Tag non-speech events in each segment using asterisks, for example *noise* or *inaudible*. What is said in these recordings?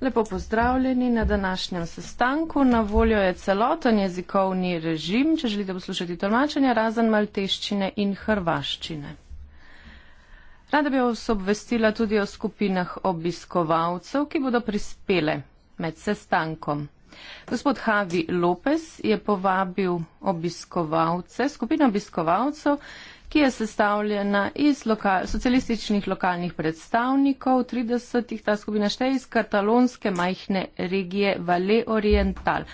Lepo pozdravljeni na današnjem sestanku. Na voljo je celoten jezikovni režim, če želite poslušati tolmačenja, razen malteščine in hrvaščine. Rada bi vas obvestila tudi o skupinah obiskovalcev, ki bodo prispele med sestankom. Gospod Havi Lopez je povabil obiskovalce, skupino obiskovalcev, ki je sestavljena iz loka socialističnih lokalnih predstavnikov, 30-ih ta skupina šteje iz katalonske majhne regije Vale Oriental.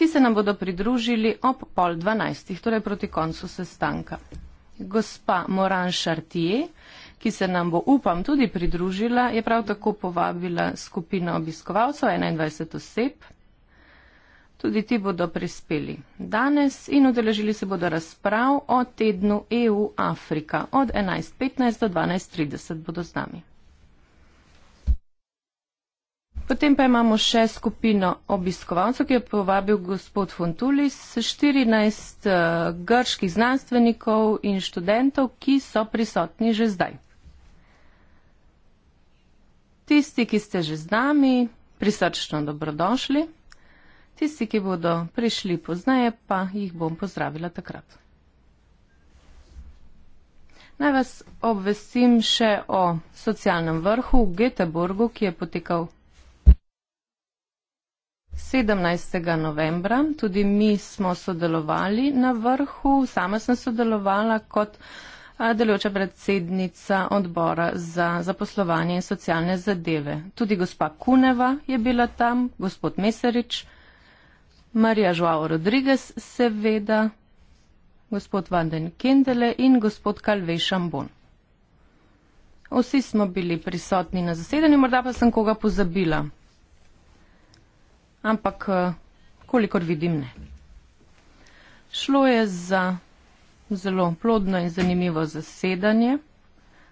Ti se nam bodo pridružili ob pol dvanajstih, torej proti koncu sestanka. Gospa Moran Šartije, ki se nam bo, upam, tudi pridružila, je prav tako povabila skupino obiskovalcev 21 oseb. Tudi ti bodo prispeli danes in udeležili se bodo razprav o tednu EU Afrika od 11.15 do 12.30 bodo z nami. Potem pa imamo še skupino obiskovalcev, ki je povabil gospod Fontulis, 14 eh, grških znanstvenikov in študentov, ki so prisotni že zdaj. Tisti, ki ste že z nami, prisrčno dobrodošli. Tisti, ki bodo prišli pozneje, pa jih bom pozdravila takrat. Naj vas obvestim še o socialnem vrhu v Göteborgu, ki je potekal 17. novembra. Tudi mi smo sodelovali na vrhu. Sama sem sodelovala kot delujoča predsednica odbora za zaposlovanje in socialne zadeve. Tudi gospa Kuneva je bila tam, gospod Meserič. Marija Žuao Rodriguez, seveda gospod Vanden Kendele in gospod Kalvej Šambon. Vsi smo bili prisotni na zasedanju, morda pa sem koga pozabila. Ampak, eh, kolikor vidim, ne. Šlo je za zelo plodno in zanimivo zasedanje,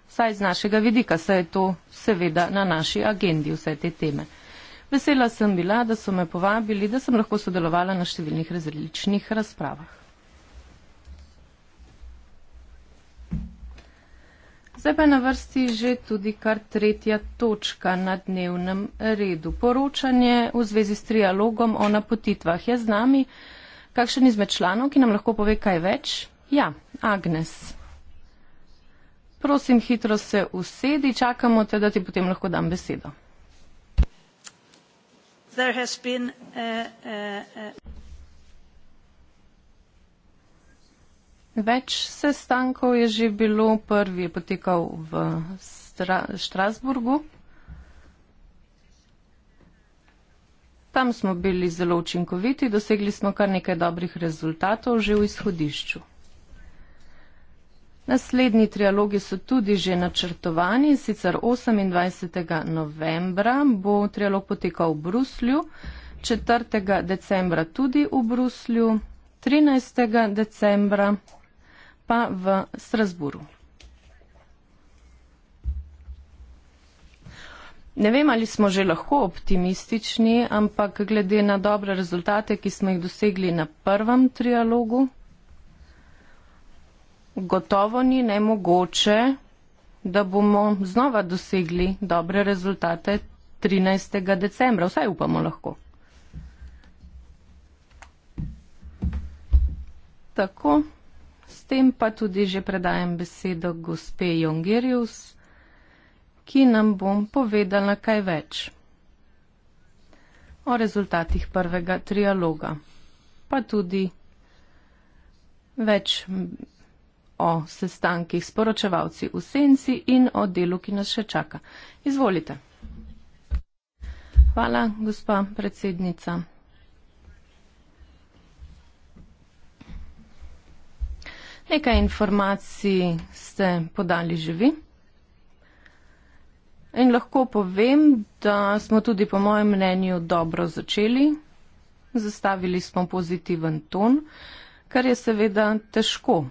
saj z našega vidika se je to seveda na naši agendi vse te teme. Vesela sem bila, da so me povabili, da sem lahko sodelovala na številnih različnih razpravah. Zdaj pa je na vrsti že tudi kar tretja točka na dnevnem redu. Poročanje v zvezi s trialogom o napotitvah. Je z nami kakšen izmed članov, ki nam lahko pove kaj več? Ja, Agnes. Prosim, hitro se usedi, čakamo te, da ti potem lahko dam besedo there has been uh, uh, uh, Več sestankov je že bilo, prvi je potekal v Stra Štrasburgu. Tam smo bili zelo učinkoviti, dosegli smo kar nekaj dobrih rezultatov že v izhodišču. Naslednji trialogi so tudi že načrtovani, sicer 28. novembra bo trialog potekal v Bruslju, 4. decembra tudi v Bruslju, 13. decembra pa v Strasburu. Ne vem, ali smo že lahko optimistični, ampak glede na dobre rezultate, ki smo jih dosegli na prvem trialogu, gotovo ni nemogoče, da bomo znova dosegli dobre rezultate 13. decembra. Vsaj upamo lahko. Tako, s tem pa tudi že predajem besedo gospe Jongerius, ki nam bo povedala kaj več o rezultatih prvega trialoga, pa tudi več o sestankih s poročevalci v senci in o delu, ki nas še čaka. Izvolite. Hvala, gospa predsednica. Nekaj informacij ste podali že vi. In lahko povem, da smo tudi po mojem mnenju dobro začeli. Zastavili smo pozitiven ton, kar je seveda težko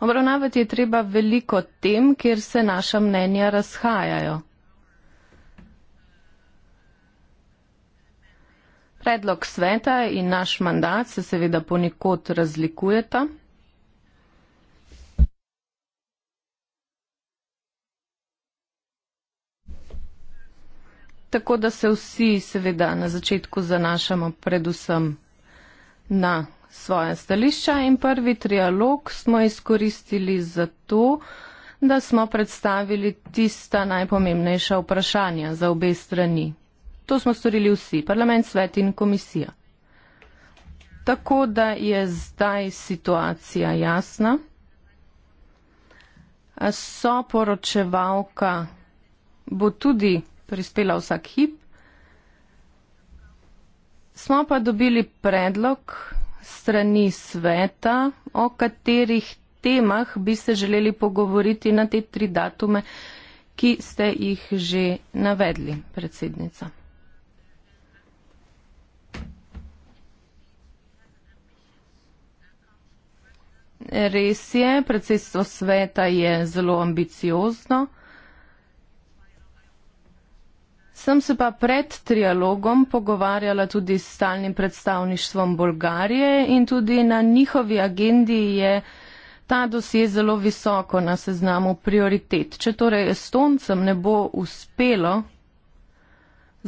Obravnavati je treba veliko tem, kjer se naša mnenja razhajajo. Predlog sveta in naš mandat se seveda ponikot razlikujeta. Tako da se vsi seveda na začetku zanašamo predvsem na svoje stališča in prvi trialog smo izkoristili za to, da smo predstavili tista najpomembnejša vprašanja za obe strani. To smo storili vsi, parlament, svet in komisija. Tako da je zdaj situacija jasna. So poročevalka bo tudi prispela vsak hip. Smo pa dobili predlog strani sveta, o katerih temah bi se želeli pogovoriti na te tri datume, ki ste jih že navedli, predsednica. Res je, predsedstvo sveta je zelo ambiciozno. Sem se pa pred trialogom pogovarjala tudi s stalnim predstavništvom Bolgarije in tudi na njihovi agendi je ta dosje zelo visoko na seznamu prioritet. Če torej Estoncem ne bo uspelo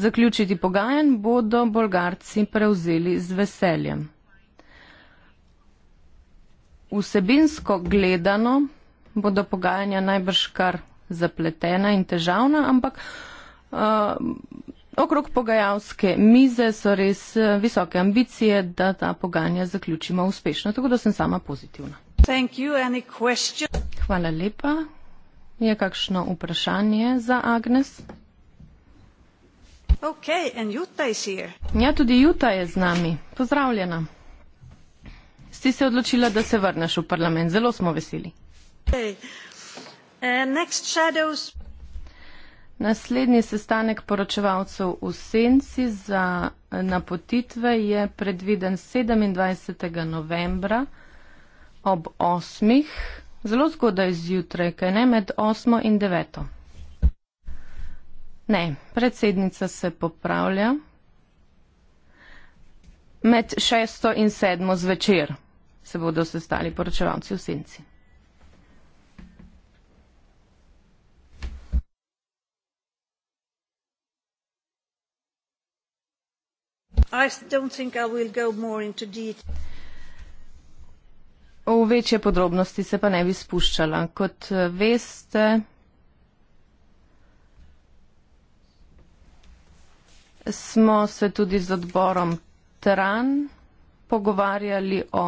zaključiti pogajanj, bodo Bolgarci prevzeli z veseljem. Vsebinsko gledano bodo pogajanja najbrž kar zapletena in težavna, ampak Eh, okrog pogajalske mize so res eh, visoke ambicije, da ta pogajanja zaključimo uspešno, tako da sem sama pozitivna. Hvala lepa. Je kakšno vprašanje za Agnes? Okay, and Juta is here. Ja, tudi Juta je z nami. Pozdravljena. Si se odločila, da se vrneš v parlament. Zelo smo veseli. Okay. Uh, next shadows... Naslednji sestanek poročevalcev v senci za napotitve je predviden 27. novembra ob 8. Zelo zgodaj zjutraj, kaj ne, med 8. in 9. Ne, predsednica se popravlja med 6. in 7. zvečer se bodo sestali poročevalci v senci. V večje podrobnosti se pa ne bi spuščala. Kot eh, veste, smo se tudi z odborom Tran pogovarjali o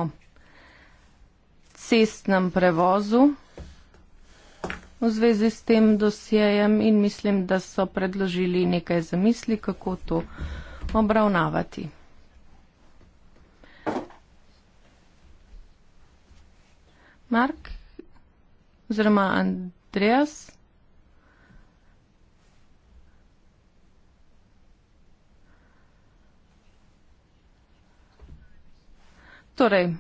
cestnem prevozu v zvezi s tem dosjejem in mislim, da so predložili nekaj zamisli, kako to obravnavati. Mark oziroma Andreas. Torej,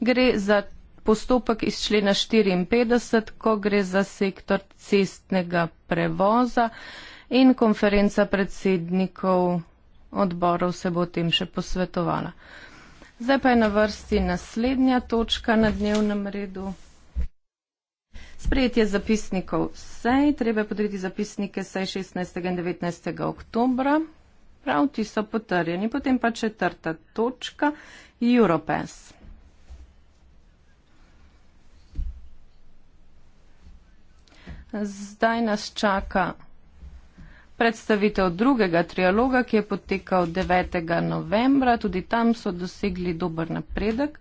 gre za postopek iz člena 54, ko gre za sektor cestnega prevoza in konferenca predsednikov odborov se bo o tem še posvetovala. Zdaj pa je na vrsti naslednja točka na dnevnem redu. Sprejetje zapisnikov sej, treba je podrediti zapisnike sej 16. in 19. oktobra. Prav ti so potrjeni. Potem pa četrta točka, Europass. Zdaj nas čaka predstavitev drugega trialoga, ki je potekal 9. novembra. Tudi tam so dosegli dober napredek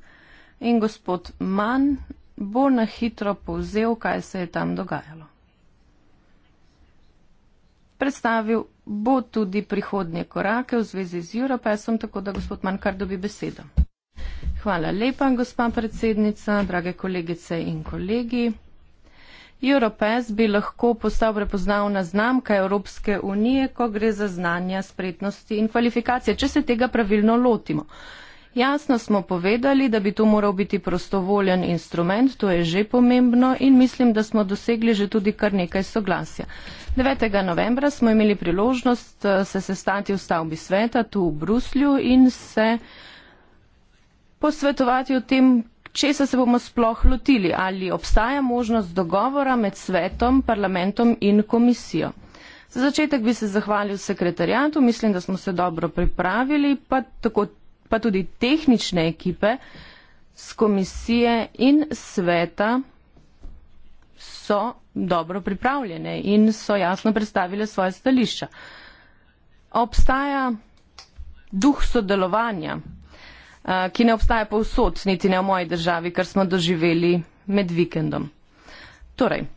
in gospod Mann bo na hitro povzel, kaj se je tam dogajalo. Predstavil bo tudi prihodnje korake v zvezi z Europesom, tako da gospod Mann kar dobi besedo. Hvala lepa, gospa predsednica, drage kolegice in kolegi. Europass bi lahko postal prepoznavna znamka Evropske unije, ko gre za znanja, spretnosti in kvalifikacije, če se tega pravilno lotimo. Jasno smo povedali, da bi to moral biti prostovoljen instrument, to je že pomembno in mislim, da smo dosegli že tudi kar nekaj soglasja. 9. novembra smo imeli priložnost eh, se sestati v stavbi sveta tu v Bruslju in se posvetovati o tem, česa se bomo sploh lotili, ali obstaja možnost dogovora med svetom, parlamentom in komisijo. Za začetek bi se zahvalil sekretarjatu, mislim, da smo se dobro pripravili, pa, tako, pa tudi tehnične ekipe z komisije in sveta so dobro pripravljene in so jasno predstavile svoje stališča. Obstaja duh sodelovanja Eh, ki ne obstaja povsod, niti ne v moji državi, kar smo doživeli med vikendom. Torej,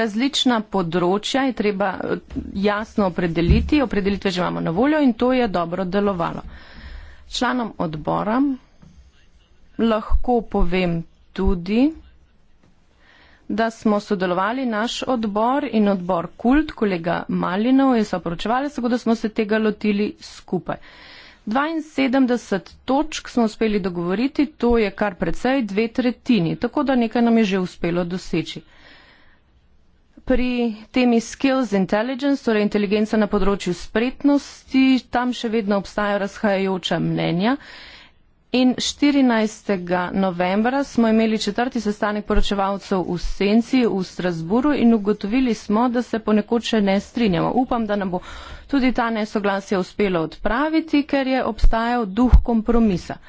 različna področja je treba eh, jasno opredeliti, opredelitve že imamo na voljo in to je dobro delovalo. Članom odbora lahko povem tudi, da smo sodelovali naš odbor in odbor Kult, kolega Malinov je soporočevali, tako da smo se tega lotili skupaj. Uh, 72 točk smo uspeli dogovoriti, to je kar precej dve tretjini, tako da nekaj nam je že uspelo doseči. Pri temi skills intelligence, torej inteligenca na področju spretnosti, tam še vedno obstajajo razhajajoča mnenja. In 14. novembra smo imeli četrti sestanek poročevalcev v Senci v Strasburu in ugotovili smo, da se ponekod še ne strinjamo. Upam, da nam bo tudi ta nesoglasje uspelo odpraviti, ker je obstajal duh kompromisa.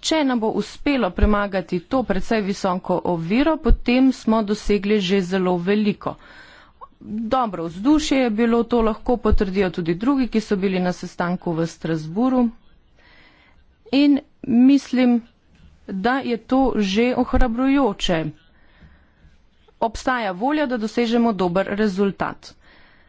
Če nam bo uspelo premagati to predvsej visoko oviro, potem smo dosegli že zelo veliko. Dobro vzdušje je bilo, to lahko potrdijo tudi drugi, ki so bili na sestanku v Strasburu. In mislim, da je to že ohrabrujoče. Obstaja volja, da dosežemo dober rezultat.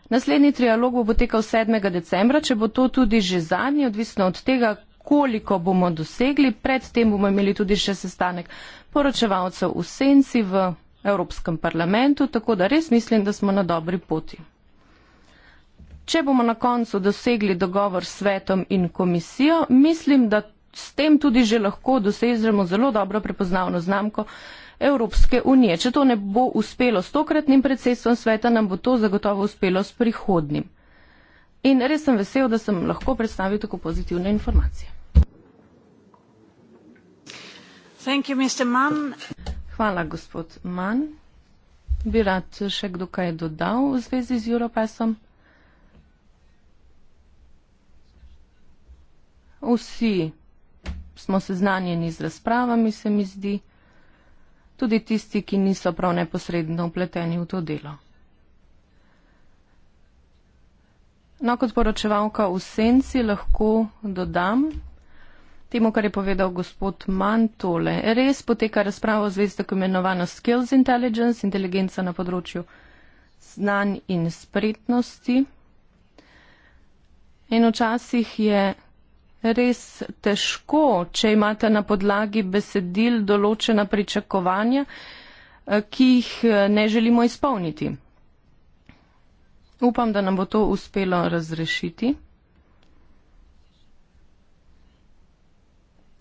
Naslednji trialog bo potekal 7. decembra, če bo to tudi že zadnji, odvisno od tega, koliko bomo dosegli. Predtem bomo imeli tudi še sestanek poročevalcev v Senci v Evropskem parlamentu, tako da res mislim, da smo na dobri poti. Če bomo na koncu dosegli dogovor s svetom in komisijo, mislim, da s tem tudi že lahko dosežemo zelo dobro prepoznavno znamko Evropske unije. Če to ne bo uspelo s tokratnim predsedstvom sveta, nam bo to zagotovo uspelo s prihodnim. In res sem vesel, da sem lahko predstavil tako pozitivne informacije. Thank you, Mr. Mann. Hvala, gospod Mann. Bi rad še kdo kaj dodal v zvezi z Europasom? Vsi smo seznanjeni z razpravami, se mi zdi, tudi tisti, ki niso prav neposredno upleteni v to delo. No, kot poročevalka v senci lahko dodam temu, kar je povedal gospod Mantole. Res poteka razprava o zvezdi tako imenovano Skills Intelligence, inteligenca na področju znanj in spretnosti. In včasih je res težko, če imate na podlagi besedil določena pričakovanja, eh, ki jih eh, ne želimo izpolniti. Upam, da nam bo to uspelo razrešiti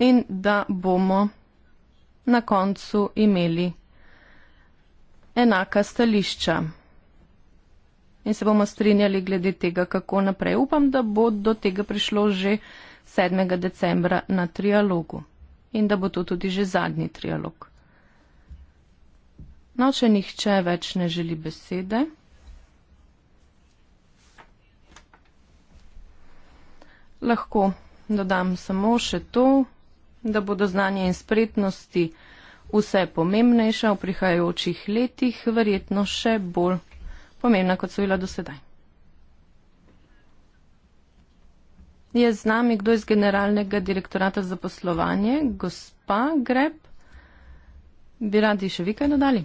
in da bomo na koncu imeli enaka stališča. In se bomo strinjali glede tega, kako naprej. Upam, da bo do tega prišlo že. 7. decembra na trialogu in da bo to tudi že zadnji trialog. No, če nihče več ne želi besede, lahko dodam samo še to, da bodo znanje in spretnosti vse pomembnejša v prihajajočih letih, verjetno še bolj pomembna, kot so bila do sedaj. je z nami kdo iz Generalnega direktorata za poslovanje, gospa Greb. Bi radi še vi kaj dodali?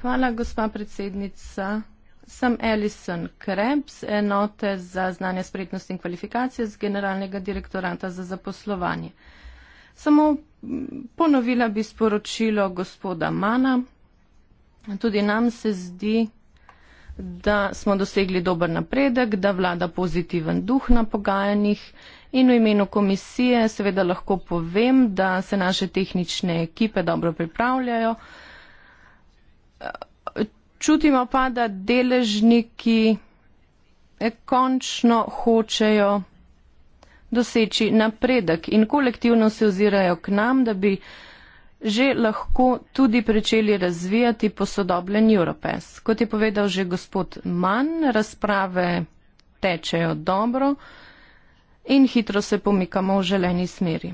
Hvala, gospa predsednica. Sem Alison Krebs, enote za znanje, spretnost in kvalifikacije z Generalnega direktorata za zaposlovanje. Samo ponovila bi sporočilo gospoda Mana. Tudi nam se zdi, da smo dosegli dober napredek, da vlada pozitiven duh na pogajanjih in v imenu komisije seveda lahko povem, da se naše tehnične ekipe dobro pripravljajo. Čutimo pa, da deležniki eh, končno hočejo doseči napredek in kolektivno se ozirajo k nam, da bi že lahko tudi pričeli razvijati posodobljen Europass. Kot je povedal že gospod Mann, razprave tečejo dobro in hitro se pomikamo v želeni smeri.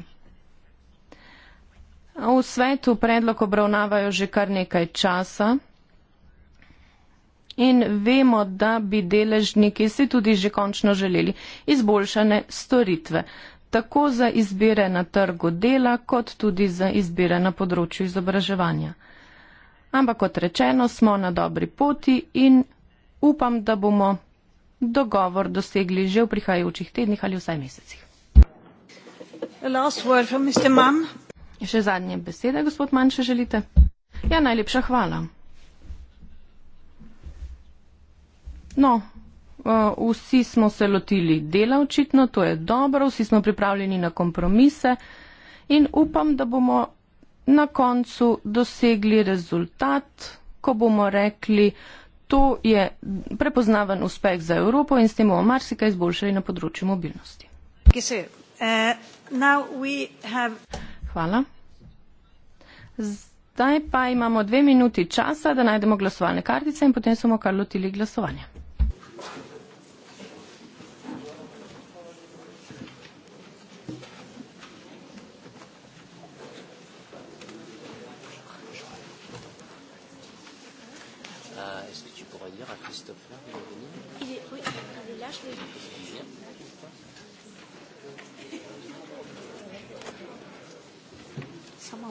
V svetu predlog obravnavajo že kar nekaj časa in vemo, da bi deležniki si tudi že končno želeli izboljšane storitve tako za izbire na trgu dela, kot tudi za izbire na področju izobraževanja. Ampak kot rečeno, smo na dobri poti in upam, da bomo dogovor dosegli že v prihajajočih tednih ali vsaj mesecih. Še zadnje besede, gospod Manj, če želite. Ja, najlepša hvala. No, Eh, vsi smo se lotili dela očitno, to je dobro, vsi smo pripravljeni na kompromise in upam, da bomo na koncu dosegli rezultat, ko bomo rekli, to je prepoznaven uspeh za Evropo in s tem bomo marsikaj izboljšali na področju mobilnosti. Eh, Hvala. Zdaj pa imamo dve minuti časa, da najdemo glasovalne kartice in potem smo kar lotili glasovanje.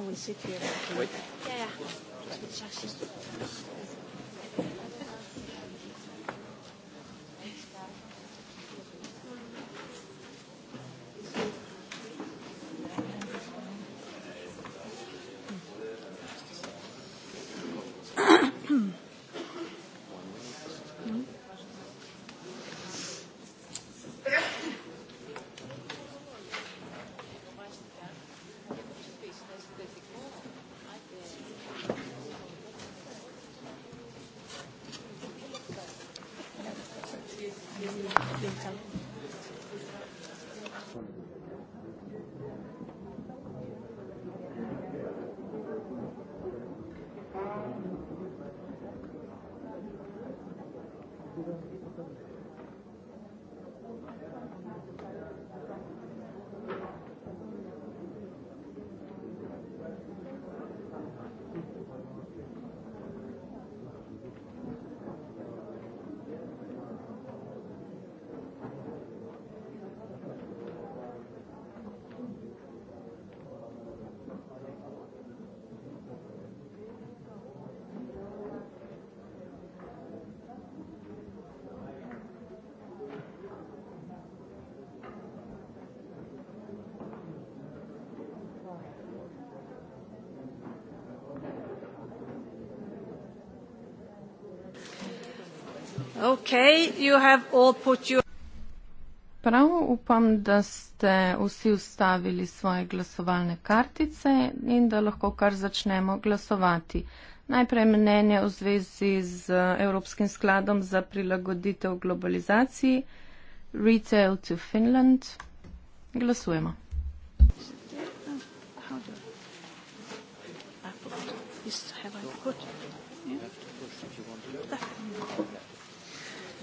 oui, c'est clair. Oui. Pierre, je vais te chercher. Merci. Prav upam, da ste vsi vstavili svoje glasovalne kartice in da lahko kar začnemo glasovati. Najprej mnenje v zvezi z eh, Evropskim skladom za prilagoditev globalizaciji Retail to Finland. Glasujemo. Yeah.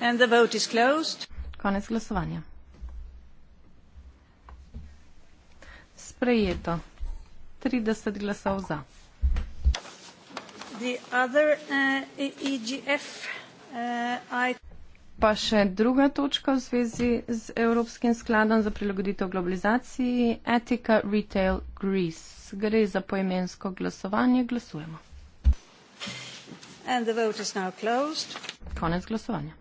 And the vote is closed. Konec glasovanja. Sprejeto. 30 glasov za. The other, uh, EGF, e uh, I... Pa še druga točka v zvezi z Evropskim skladom za prilagoditev globalizaciji, Etika Retail Greece. Gre za poimensko glasovanje. Glasujemo. And the vote is now closed. Konec glasovanja.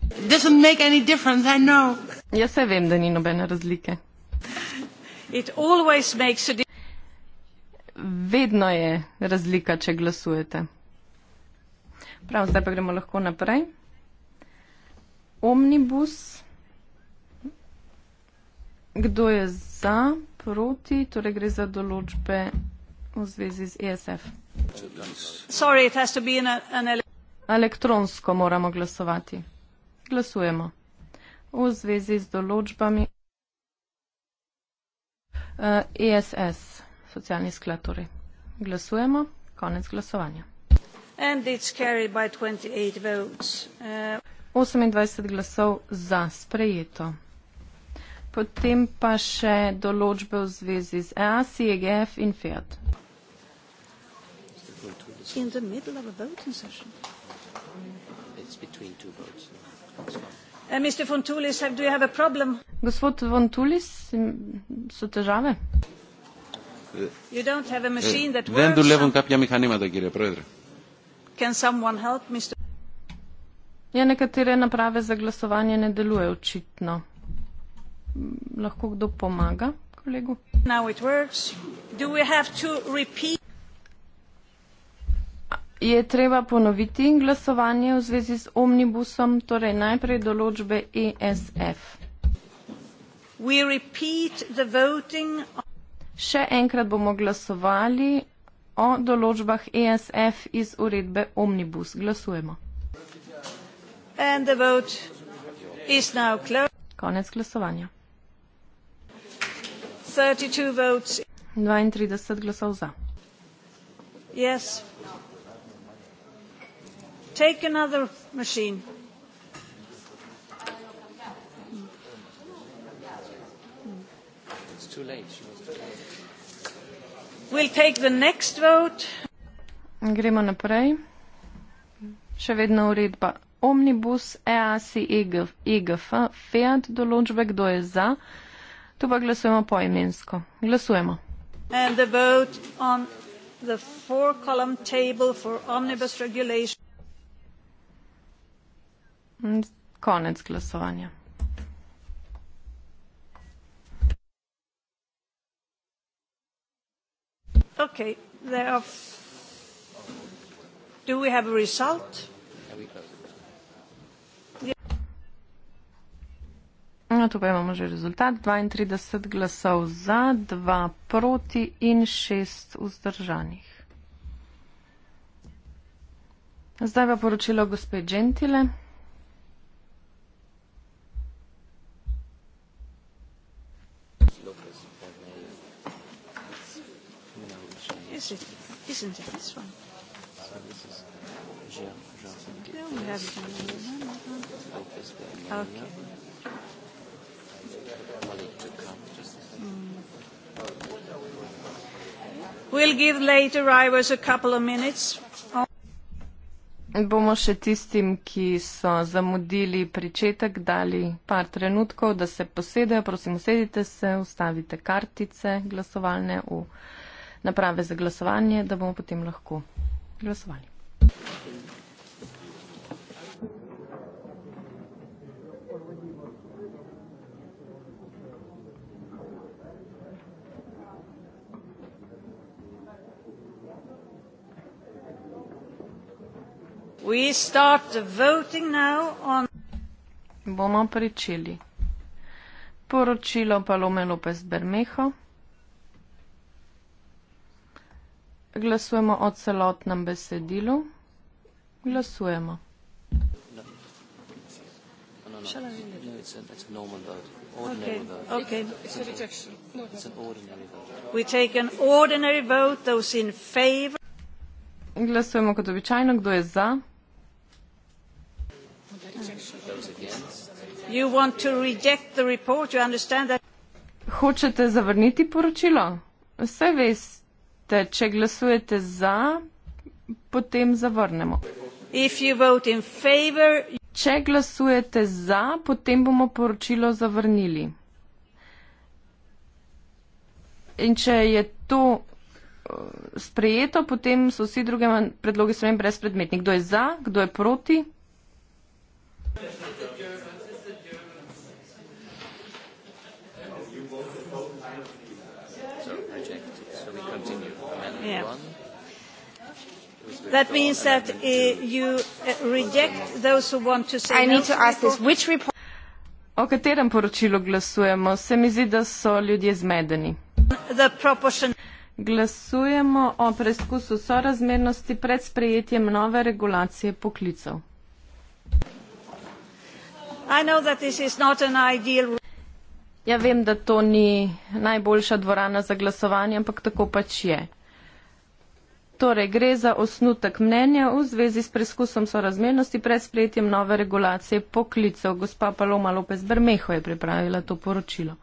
Jaz se vem, da ni nobene razlike. Vedno je razlika, če glasujete. Prav, zdaj pa gremo lahko naprej. Omnibus. Kdo je za, proti, torej gre za določbe v zvezi z ESF. Sorry, Elektronsko moramo glasovati. Glasujemo. V zvezi z določbami ESS, eh, e socialni sklad, torej. Glasujemo. Konec glasovanja. 28 eh, glasov za sprejeto. Potem pa še določbe v zvezi z EAS, IGF e in FIAT. In the middle of a voting session. It's between two votes. Uh, gospod vontulis so težave? vendarle vam kapnja miha nimate gospod predsednik. ja nekatere naprave za glasovanje ne delujejo očitno. lahko kdo pomaga kolegu? je treba ponoviti glasovanje v zvezi z omnibusom, torej najprej določbe ESF. Še enkrat bomo glasovali o določbah ESF iz uredbe omnibus. Glasujemo. Konec glasovanja. 32 glasov za. Yes take another machine. It's too late. We'll take the next vote. Gremo naprej. Še vedno uredba Omnibus, EAC, EGF, EGF, FEAD določbe, kdo je za. Tu pa glasujemo poimensko. Glasujemo. And the vote on the four column table for omnibus regulation. Konec glasovanja. Okay, there are. Do we have a result? No, tu pa imamo že rezultat. 32 glasov za, 2 proti in 6 vzdržanih. Zdaj pa poročilo gospe Gentile. is it? Isn't it this one? So this is Jean, Jean no, we have it on the other Okay. We'll give late arrivals a couple of minutes. Bomo še tistim, ki so zamudili pričetek, dali par trenutkov, da se posedejo. Prosim, sedite se, ustavite kartice glasovalne v naprave za glasovanje, da bomo potem lahko glasovali. Bomo pričeli. Poročilo Palome Lopez Bermeho. Glasujemo o celotnem besedilu. Glasujemo. No, no. Glasujemo kot običajno. Kdo je za? Hočete zavrniti poročilo? Vse veste glasujete, če glasujete za, potem zavrnemo. Favor, če glasujete za, potem bomo poročilo zavrnili. In če je to eh, sprejeto, potem so vsi druge predloge spremembe brezpredmetni. Kdo je za, kdo je proti? Yeah. That means that uh, you uh, reject those who want to say I need no to ask this. Which report? O katerem poročilu glasujemo? Se mi zdi, da so ljudje zmedeni. Glasujemo o preizkusu sorazmernosti pred sprejetjem nove regulacije poklicov. Ideal... Ja vem, da to ni najboljša dvorana za glasovanje, ampak tako pač je. Torej, gre za osnutek mnenja v zvezi s preskusom sorazmernosti pred sprejetjem nove regulacije poklicev. Gospa Paloma Lopez Brmeho je pripravila to poročilo.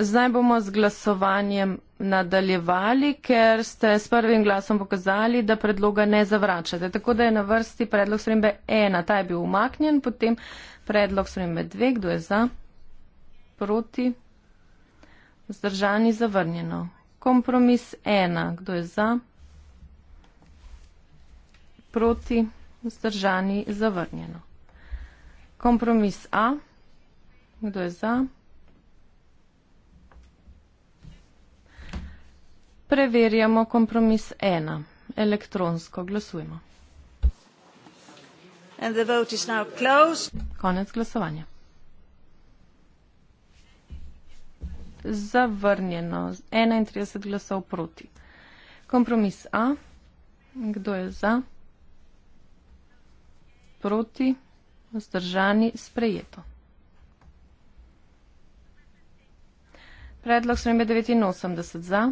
Zdaj bomo z glasovanjem nadaljevali, ker ste s prvim glasom pokazali, da predloga ne zavračate. Tako da je na vrsti predlog srembe ena, ta je bil umaknjen, potem predlog spremembe dve, kdo je za, proti, vzdržani, zavrnjeno. Kompromis ena, kdo je za, proti, vzdržani, zavrnjeno. Kompromis A, kdo je za, preverjamo kompromis ena, elektronsko glasujemo konec glasovanja zavrnjeno enaintrideset glasov proti kompromis a kdo je za proti vzdržani sprejeto predlog spremembe devetinosemdeset za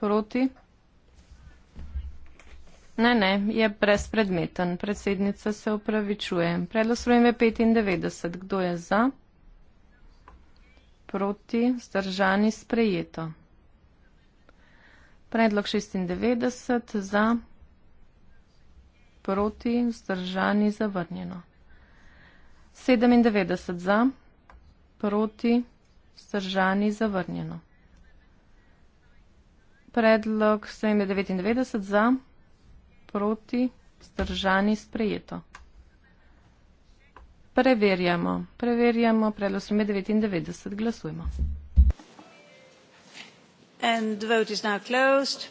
proti Ne, ne, je brezpredmeten. Predsednica se upravičuje. Predlog spremembe 95. Kdo je za? Proti, zdržani, sprejeto. Predlog 96. Za? Proti, zdržani, zavrnjeno. 97. Za? Proti, zdržani, zavrnjeno. Predlog spremembe 99. Za? Proti, zdržani, zavrnjeno proti, vzdržani, sprejeto. Preverjamo, preverjamo, predlog sume 99, glasujmo. And the vote is now closed.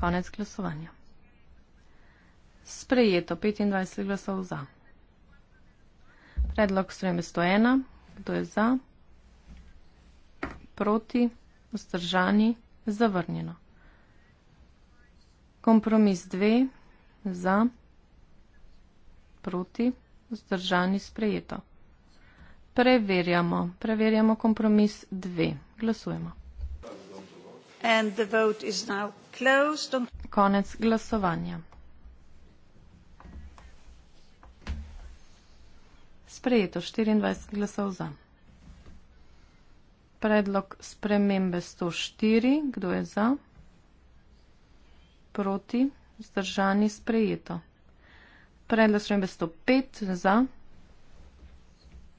Konec glasovanja. Sprejeto, 25 glasov za. Predlog sume 101, kdo je za? Proti, vzdržani, zavrnjeno. Kompromis dve, za, proti, vzdržani, sprejeto. Preverjamo, preverjamo kompromis dve. Glasujemo. And the vote is now closed. On... Konec glasovanja. Sprejeto 24 glasov za. Predlog spremembe 104. Kdo je za? proti, vzdržani, sprejeto. Predlog spremembe 105 za,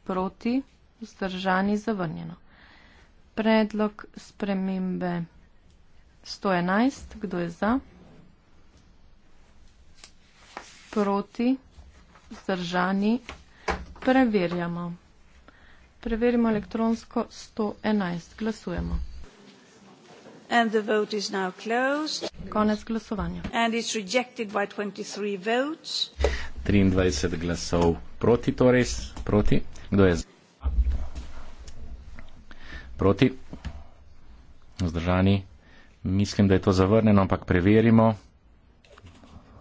proti, vzdržani, zavrnjeno. Predlog spremembe 111, kdo je za, proti, vzdržani, preverjamo. Preverimo elektronsko 111, glasujemo. And the vote is now closed. Konec glasovanja. And it's rejected by 23 votes. 23 glasov proti, torej proti. Kdo je za? Proti. Vzdržani. Mislim, da je to zavrnjeno, ampak preverimo.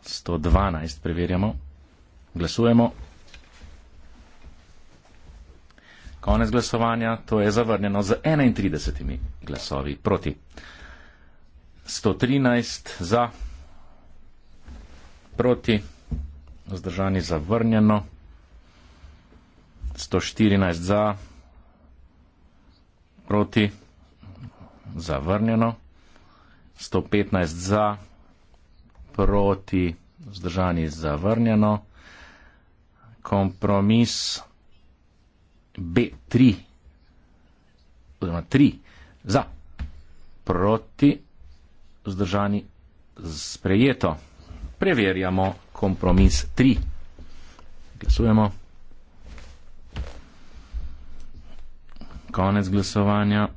112 preverjamo. Glasujemo. Konec glasovanja. To je zavrnjeno z 31 glasovi proti. 113 za, proti, vzdržani zavrnjeno, 114 za, proti, zavrnjeno, 115 za, proti, vzdržani zavrnjeno, kompromis B3, oziroma 3 za, proti, vzdržani sprejeto. Preverjamo kompromis 3. Glasujemo. Konec glasovanja.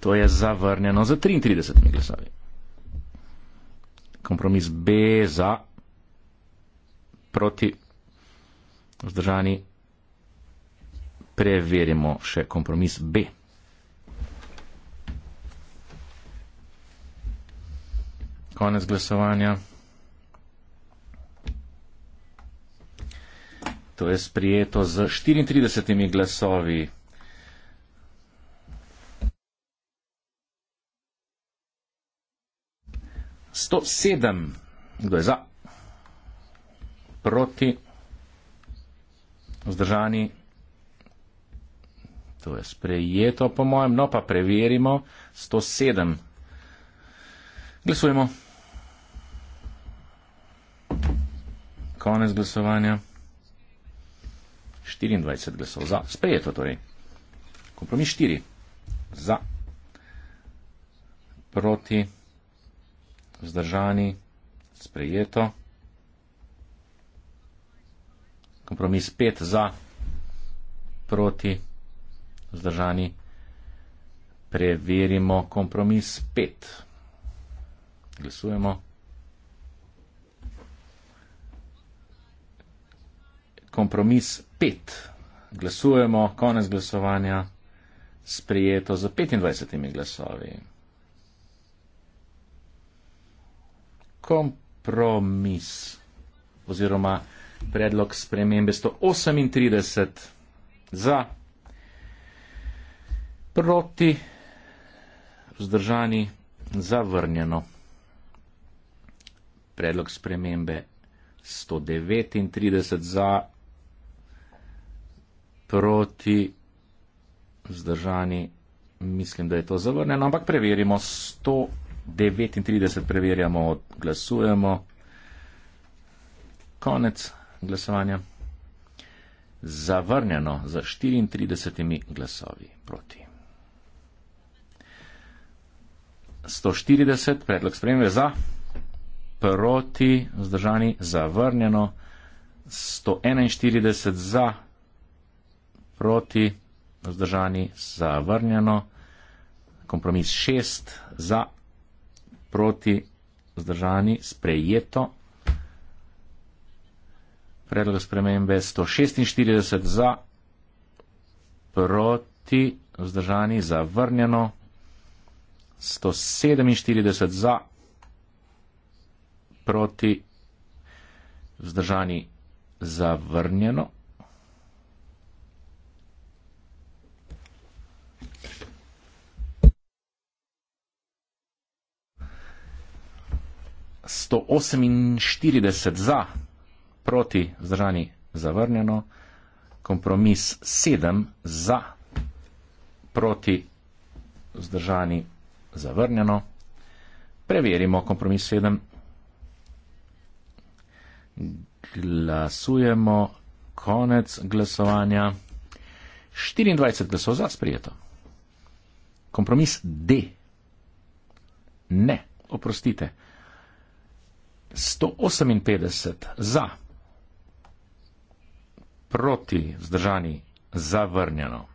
To je zavrnjeno za 33 glasovi. Kompromis B za proti vzdržani. Preverimo še kompromis B. konec glasovanja. To je sprijeto z 34 glasovi. Sto sedem, kdo je za, proti, vzdržani, to je sprejeto po mojem, no pa preverimo, sto sedem. Glasujemo. Konec glasovanja. 24 glasov za. Sprejeto torej. Kompromis 4. Za. Proti. Vzdržani. Sprejeto. Kompromis 5 za. Proti. Vzdržani. Preverimo kompromis 5. Glasujemo. Kompromis 5. Glasujemo. Konec glasovanja. Sprijeto za 25 glasovi. Kompromis oziroma predlog spremembe 138 za proti vzdržani zavrnjeno predlog spremembe 139 za, proti zdržani, mislim, da je to zavrneno, ampak preverimo 139, preverjamo, glasujemo. Konec glasovanja. Zavrnjeno za 34 glasovi proti. 140 predlog spremembe za proti, vzdržani, zavrnjeno, 141 za, proti, vzdržani, zavrnjeno, kompromis 6 za, proti, vzdržani, sprejeto, predlog spremembe 146 za, proti, vzdržani, zavrnjeno, 147 za, proti, proti, vzdržani zavrnjeno. Sto oseminštirideset za, proti, vzdržani zavrnjeno, kompromis sedem za, proti, vzdržani zavrnjeno. Preverimo kompromis sedem glasujemo, konec glasovanja. 24 glasov za sprijeto. Kompromis D. Ne, oprostite. 158 za, proti zdržani, zavrnjeno.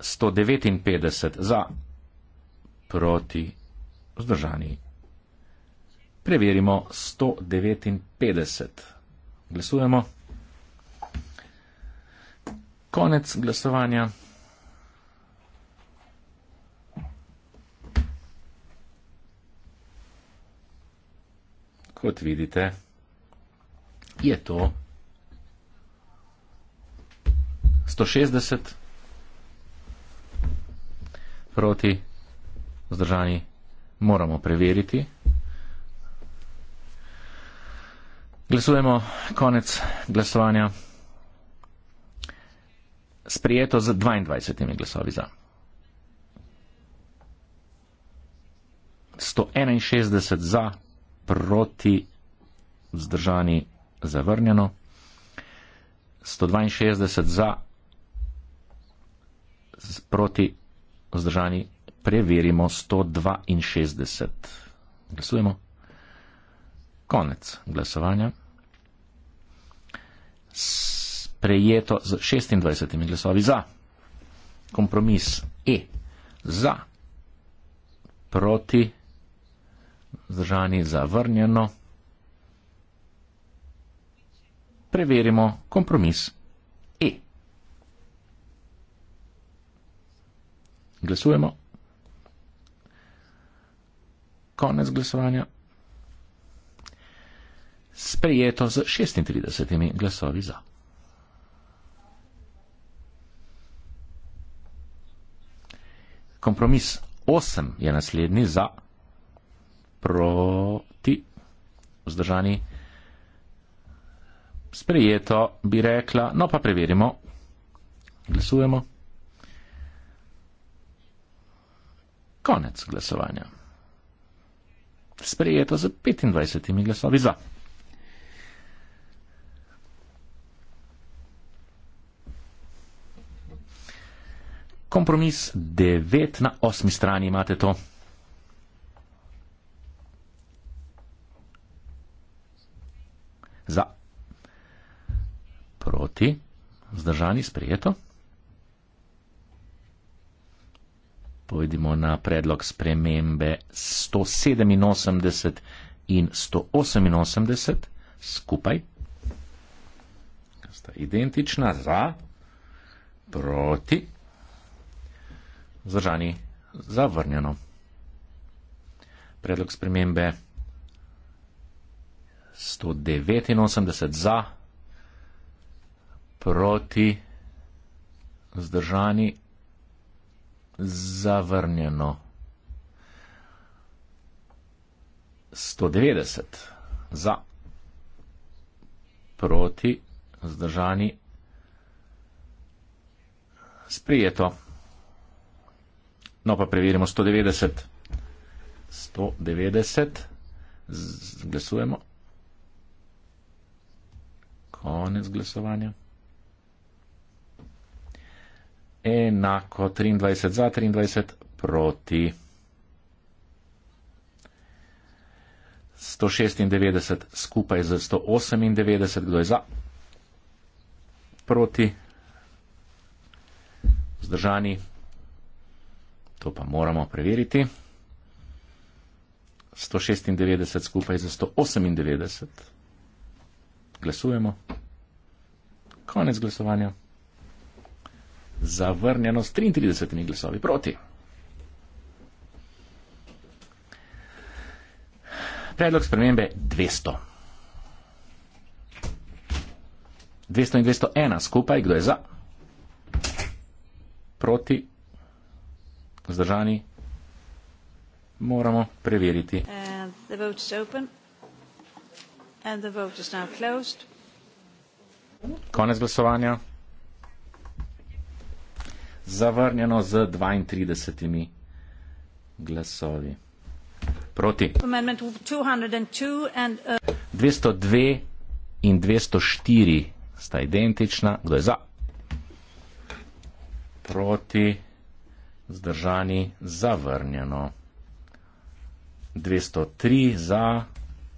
159 za, proti zdržani, Preverimo 159. Glasujemo. Konec glasovanja. Kot vidite, je to 160 proti vzdržani. Moramo preveriti. Glasujemo konec glasovanja. Sprijeto z 22 glasovi za. 161 za, proti, vzdržani, zavrnjeno. 162 za, proti, vzdržani, preverimo. 162 glasujemo. Konec glasovanja sprejeto z 26 glasovi za. Kompromis E za, proti, zdržani, zavrnjeno. Preverimo kompromis E. Glasujemo. Konec glasovanja sprejeto z 36 glasovi za. Kompromis 8 je naslednji za, proti, vzdržani, sprejeto bi rekla, no pa preverimo, glasujemo. Konec glasovanja. Sprejeto z 25 glasovi za. Kompromis 9 na 8 strani imate to. Za. Proti. Zdržani sprejeto. Pojdimo na predlog spremembe 187 in 188 skupaj. Sta identična za. Proti zdržani zavrnjeno. Predlog spremembe 189 za, proti zdržani zavrnjeno. 190 za, proti zdržani sprijeto. No pa preverimo 190. 190. Glasujemo. Konec glasovanja. Enako 23 za, 23 proti. 196 skupaj z 198, kdo je za? Proti. Zdržani To pa moramo preveriti. 196 skupaj za 198. Glasujemo. Konec glasovanja. Zavrnjeno s 33 glasovi proti. Predlog spremembe 200. 200 in 201 skupaj, kdo je za? Proti Zdržani? Moramo preveriti. Uh, Konec glasovanja. Zavrnjeno z 32 glasovi. Proti. 202 uh, in 204 sta identična. Kdo je za? Proti zdržani zavrnjeno. 203 za,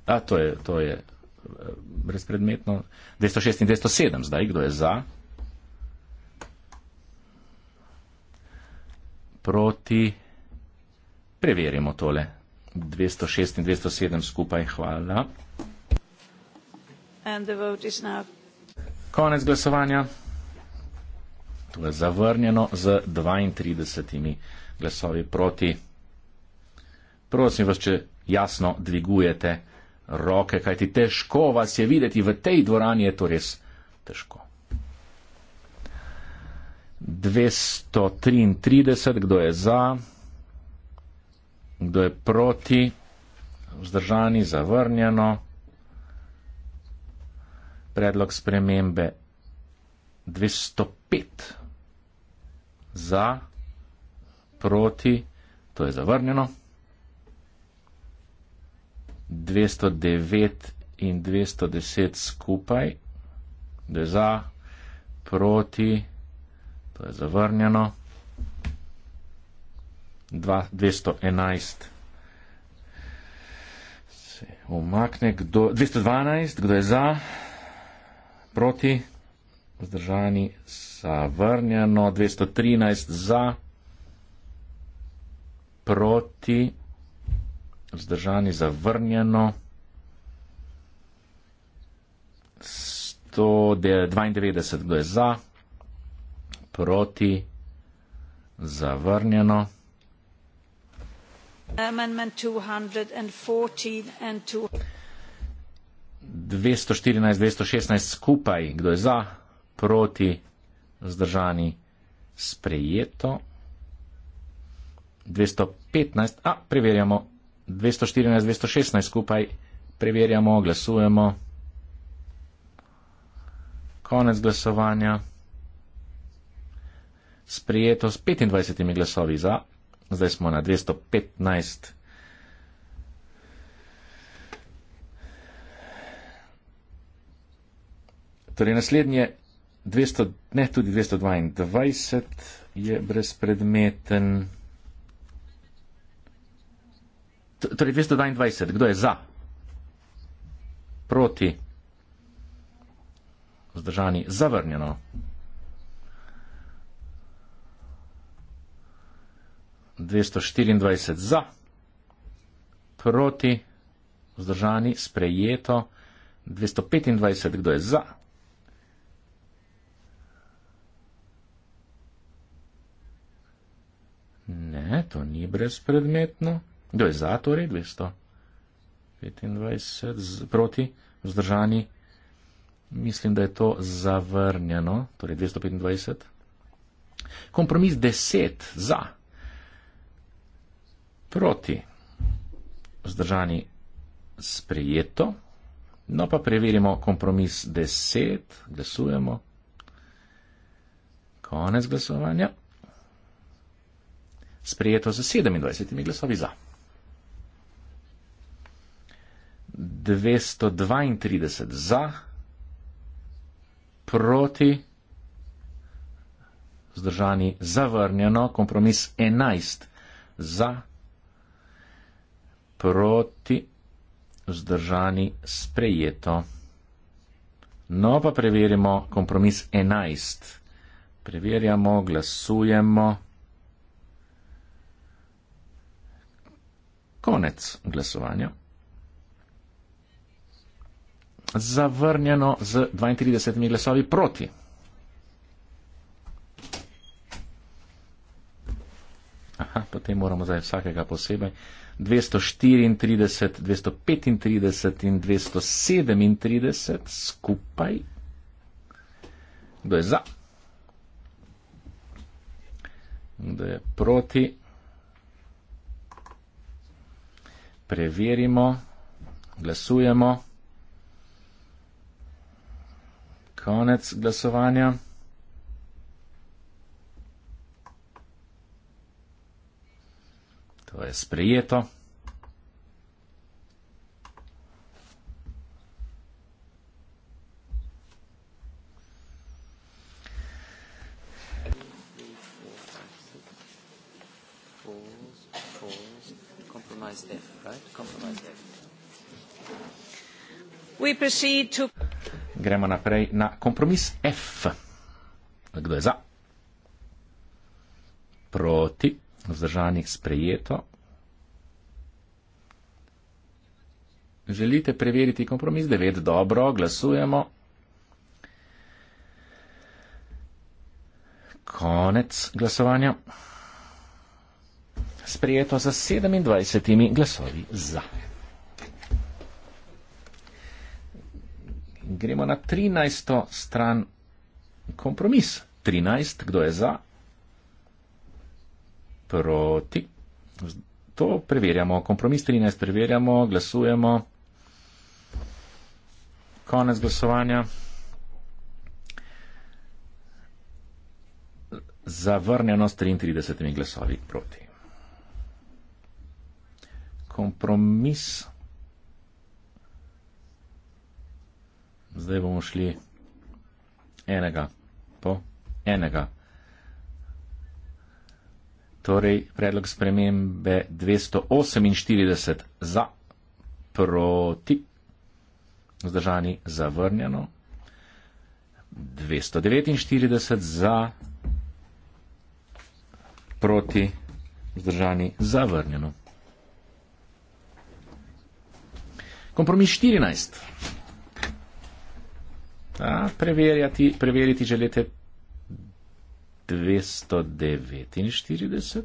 a to je, to je eh, brezpredmetno, 206 in 207 zdaj, kdo je za. Proti, preverimo tole, 206 in 207 skupaj, hvala. And the vote is now. Konec glasovanja. To je zavrnjeno z 32 glasovi proti. Prosim vas, če jasno dvigujete roke, kajti težko vas je videti v tej dvorani, je to res težko. 233, kdo je za, kdo je proti, vzdržani, zavrnjeno. Predlog spremembe 205 za, proti, to je zavrnjeno. 209 in 210 skupaj, da je za, proti, to je zavrnjeno. 211. Umakne kdo, 212, kdo je za, proti, vzdržani, zavrnjeno 213 za, proti, vzdržani, zavrnjeno 192, kdo je za, proti, zavrnjeno. Amendment 214 in 214. 214, 216 skupaj, kdo je za? proti, zdržani, sprejeto. 215, a preverjamo, 214, 216 skupaj, preverjamo, glasujemo. Konec glasovanja. Sprejeto s 25 glasovi za, zdaj smo na 215. Torej, naslednje 200, ne, tudi 222 je brezpredmeten. Torej, 222, kdo je za? Proti? Zdržani? Zavrnjeno. Dvesto štiriindvajset za, proti, vzdržani, sprejeto, dvesto petindvajset, kdo je za, Ne, to ni brezpredmetno. Kdo je za torej 200? 25 z, proti, vzdržani. Mislim, da je to zavrnjeno, torej 225. Kompromis 10 za, proti, vzdržani sprejeto. No pa preverimo kompromis 10, glasujemo. Konec glasovanja sprejeto z 27 glasovi za. 232 za, proti, zdržani, zavrnjeno, kompromis 11 za, proti, zdržani, sprejeto. No pa preverimo kompromis 11. Preverjamo, glasujemo. Konec glasovanja. Zavrnjeno z 32 glasovi proti. Aha, potem moramo zdaj vsakega posebej. 234, 235 in 237 skupaj. Kdo je za? Kdo je proti? preverimo, glasujemo. Konec glasovanja. To je sprejeto. Gremo naprej na kompromis F. Kdo je za? Proti, vzdržani, sprejeto. Želite preveriti kompromis 9? Dobro, glasujemo. Konec glasovanja. Sprejeto za 27 glasovi za. In gremo na 13. stran kompromis. 13, kdo je za? Proti. To preverjamo. Kompromis 13 preverjamo, glasujemo. Konec glasovanja. Zavrnjeno s 33 glasovi proti. Kompromis zdaj bomo šli enega po enega. Torej, predlog spremembe 248 za proti, vzdržani zavrnjeno, 249 za proti, vzdržani zavrnjeno. Kompromis 14. A, preverjati, preveriti želite 249.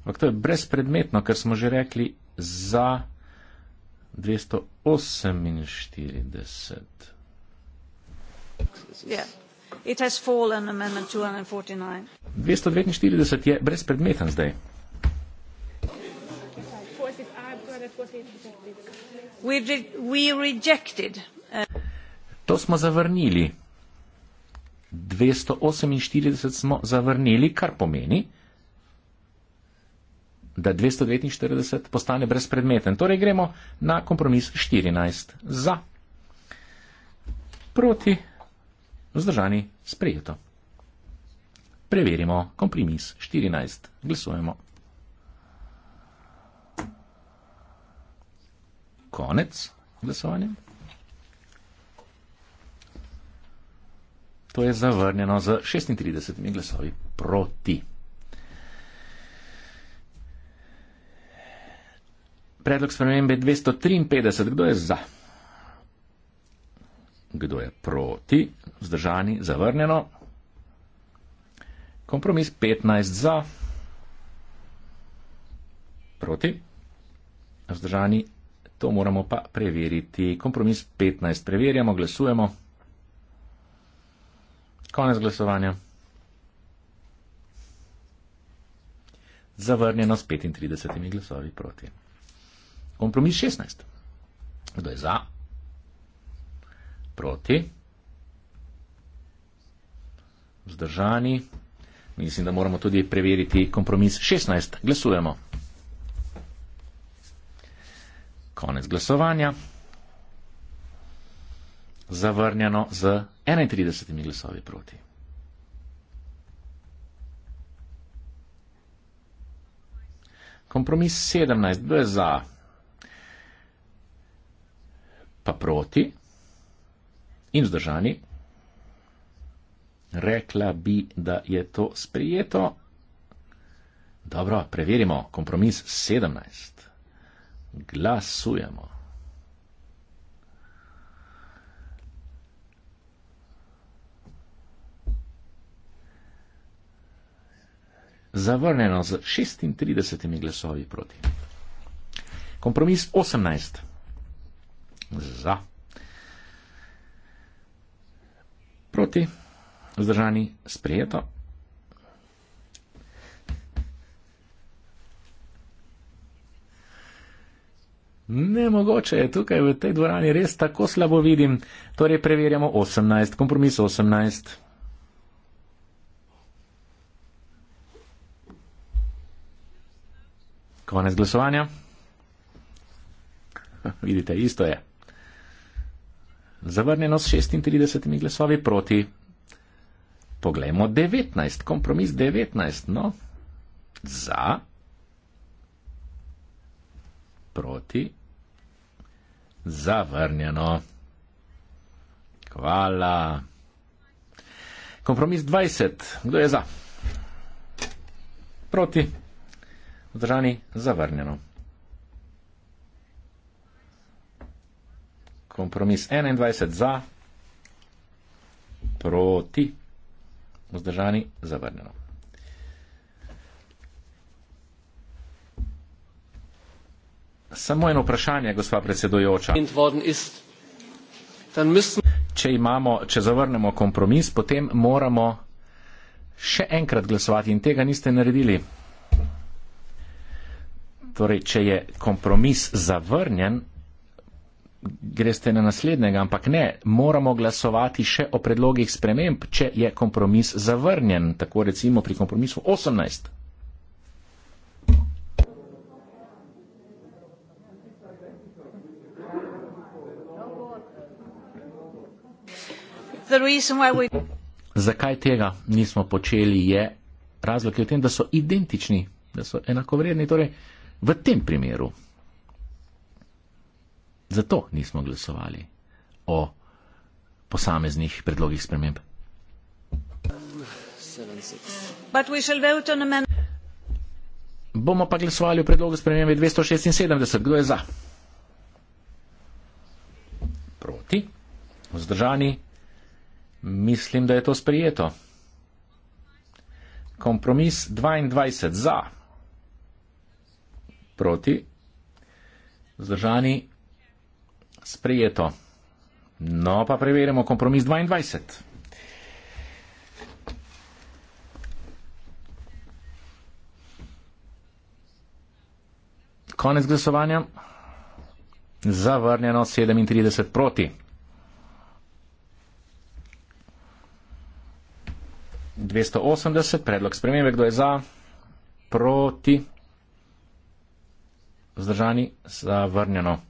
Ampak to je brezpredmetno, ker smo že rekli za 248. Yeah. 249 je brezpredmeten zdaj. We, re we rejected To smo zavrnili. 248 smo zavrnili, kar pomeni, da 249 postane brezpredmeten. Torej gremo na kompromis 14 za, proti, vzdržani, sprejeto. Preverimo kompromis 14. Glasujemo. Konec glasovanja. To je zavrnjeno z 36 glasovi proti. Predlog spremembe 253. Kdo je za? Kdo je proti? Zdržani, zavrnjeno. Kompromis 15 za, proti, vzdržani, to moramo pa preveriti. Kompromis 15 preverjamo, glasujemo. Konec glasovanja. Zavrnjeno s 35 glasovi proti. Kompromis 16. Kdo je za? Proti. Vzdržani. Mislim, da moramo tudi preveriti kompromis 16. Glasujemo. Konec glasovanja zavrnjeno z 31 glasovi proti. Kompromis 17, kdo je za, pa proti in vzdržani. Rekla bi, da je to sprijeto. Dobro, preverimo. Kompromis 17. Glasujemo. zavrnjeno z 36 glasovi proti. Kompromis 18 za, proti, vzdržani, sprejeto. Nemogoče je tukaj v tej dvorani res tako slabo vidim, torej preverjamo 18, kompromis 18. Konec glasovanja. *laughs* Vidite, isto je. Zavrnjeno s 36 glasovi proti. Poglejmo 19, kompromis 19, no, za, proti, zavrnjeno. Hvala. Kompromis 20, kdo je za? Proti. Vzdržani zavrnjeno. Kompromis 21 za, proti, vzdržani zavrnjeno. Samo eno vprašanje, gospa predsedujoča. Če, imamo, če zavrnemo kompromis, potem moramo še enkrat glasovati in tega niste naredili. Torej, če je kompromis zavrnjen, greste na naslednjega, ampak ne, moramo glasovati še o predlogih sprememb, če je kompromis zavrnjen, tako recimo pri kompromisu 18. Zakaj tega nismo počeli je razlog je v tem, da so identični, da so enakovredni. Torej, v tem primeru. Zato nismo glasovali o posameznih predlogih sprememb. Bomo pa glasovali o predlogu spremembe 276. Kdo je za? Proti? Vzdržani? Mislim, da je to sprejeto. Kompromis 22 za proti, vzdržani, sprejeto. No, pa preverimo kompromis 22. Konec glasovanja. Zavrnjeno 37 proti. Dvesto osemdeset, predlog spremembe, kdo je za? Proti vzdržani, zavrnjeno.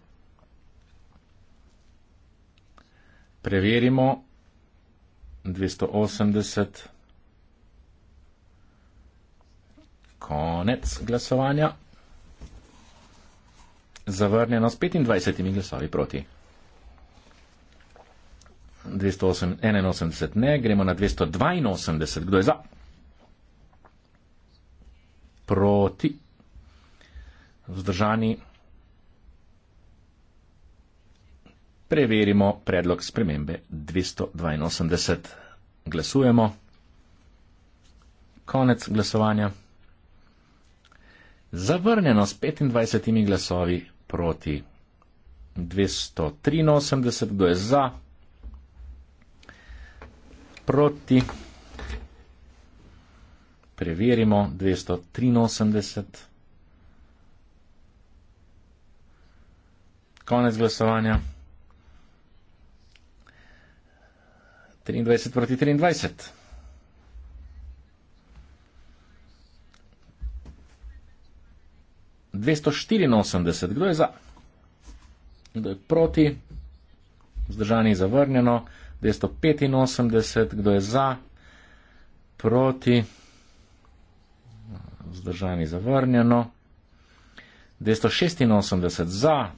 Preverimo 280. Konec glasovanja. Zavrnjeno s 25 glasovi proti. 281 ne, gremo na 282. Kdo je za? Proti vzdržani. Preverimo predlog spremembe 282. Glasujemo. Konec glasovanja. Zavrnjeno s 25 glasovi proti 283, kdo je za, proti, preverimo 283. konec glasovanja. 23 proti 23. Dvesto štiriinosemdeset, kdo je za, kdo je proti, vzdržanje je zavrnjeno, dvesto petinosemdeset, kdo je za, proti, vzdržanje je zavrnjeno, dvesto šestinosemdeset za,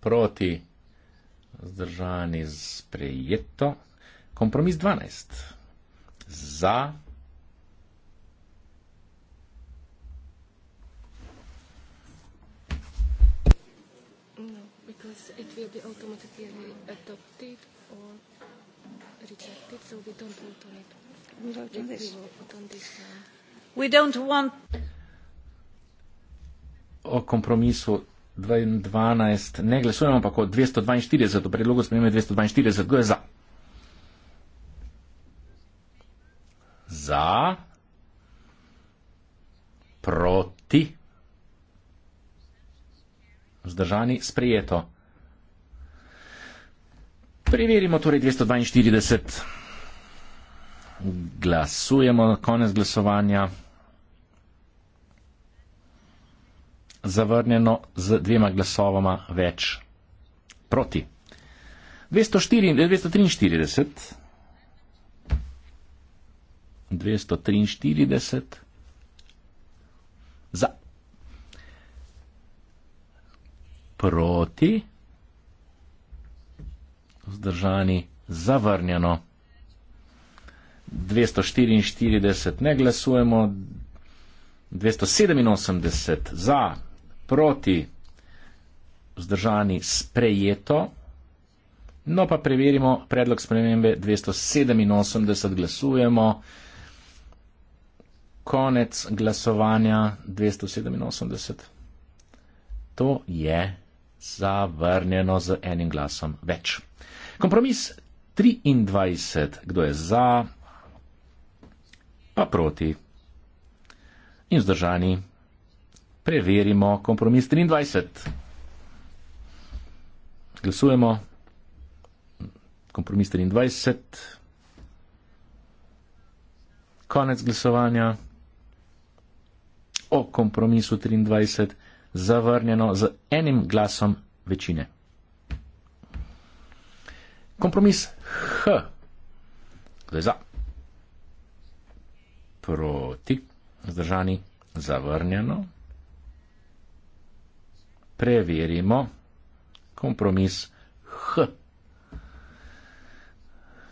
proti zdržani sprejeto. Kompromis 12. Za. No, o kompromisu 212, ne glasujemo pa kot 242, o predlogu spremembe 242, kdo je za? Za? Proti? Zdržani, sprejeto. Preverimo torej 242. Glasujemo, konec glasovanja. zavrnjeno z dvema glasovoma več proti. 204, 243, 243 za, proti, vzdržani, zavrnjeno. 244 ne glasujemo, 287 za, proti vzdržani sprejeto. No pa preverimo predlog spremembe 287, glasujemo. Konec glasovanja 287. To je zavrnjeno z enim glasom več. Kompromis 23, kdo je za, pa proti in vzdržani preverimo kompromis 23. Glasujemo. Kompromis 23. Konec glasovanja. O kompromisu 23 zavrnjeno z enim glasom večine. Kompromis H. Kdo je za? Proti. Zdržani. Zavrnjeno preverimo kompromis H.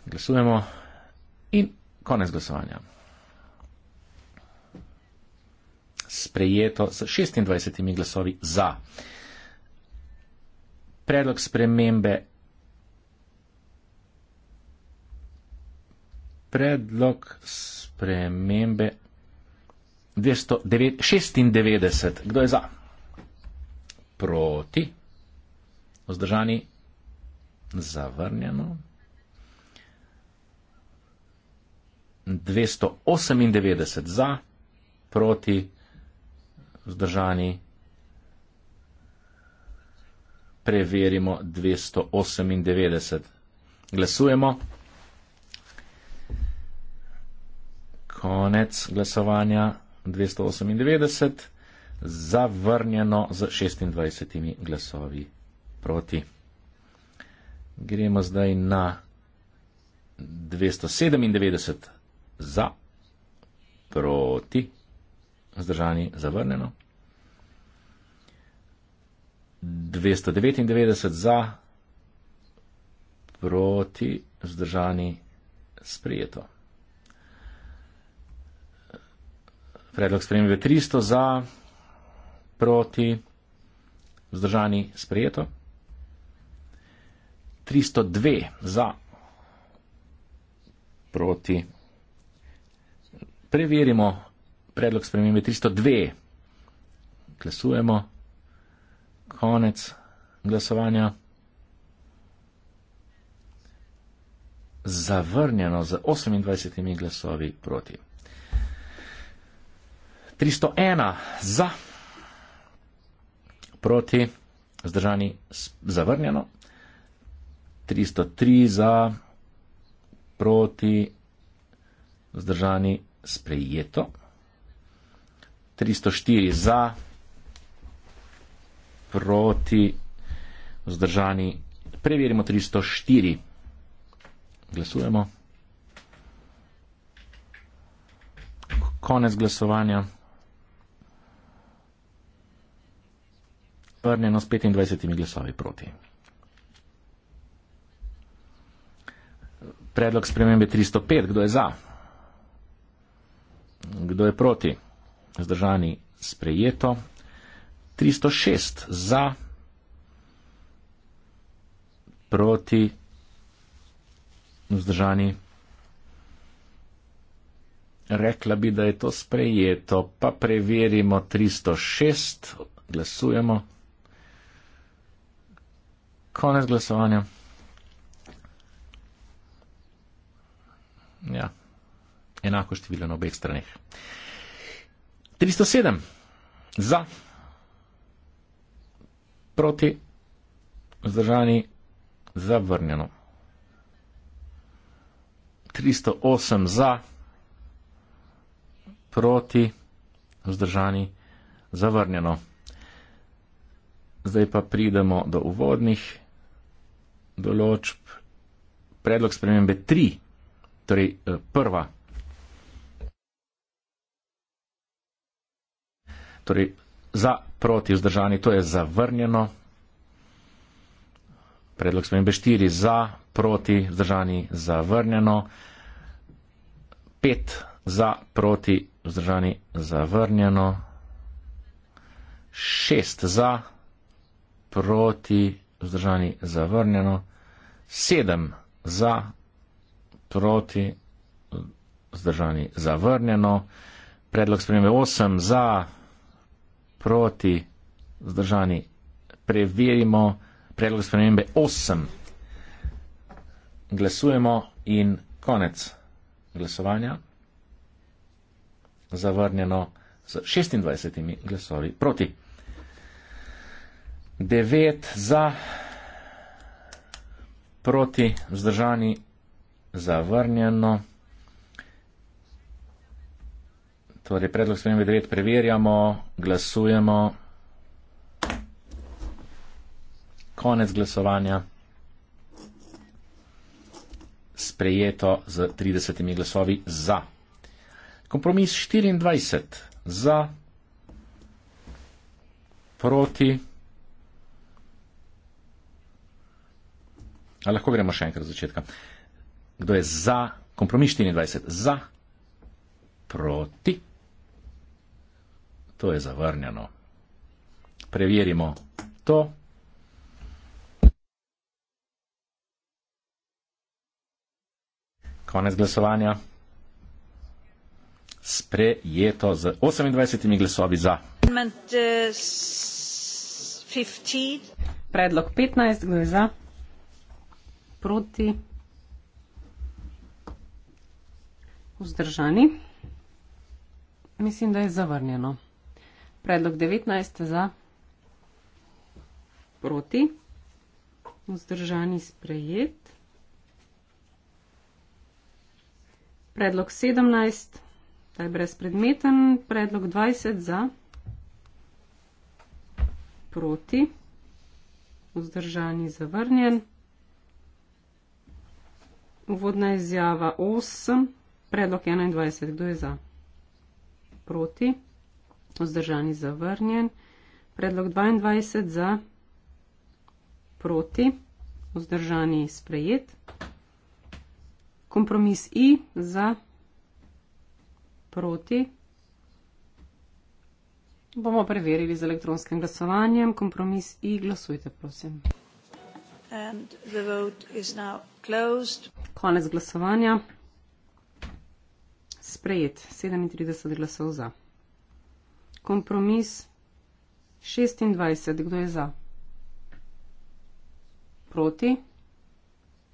Glasujemo in konec glasovanja. Sprejeto s 26 glasovi za. Predlog spremembe. Predlog spremembe 296. Kdo je za? proti, vzdržani, zavrnjeno. 298 za, proti, vzdržani. Preverimo 298. Glasujemo. Konec glasovanja 298 zavrnjeno z 26 glasovi proti. Gremo zdaj na 297 za, proti, zdržani, zavrnjeno. 299 za, proti, zdržani, sprijeto. Predlog spremembe 300 za, proti, vzdržani sprejeto. 302 za, proti. Preverimo predlog spremembe 302. Glasujemo. Konec glasovanja. Zavrnjeno z 28 glasovi proti. 301 za proti, zdržani zavrnjeno, 303 za, proti, zdržani sprejeto, 304 za, proti, zdržani, preverimo 304, glasujemo. Konec glasovanja. zavrnjeno s 25 glasovi proti. Predlog spremembe 305. Kdo je za? Kdo je proti? Zdržani sprejeto. 306 za, proti, vzdržani. Rekla bi, da je to sprejeto, pa preverimo 306, glasujemo. Konec glasovanja. Ja, enako število na obeh straneh. 307 za, proti, vzdržani, zavrnjeno. 308 za, proti, vzdržani, zavrnjeno. Zdaj pa pridemo do uvodnih določb, predlog spremembe 3, torej eh, prva. Torej, za proti vzdržani, to je zavrnjeno. Predlog spremembe 4, za proti vzdržani, zavrnjeno. 5, za proti vzdržani, zavrnjeno. 6, za proti vzdržani vzdržani zavrnjeno, sedem za, proti, vzdržani zavrnjeno, predlog spremembe osem za, proti, vzdržani preverimo, predlog spremembe osem. Glasujemo in konec glasovanja. Zavrnjeno s 26 glasovi proti. 9 za, proti vzdržani zavrnjeno. Torej, predlog spremembe 9 preverjamo, glasujemo. Konec glasovanja. Sprejeto z 30 glasovi za. Kompromis 24 za, proti. A lahko gremo še enkrat od začetka. Kdo je za kompromis 24? Za? Proti? To je zavrnjeno. Preverimo to. Konec glasovanja. Sprejeto z 28 glasovi za. Eh, Predlog 15, kdo je za? proti, vzdržani. Mislim, da je zavrnjeno. Predlog 19 za, proti, vzdržani sprejet. Predlog 17, ta je brezpredmeten. Predlog 20 za, proti, vzdržani zavrnjen. Uvodna izjava 8, predlog 21, kdo je za? Proti, vzdržani zavrnjen. Predlog 22 za, proti, vzdržani sprejet. Kompromis I za, proti. Bomo preverili z elektronskim glasovanjem. Kompromis I, glasujte prosim. Konec glasovanja. Sprejet. 37 glasov za. Kompromis 26. Kdo je za? Proti.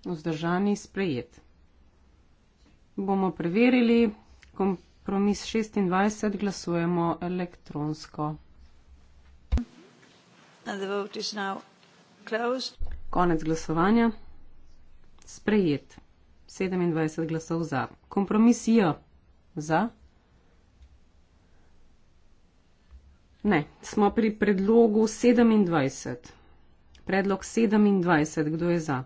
Vzdržani. Sprejet. Bomo preverili. Kompromis 26. Glasujemo elektronsko. And the vote is now closed. Konec glasovanja. Sprejet. 27 glasov za. Kompromis J. Za. Ne, smo pri predlogu 27. Predlog 27, kdo je za?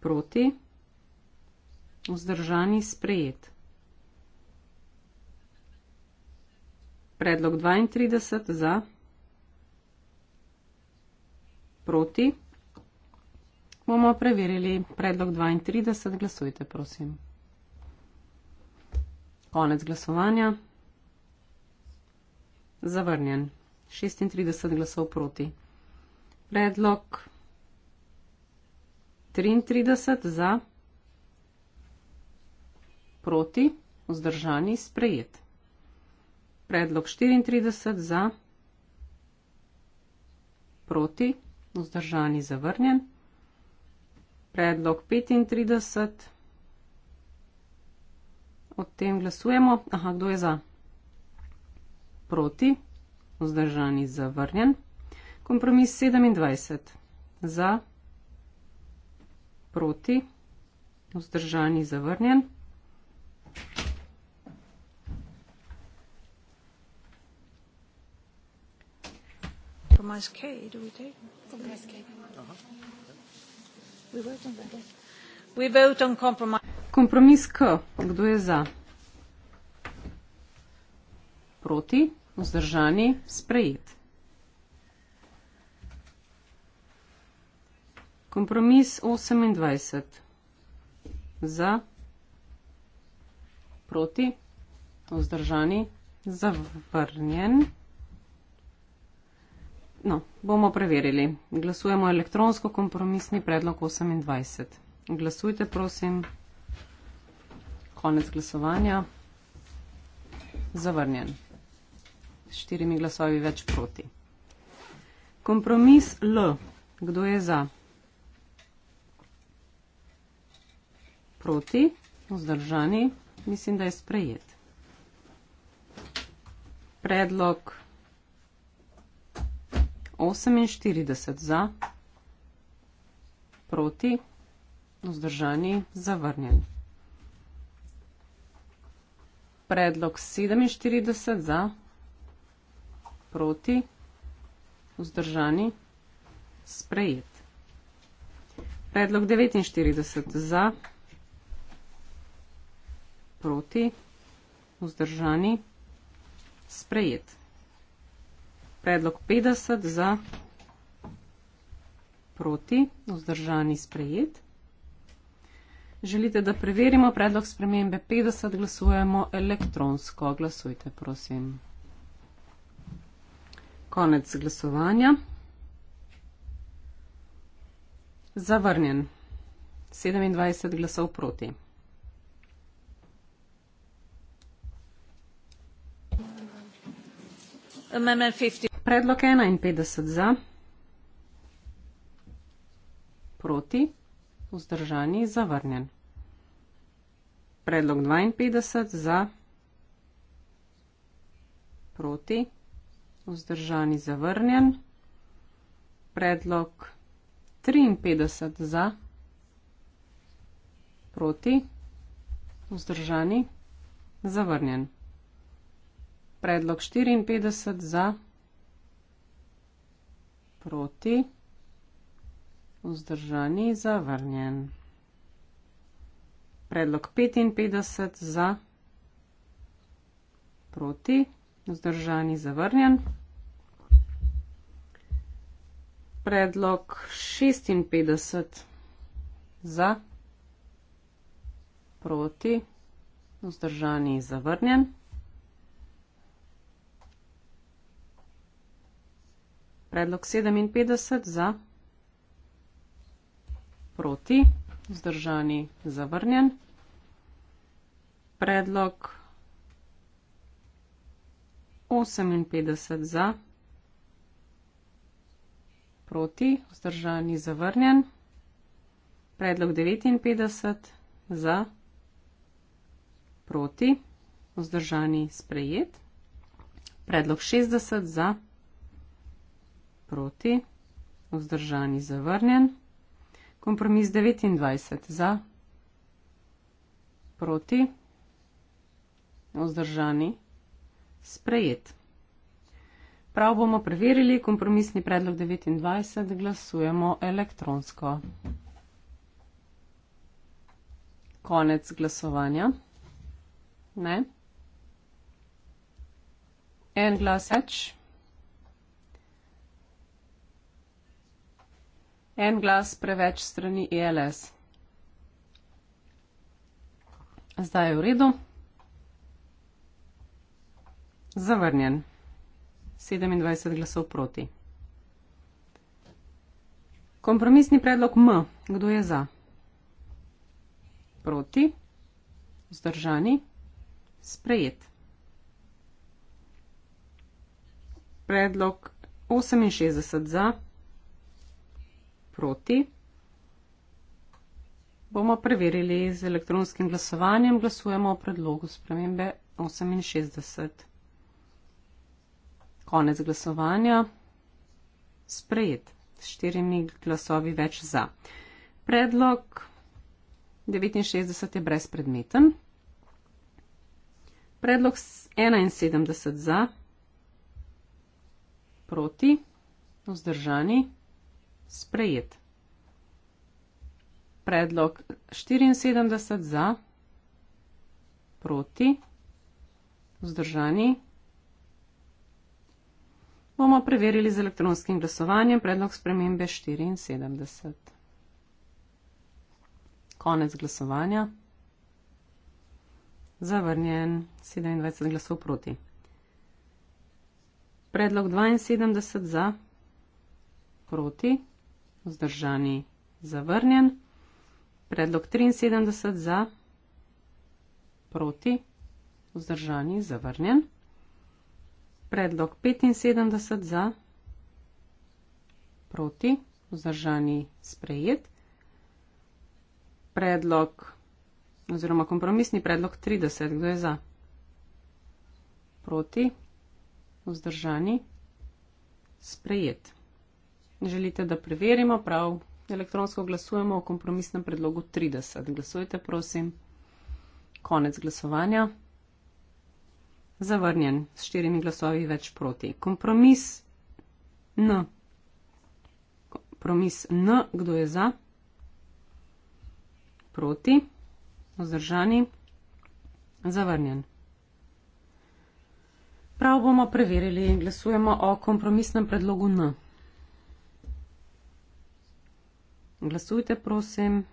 Proti. Vzdržani sprejet. Predlog 32 za proti. Bomo preverili predlog 32. Glasujte, prosim. Konec glasovanja. Zavrnjen. 36 glasov proti. Predlog 33 za. Proti. Vzdržani. Sprejet. Predlog 34 za. Proti vzdržani zavrnjen. Predlog 35. O tem glasujemo. Aha, kdo je za? Proti. Vzdržani zavrnjen. Kompromis 27. Za. Proti. Vzdržani zavrnjen. Thomas K. Do we take? Him? Kompromis K, kdo je za? Proti, vzdržani, sprejet. Kompromis 28. Za, proti, vzdržani, zavrnjen. No, bomo preverili. Glasujemo elektronsko kompromisni predlog 28. Glasujte, prosim. Konec glasovanja. Zavrnjen. S štirimi glasovi več proti. Kompromis L. Kdo je za? Proti. Vzdržani. Mislim, da je sprejet. Predlog 48 za, proti, vzdržani, zavrnjen. Predlog 47 za, proti, vzdržani, sprejet. Predlog 49 za, proti, vzdržani, sprejet predlog 50 za proti, vzdržani sprejet. Želite, da preverimo predlog spremembe 50, glasujemo elektronsko. Glasujte, prosim. Konec glasovanja. Zavrnjen. 27 glasov proti. Amendment 50. Predlog 51 za, proti, vzdržani, zavrnjen. Predlog 52 za, proti, vzdržani, zavrnjen. Predlog 53 za, proti, vzdržani, zavrnjen. Predlog 54 za, proti, vzdržani, zavrnjen proti, vzdržani, zavrnjen. Predlog 55 za, proti, vzdržani, zavrnjen. Predlog 56 za, proti, vzdržani, zavrnjen. Predlog 57 za, proti, vzdržani, zavrnjen. Predlog 58 za, proti, vzdržani, zavrnjen. Predlog 59 za, proti, vzdržani, sprejet. Predlog 60 za, proti proti, vzdržani zavrnjen. Kompromis 29 za, proti, vzdržani sprejet. Prav bomo preverili kompromisni predlog 29, glasujemo elektronsko. Konec glasovanja. Ne. En glas več. En glas preveč strani ELS. Zdaj je v redu. Zavrnjen. 27 glasov proti. Kompromisni predlog M. Kdo je za? Proti. Zdržani. Sprejet. Predlog 68 za proti. Bomo preverili z elektronskim glasovanjem. Glasujemo o predlogu spremembe 68. Konec glasovanja. Sprejet. S štirimi glasovi več za. Predlog 69 je brezpredmeten. Predlog 71 za. Proti. Vzdržani sprejet. Predlog 74 za, proti, vzdržani. Bomo preverili z elektronskim glasovanjem predlog spremembe 74. Konec glasovanja. Zavrnjen 27 glasov proti. Predlog 72 za, proti vzdržani, zavrnjen. Predlog 73 za, proti, vzdržani, zavrnjen. Predlog 75 za, proti, vzdržani, sprejet. Predlog oziroma kompromisni predlog 30, kdo je za? Proti, vzdržani, sprejet. Želite, da preverimo prav? Elektronsko glasujemo o kompromisnem predlogu 30. Glasujte, prosim. Konec glasovanja. Zavrnjen s štirimi glasovi več proti. Kompromis N. Kompromis N. Kdo je za? Proti. Ozdržani. Zavrnjen. Prav bomo preverili. Glasujemo o kompromisnem predlogu N. Glasujte, prosim.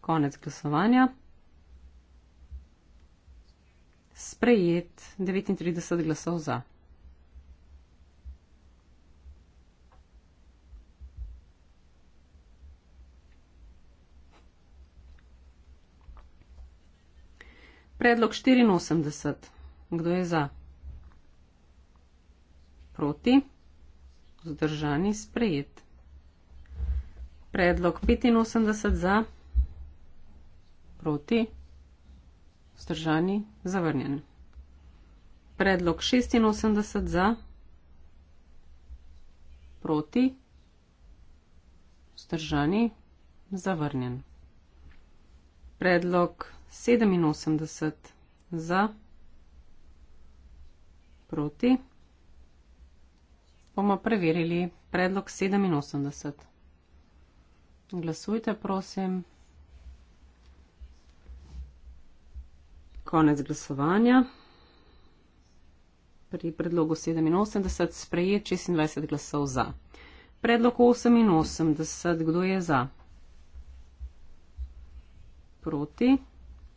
Konec glasovanja. Sprejet 39 glasov za. Predlog 84. Kdo je za? Proti. Zdržani sprejet. Predlog 85 za, proti, vzdržani, zavrnjen. Predlog 86 za, proti, vzdržani, zavrnjen. Predlog 87 za, proti, bomo preverili predlog 87. Glasujte, prosim. Konec glasovanja. Pri predlogu 87 sprejet 26 glasov za. Predlog 88, kdo je za? Proti,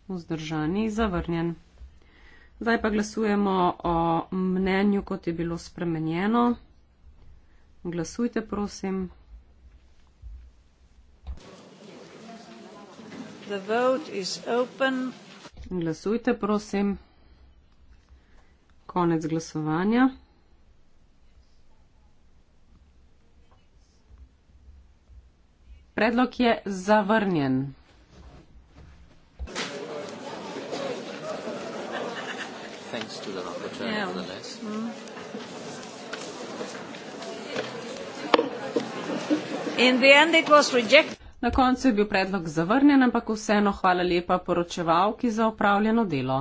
vzdržani, zavrnjen. Zdaj pa glasujemo o mnenju, kot je bilo spremenjeno. Glasujte, prosim. The vote is open. Glasujte, prosim. Konec glasovanja. Predlog je zavrnjen. Mm. In the end it was rejected. Na koncu je bil predlog zavrnjen, ampak vseeno hvala lepa poročevalki za upravljeno delo.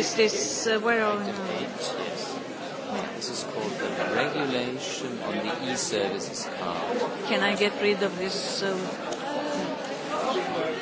Is this uh, where on? Yes. Yeah. This is called the regulation on the e-services card. Can I get rid of this? Uh, yeah.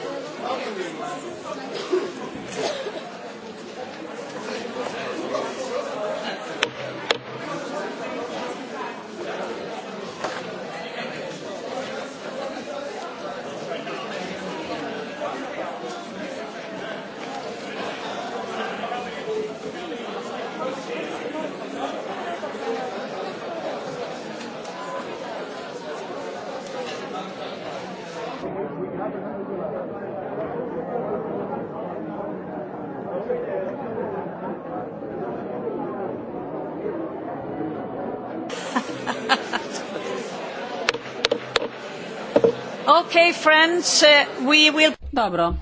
Okay, friends, uh, will... Dobro,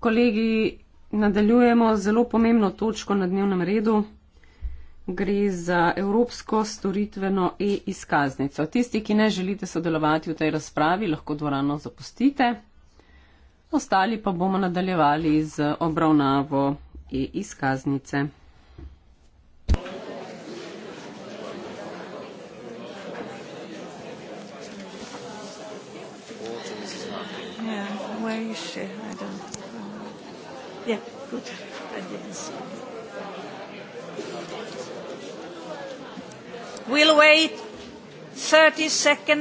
kolegi, nadaljujemo zelo pomembno točko na dnevnem redu. Gre za Evropsko storitveno e-izkaznico. Tisti, ki ne želite sodelovati v tej razpravi, lahko dvorano zapustite. Ostali pa bomo nadaljevali z obravnavo e-izkaznice. Yeah, ja, good. We'll wait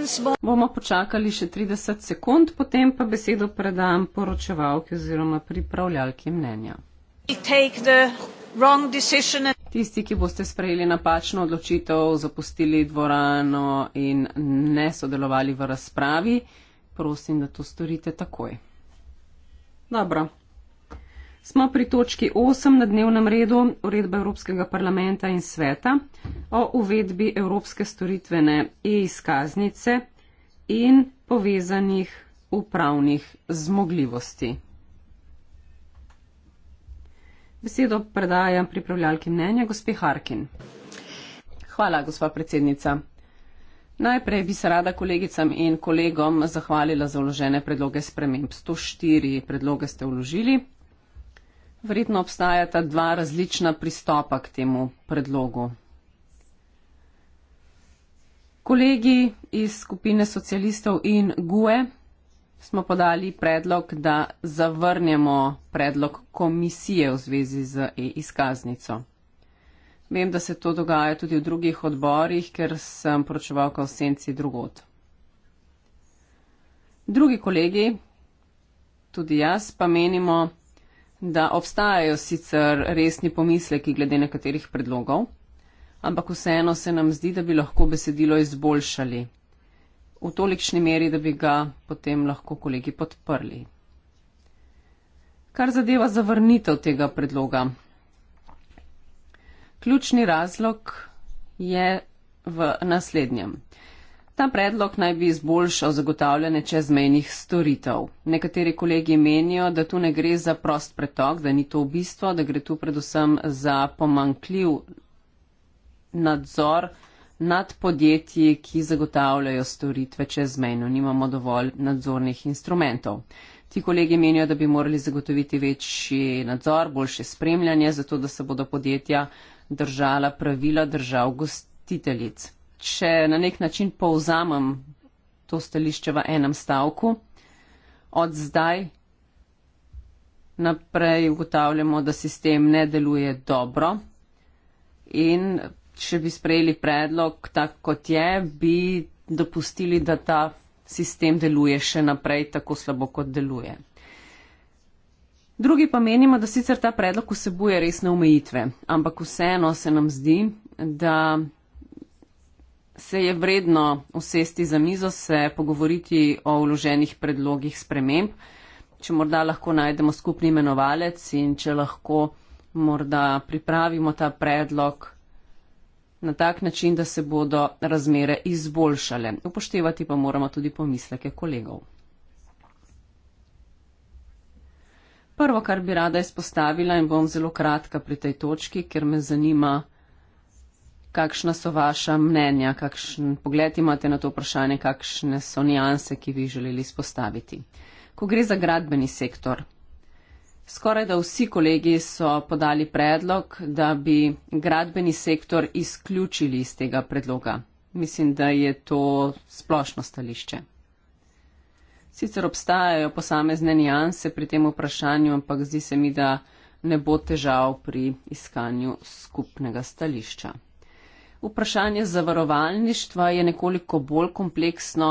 30 Bomo počakali še 30 sekund, potem pa besedo predam poročevalki oziroma pripravljalki mnenja. Tisti, ki boste sprejeli napačno odločitev, zapustili dvorano in ne sodelovali v razpravi, prosim, da to storite takoj. Dobro, smo pri točki 8 na dnevnem redu uredbe Evropskega parlamenta in sveta o uvedbi Evropske storitvene e-izkaznice in povezanih upravnih zmogljivosti. Besedo predajam pripravljalki mnenja gospe Harkin. Hvala, gospa predsednica. Najprej bi se rada kolegicam in kolegom zahvalila za vložene predloge sprememb. 104 predloge ste vložili. Verjetno obstajata dva različna pristopa k temu predlogu. Kolegi iz skupine socialistov in GUE smo podali predlog, da zavrnemo predlog komisije v zvezi z e-izkaznico. Vem, da se to dogaja tudi v drugih odborih, ker sem poročeval kao senci drugot. Drugi kolegi, tudi jaz, pa menimo, da obstajajo sicer resni pomisleki glede nekaterih predlogov, ampak vseeno se nam zdi, da bi lahko besedilo izboljšali v tolikšni meri, da bi ga potem lahko kolegi podprli. Kar zadeva zavrnitev tega predloga. Ključni razlog je v naslednjem. Ta predlog naj bi izboljšal zagotavljanje čezmejnih storitev. Nekateri kolegi menijo, da tu ne gre za prost pretok, da ni to v bistvu, da gre tu predvsem za pomankljiv nadzor nad podjetji, ki zagotavljajo storitve čezmejno. Nimamo dovolj nadzornih instrumentov. Ti kolegi menijo, da bi morali zagotoviti večji nadzor, boljše spremljanje, zato da se bodo podjetja držala pravila držav gostiteljic če na nek način povzamem to stališče v enem stavku, od zdaj naprej ugotavljamo, da sistem ne deluje dobro in če bi sprejeli predlog tak, kot je, bi dopustili, da ta sistem deluje še naprej tako slabo, kot deluje. Drugi pa menimo, da sicer ta predlog vsebuje resne omejitve, ampak vseeno se nam zdi, da se je vredno usesti za mizo, se pogovoriti o vloženih predlogih sprememb, če morda lahko najdemo skupni imenovalec in če lahko morda pripravimo ta predlog na tak način, da se bodo razmere izboljšale. Upoštevati pa moramo tudi pomisleke kolegov. Prvo, kar bi rada izpostavila in bom zelo kratka pri tej točki, ker me zanima, kakšna so vaša mnenja, kakšen pogled imate na to vprašanje, kakšne so nijanse, ki bi želeli spostaviti. Ko gre za gradbeni sektor, skoraj da vsi kolegi so podali predlog, da bi gradbeni sektor izključili iz tega predloga. Mislim, da je to splošno stališče. Sicer obstajajo posamezne nijanse pri tem vprašanju, ampak zdi se mi, da ne bo težav pri iskanju skupnega stališča. Vprašanje zavarovalništva je nekoliko bolj kompleksno.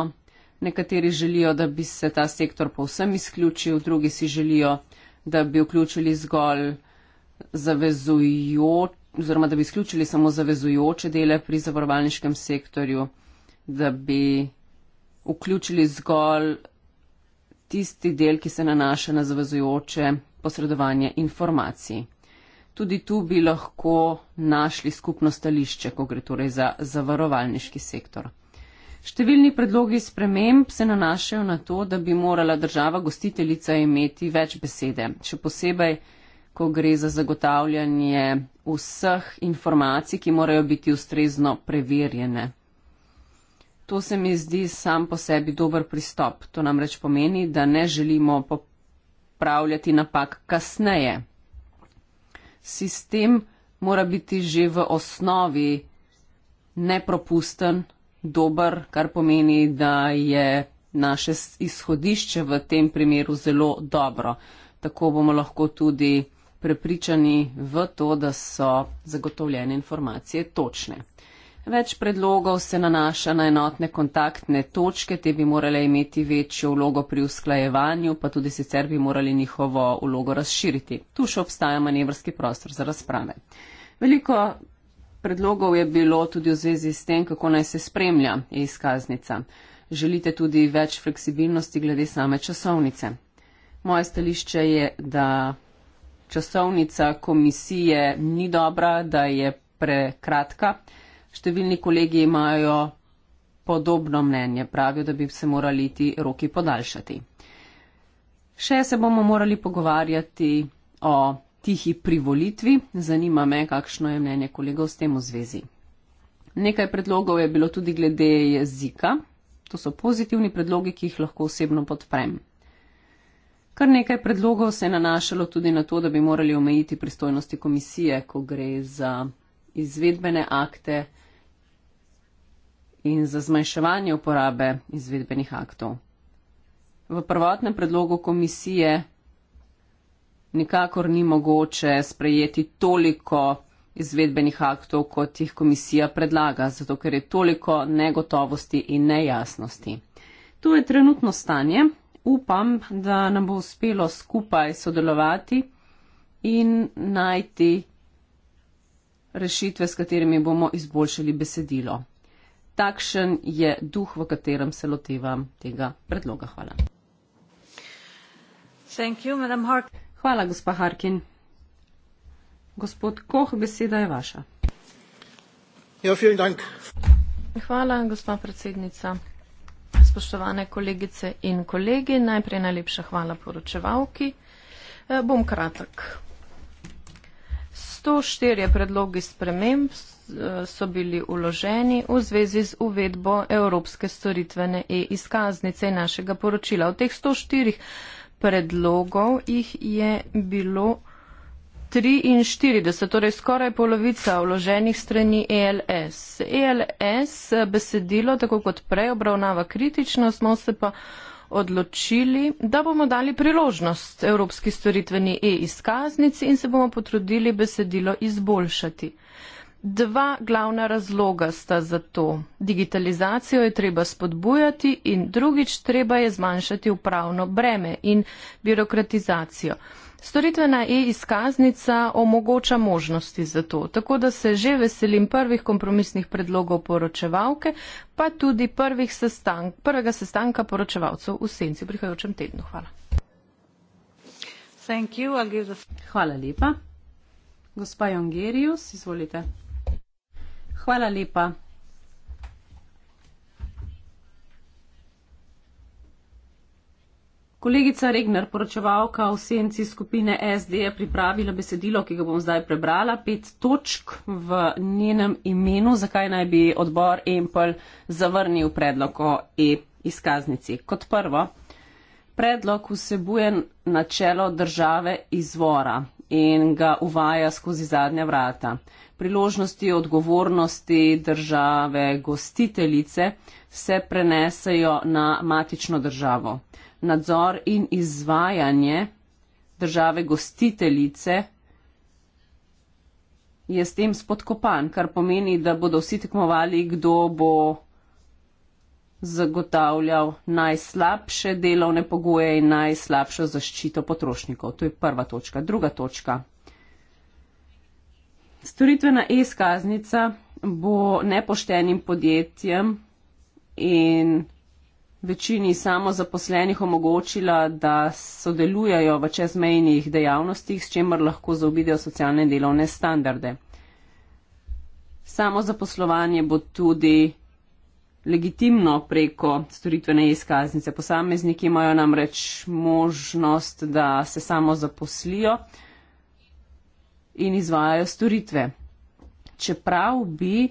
Nekateri želijo, da bi se ta sektor povsem izključil, drugi si želijo, da bi vključili zgolj zavezujoč, oziroma da bi izključili samo zavezujoče dele pri zavarovalniškem sektorju, da bi vključili zgolj tisti del, ki se nanaša na zavezujoče posredovanje informacij. Tudi tu bi lahko našli skupno stališče, ko gre torej za zavarovalniški sektor. Številni predlogi sprememb se nanašajo na to, da bi morala država gostiteljica imeti več besede, še posebej, ko gre za zagotavljanje vseh informacij, ki morajo biti ustrezno preverjene. To se mi zdi sam po sebi dober pristop. To namreč pomeni, da ne želimo popravljati napak kasneje, sistem mora biti že v osnovi nepropusten, dober, kar pomeni, da je naše izhodišče v tem primeru zelo dobro. Tako bomo lahko tudi prepričani v to, da so zagotovljene informacije točne. Več predlogov se nanaša na enotne kontaktne točke, te bi morale imeti večjo vlogo pri usklajevanju, pa tudi sicer bi morali njihovo vlogo razširiti. Tu še obstaja manevrski prostor za razprave. Veliko predlogov je bilo tudi v zvezi s tem, kako naj se spremlja izkaznica. Želite tudi več fleksibilnosti glede same časovnice. Moje stališče je, da časovnica komisije ni dobra, da je prekratka. Številni kolegi imajo podobno mnenje, pravijo, da bi se morali ti roki podaljšati. Še se bomo morali pogovarjati o tihi privolitvi. Zanima me, kakšno je mnenje kolegov s tem v zvezi. Nekaj predlogov je bilo tudi glede jezika. To so pozitivni predlogi, ki jih lahko osebno podprem. Kar nekaj predlogov se je nanašalo tudi na to, da bi morali omejiti pristojnosti komisije, ko gre za izvedbene akte, in za zmanjševanje uporabe izvedbenih aktov. V prvotnem predlogu komisije nikakor ni mogoče sprejeti toliko izvedbenih aktov, kot jih komisija predlaga, zato ker je toliko negotovosti in nejasnosti. To je trenutno stanje. Upam, da nam bo uspelo skupaj sodelovati in najti rešitve, s katerimi bomo izboljšali besedilo takšen je duh, v katerem se lotevam tega predloga. Hvala. You, Hvala, gospa Harkin. Gospod Koh, beseda je vaša. Ja, dank. Hvala, gospa predsednica. Spoštovane kolegice in kolegi, najprej najlepša hvala poročevalki. Bom kratek. 104 predlogi sprememb so bili uloženi v zvezi z uvedbo Evropske storitvene e-izkaznice našega poročila. Od teh 104 predlogov jih je bilo 43, torej skoraj polovica vloženih strani ELS. ELS besedilo, tako kot prej, obravnava kritično, smo se pa odločili, da bomo dali priložnost Evropski storitveni e-izkaznici in se bomo potrudili besedilo izboljšati. Dva glavna razloga sta za to. Digitalizacijo je treba spodbujati in drugič treba je zmanjšati upravno breme in birokratizacijo. Storitvena e-izkaznica omogoča možnosti za to, tako da se že veselim prvih kompromisnih predlogov poročevalke, pa tudi sestank, prvega sestanka poročevalcev v senci v prihajajočem tednu. Hvala. Hvala lepa. Gospa Jongerius, izvolite. Hvala lepa. Kolegica Regner, poročevalka v senci skupine SD, je pripravila besedilo, ki ga bom zdaj prebrala. Pet točk v njenem imenu, zakaj naj bi odbor Empel zavrnil predlog o e-izkaznici. Kot prvo, predlog vsebuje načelo države izvora in ga uvaja skozi zadnja vrata. Priložnosti, odgovornosti države gostiteljice se prenesejo na matično državo nadzor in izvajanje države gostiteljice je s tem spodkopan, kar pomeni, da bodo vsi tekmovali, kdo bo zagotavljal najslabše delovne pogoje in najslabšo zaščito potrošnikov. To je prva točka. Druga točka. Storitvena e-skaznica bo nepoštenim podjetjem in večini samozaposlenih omogočila, da sodelujajo v čezmejnih dejavnostih, s čemer lahko zaobidejo socialne delovne standarde. Samozaposlovanje bo tudi legitimno preko storitvene izkaznice. Posamezniki imajo namreč možnost, da se samozaposlijo in izvajajo storitve. Čeprav bi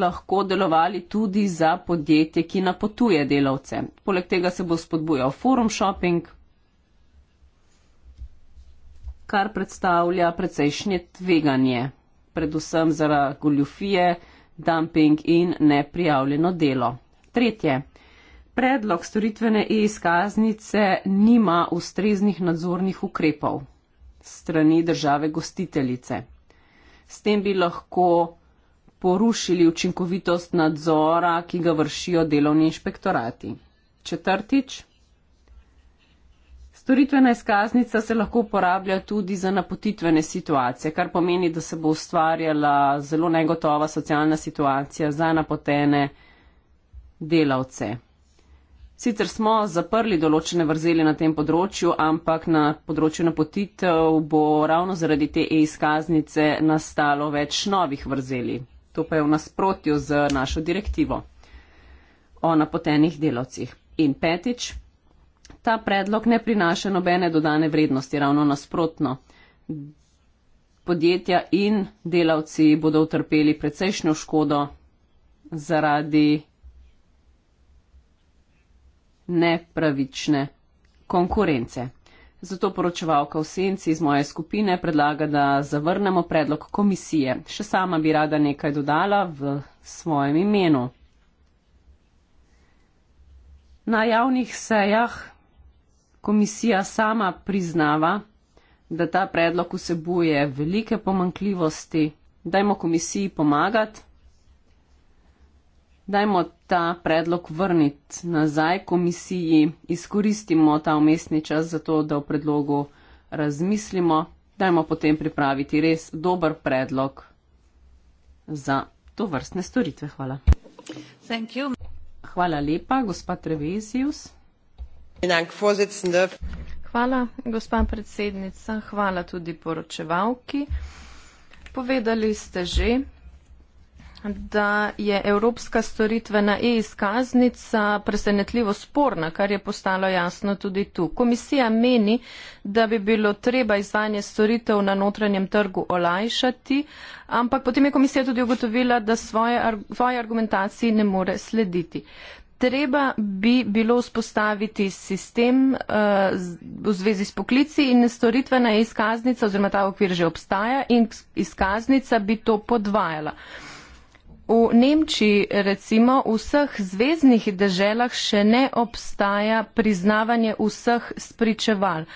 lahko delovali tudi za podjetje, ki napotuje delavce. Poleg tega se bo spodbujal forum shopping, kar predstavlja precejšnje tveganje, predvsem zaradi goljufije, dumping in neprijavljeno delo. Tretje. Predlog storitvene e-izkaznice nima ustreznih nadzornih ukrepov strani države gostiteljice. S tem bi lahko porušili učinkovitost nadzora, ki ga vršijo delovni inšpektorati. Četrtič. Storitvena izkaznica se lahko uporablja tudi za napotitvene situacije, kar pomeni, da se bo ustvarjala zelo negotova socialna situacija za napotene delavce. Sicer smo zaprli določene vrzeli na tem področju, ampak na področju napotitev bo ravno zaradi te e-izkaznice nastalo več novih vrzeli to pa je v nasprotju z našo direktivo o napotenih delavcih. In petič, ta predlog ne prinaša nobene dodane vrednosti, ravno nasprotno. Podjetja in delavci bodo utrpeli precejšnjo škodo zaradi nepravične konkurence. Zato poročevalka v senci iz moje skupine predlaga, da zavrnemo predlog komisije. Še sama bi rada nekaj dodala v svojem imenu. Na javnih sejah komisija sama priznava, da ta predlog vsebuje velike pomankljivosti. Dajmo komisiji pomagati dajmo ta predlog vrniti nazaj komisiji, izkoristimo ta umestni čas za to, da v predlogu razmislimo, dajmo potem pripraviti res dober predlog za to vrstne storitve. Hvala. Hvala lepa, gospa Trevesius. Hvala, gospa predsednica, hvala tudi poročevalki. Povedali ste že, da je evropska storitvena e-izkaznica presenetljivo sporna, kar je postalo jasno tudi tu. Komisija meni, da bi bilo treba izvajanje storitev na notranjem trgu olajšati, ampak potem je komisija tudi ugotovila, da svoje, svoje argumentaciji ne more slediti. Treba bi bilo vzpostaviti sistem uh, v zvezi s poklici in storitvena izkaznica oziroma ta okvir že obstaja in izkaznica bi to podvajala. Uh, V Nemčiji recimo v vseh zvezdnih deželah še ne obstaja priznavanje vseh spričeval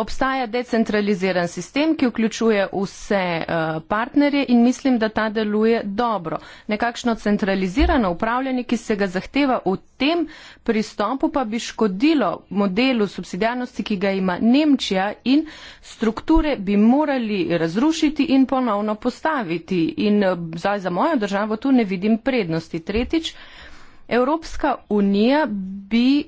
obstaja decentraliziran sistem, ki vključuje vse uh, partnerje in mislim, da ta deluje dobro. Nekakšno centralizirano upravljanje, ki se ga zahteva v tem pristopu, pa bi škodilo modelu subsidijarnosti, ki ga ima Nemčija in strukture bi morali razrušiti in ponovno postaviti. In uh, zdaj za mojo državo tu ne vidim prednosti. Tretjič, Evropska unija bi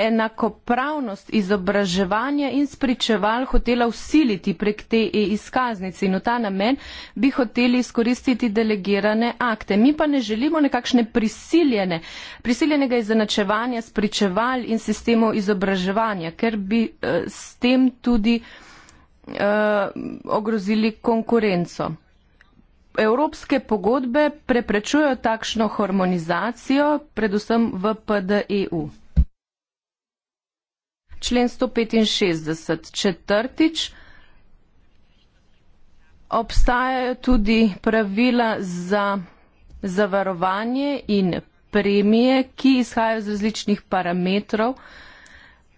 enakopravnost izobraževanja in spričeval hotela usiliti prek te e-izkaznice in v ta namen bi hoteli izkoristiti delegirane akte. Mi pa ne želimo nekakšne prisiljene, prisiljenega izenačevanja spričeval in sistemov izobraževanja, ker bi eh, s tem tudi eh, ogrozili konkurenco. Evropske pogodbe preprečujejo takšno harmonizacijo, predvsem v PDEU člen 165. Četrtič, obstajajo tudi pravila za zavarovanje in premije, ki izhajajo iz različnih parametrov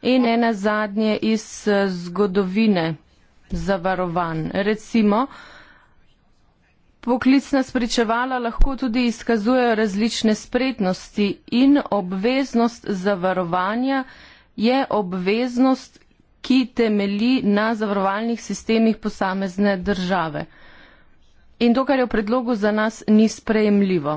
in ena zadnje iz eh, zgodovine zavarovanj. Recimo, poklicna spričevala lahko tudi izkazujejo različne spretnosti in obveznost zavarovanja in je obveznost, ki temelji na zavarovalnih sistemih posamezne države. In to, kar je v predlogu za nas, ni sprejemljivo.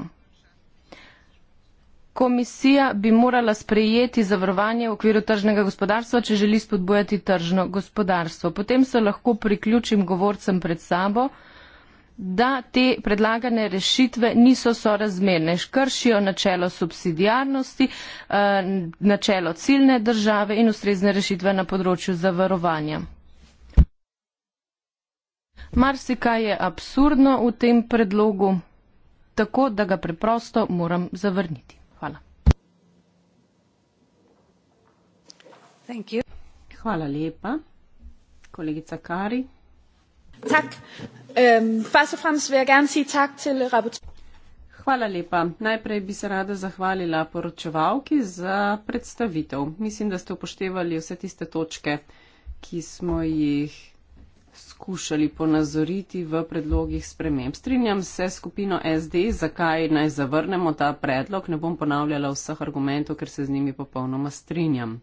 Komisija bi morala sprejeti zavarovanje v okviru tržnega gospodarstva, če želi spodbojati tržno gospodarstvo. Potem se lahko priključim govorcem pred sabo da te predlagane rešitve niso sorazmerne, škršijo načelo subsidijarnosti, eh, načelo ciljne države in ustrezne rešitve na področju zavarovanja. Marsikaj je absurdno v tem predlogu, tako da ga preprosto moram zavrniti. Hvala. Hvala lepa. Kolegica Kari. Tak, Hvala lepa. Najprej bi se rada zahvalila poročevalki za predstavitev. Mislim, da ste upoštevali vse tiste točke, ki smo jih skušali ponazoriti v predlogih sprememb. Strinjam se s skupino SD, zakaj naj zavrnemo ta predlog. Ne bom ponavljala vseh argumentov, ker se z njimi popolnoma strinjam.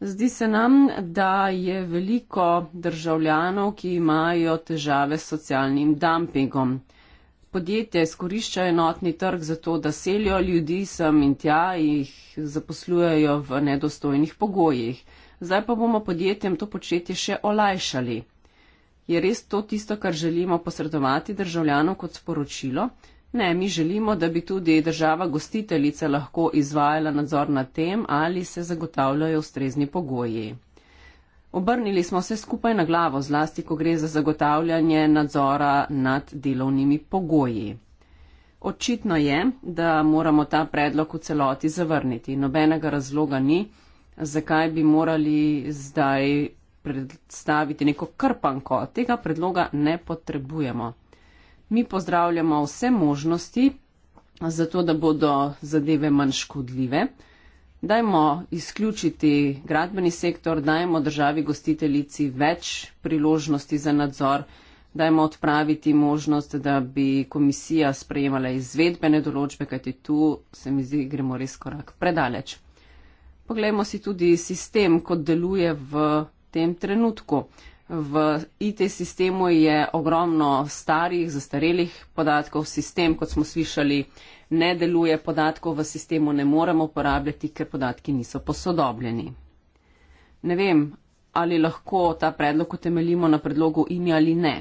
Zdi se nam, da je veliko državljanov, ki imajo težave s socialnim dumpingom. Podjetja izkoriščajo enotni trg za to, da selijo ljudi sem in tja, jih zaposlujejo v nedostojnih pogojih. Zdaj pa bomo podjetjem to početje še olajšali. Je res to tisto, kar želimo posredovati državljanom kot sporočilo? Ne, mi želimo, da bi tudi država gostiteljica lahko izvajala nadzor nad tem, ali se zagotavljajo ustrezni pogoji. Obrnili smo se skupaj na glavo, zlasti, ko gre za zagotavljanje nadzora nad delovnimi pogoji. Očitno je, da moramo ta predlog v celoti zavrniti. Nobenega razloga ni, zakaj bi morali zdaj predstaviti neko krpanko. Tega predloga ne potrebujemo. Mi pozdravljamo vse možnosti, zato da bodo zadeve manj škodljive. Dajmo izključiti gradbeni sektor, dajmo državi gostiteljici več priložnosti za nadzor, dajmo odpraviti možnost, da bi komisija sprejemala izvedbene določbe, kajti tu se mi zdi, gremo res korak predaleč. Poglejmo si tudi sistem, kot deluje v tem trenutku. V IT sistemu je ogromno starih, zastarelih podatkov, sistem, kot smo slišali, ne deluje, podatkov v sistemu ne moremo uporabljati, ker podatki niso posodobljeni. Ne vem, ali lahko ta predlog utemeljimo na predlogu IMI ali ne.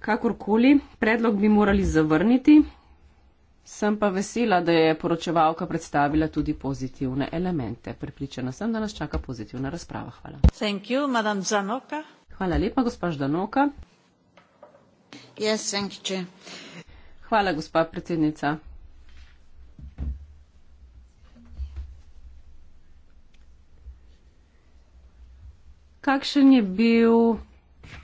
Kakorkoli, predlog bi morali zavrniti, Sem pa vesela, da je poročevalka predstavila tudi pozitivne elemente. Pripričana sem, da nas čaka pozitivna razprava. Hvala. You, Hvala lepa, gospa Ždanoka. Yes, Hvala, gospa predsednica. Kakšen je bil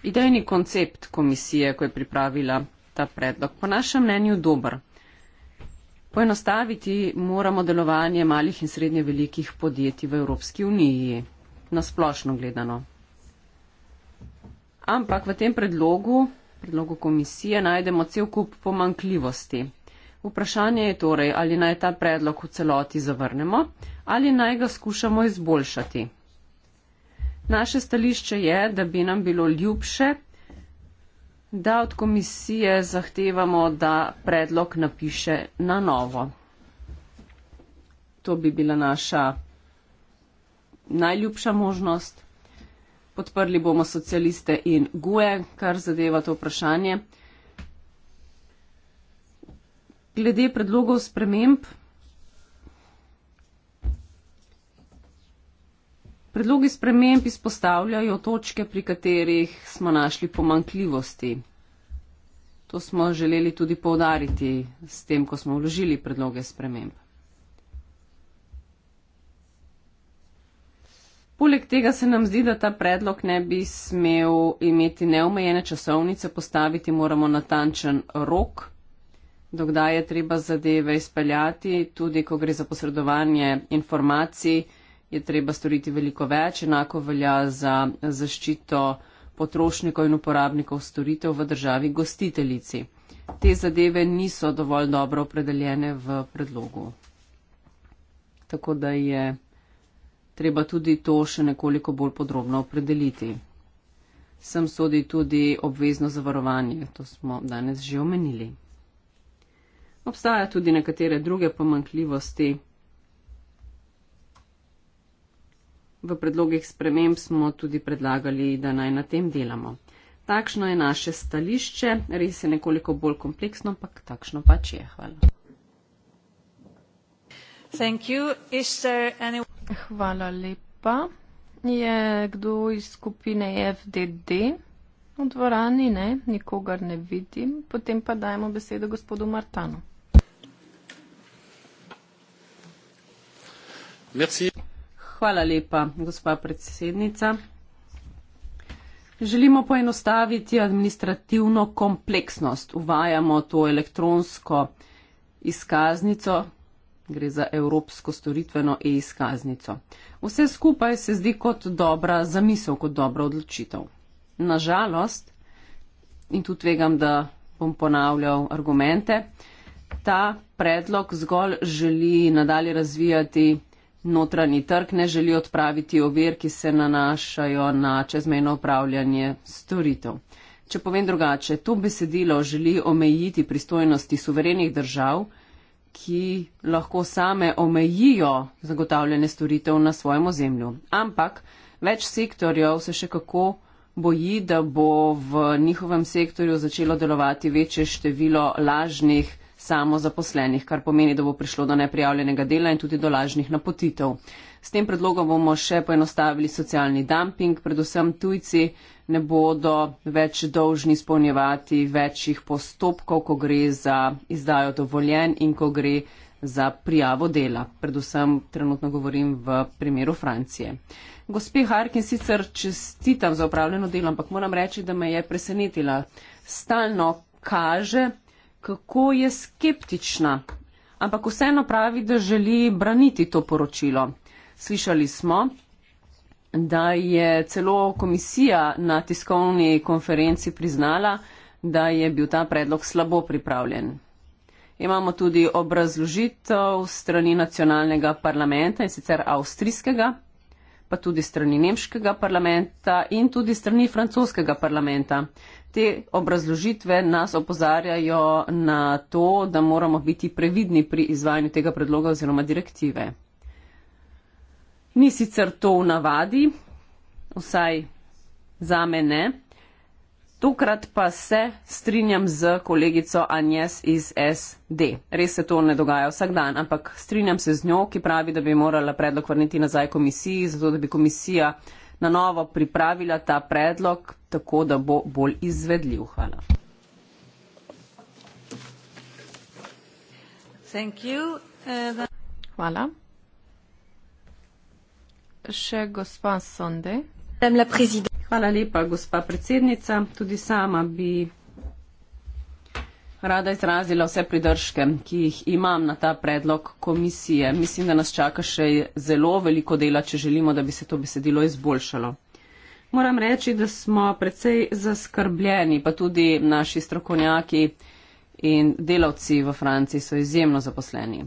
idejni koncept komisije, ko je pripravila ta predlog? Po našem mnenju dober. Poenostaviti moramo delovanje malih in srednje velikih podjetij v Evropski uniji, nasplošno gledano. Ampak v tem predlogu, predlogu komisije najdemo cel kup pomankljivosti. Vprašanje je torej, ali naj ta predlog v celoti zavrnemo ali naj ga skušamo izboljšati. Naše stališče je, da bi nam bilo ljubše da od komisije zahtevamo, da predlog napiše na novo. To bi bila naša najljubša možnost. Podprli bomo socialiste in guje, kar zadeva to vprašanje. Glede predlogov sprememb. Predlogi sprememb izpostavljajo točke, pri katerih smo našli pomankljivosti. To smo želeli tudi povdariti s tem, ko smo vložili predloge sprememb. Poleg tega se nam zdi, da ta predlog ne bi smel imeti neomejene časovnice, postaviti moramo natančen rok, dokdaj je treba zadeve izpeljati, tudi ko gre za posredovanje informacij je treba storiti veliko več. Enako velja za zaščito potrošnikov in uporabnikov storitev v državi gostiteljici. Te zadeve niso dovolj dobro opredeljene v predlogu. Tako da je treba tudi to še nekoliko bolj podrobno opredeliti. Sem sodi tudi obvezno zavarovanje, to smo danes že omenili. Obstaja tudi nekatere druge pomankljivosti. V predlogih sprememb smo tudi predlagali, da naj na tem delamo. Takšno je naše stališče, res je nekoliko bolj kompleksno, ampak takšno pač je. Hvala. Hvala lepa. Je kdo iz skupine FDD v dvorani? Ne, nikogar ne vidim. Potem pa dajemo besedo gospodu Martanu. Merci. Hvala lepa, gospa predsednica. Želimo poenostaviti administrativno kompleksnost. Uvajamo to elektronsko izkaznico, gre za evropsko storitveno e-izkaznico. Vse skupaj se zdi kot dobra zamisel, kot dobra odločitev. Nažalost, in tu tvegam, da bom ponavljal argumente, ta predlog zgolj želi nadalje razvijati notranji trg ne želi odpraviti ovir, ki se nanašajo na čezmejno upravljanje storitev. Če povem drugače, to besedilo želi omejiti pristojnosti suverenih držav, ki lahko same omejijo zagotavljanje storitev na svojem ozemlju. Ampak več sektorjev se še kako boji, da bo v njihovem sektorju začelo delovati večje število lažnih samo zaposlenih, kar pomeni, da bo prišlo do neprijavljenega dela in tudi do lažnih napotitev. S tem predlogom bomo še poenostavili socialni dumping, predvsem tujci ne bodo več dolžni izpolnjevati večjih postopkov, ko gre za izdajo dovoljen in ko gre za prijavo dela. Predvsem trenutno govorim v primeru Francije. Gospe Harkin sicer čestitam za upravljeno delo, ampak moram reči, da me je presenetila. Stalno kaže, kako je skeptična, ampak vseeno pravi, da želi braniti to poročilo. Slišali smo, da je celo komisija na tiskovni konferenci priznala, da je bil ta predlog slabo pripravljen. Imamo tudi obrazložitev strani nacionalnega parlamenta in sicer avstrijskega, pa tudi strani nemškega parlamenta in tudi strani francoskega parlamenta. Te obrazložitve nas opozarjajo na to, da moramo biti previdni pri izvajanju tega predloga oziroma direktive. Ni sicer to v navadi, vsaj za mene. Tokrat pa se strinjam z kolegico Anjes iz SD. Res se to ne dogaja vsak dan, ampak strinjam se z njo, ki pravi, da bi morala predlog vrniti nazaj komisiji, zato da bi komisija na novo pripravila ta predlog, tako da bo bolj izvedljiv. Hvala. Uh, Hvala. Še gospa Sonde. Hvala lepa, gospa predsednica. Tudi sama bi rada izrazila vse pridržke, ki jih imam na ta predlog komisije. Mislim, da nas čaka še zelo veliko dela, če želimo, da bi se to besedilo izboljšalo. Moram reči, da smo precej zaskrbljeni, pa tudi naši strokovnjaki in delavci v Franciji so izjemno zaposleni.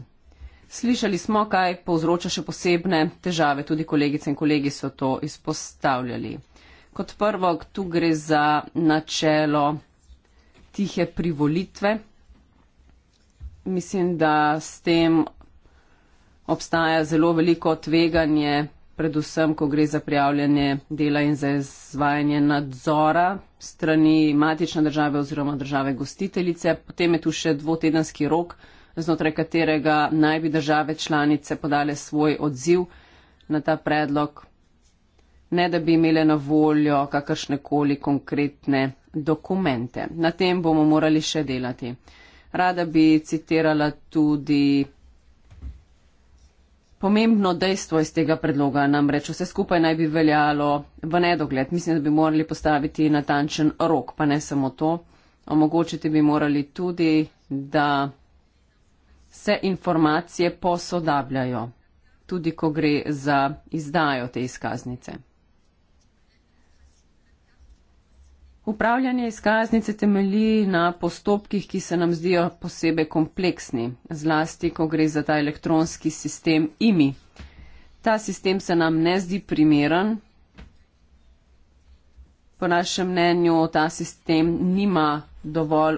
Slišali smo, kaj povzroča še posebne težave, tudi kolegice in kolegi so to izpostavljali. Kot prvo, tu gre za načelo tihe privolitve. Mislim, da s tem obstaja zelo veliko tveganje, predvsem, ko gre za prijavljanje dela in za izvajanje nadzora strani matične države oziroma države gostiteljice. Potem je tu še dvotedenski rok, znotraj katerega naj bi države članice podale svoj odziv na ta predlog ne da bi imele na voljo kakršne koli konkretne dokumente. Na tem bomo morali še delati. Rada bi citirala tudi pomembno dejstvo iz tega predloga, namreč vse skupaj naj bi veljalo v nedogled. Mislim, da bi morali postaviti natančen rok, pa ne samo to. Omogočiti bi morali tudi, da se informacije posodabljajo, tudi ko gre za izdajo te izkaznice. Upravljanje izkaznice temelji na postopkih, ki se nam zdijo posebej kompleksni, zlasti, ko gre za ta elektronski sistem IMI. Ta sistem se nam ne zdi primeren. Po našem mnenju ta sistem nima dovolj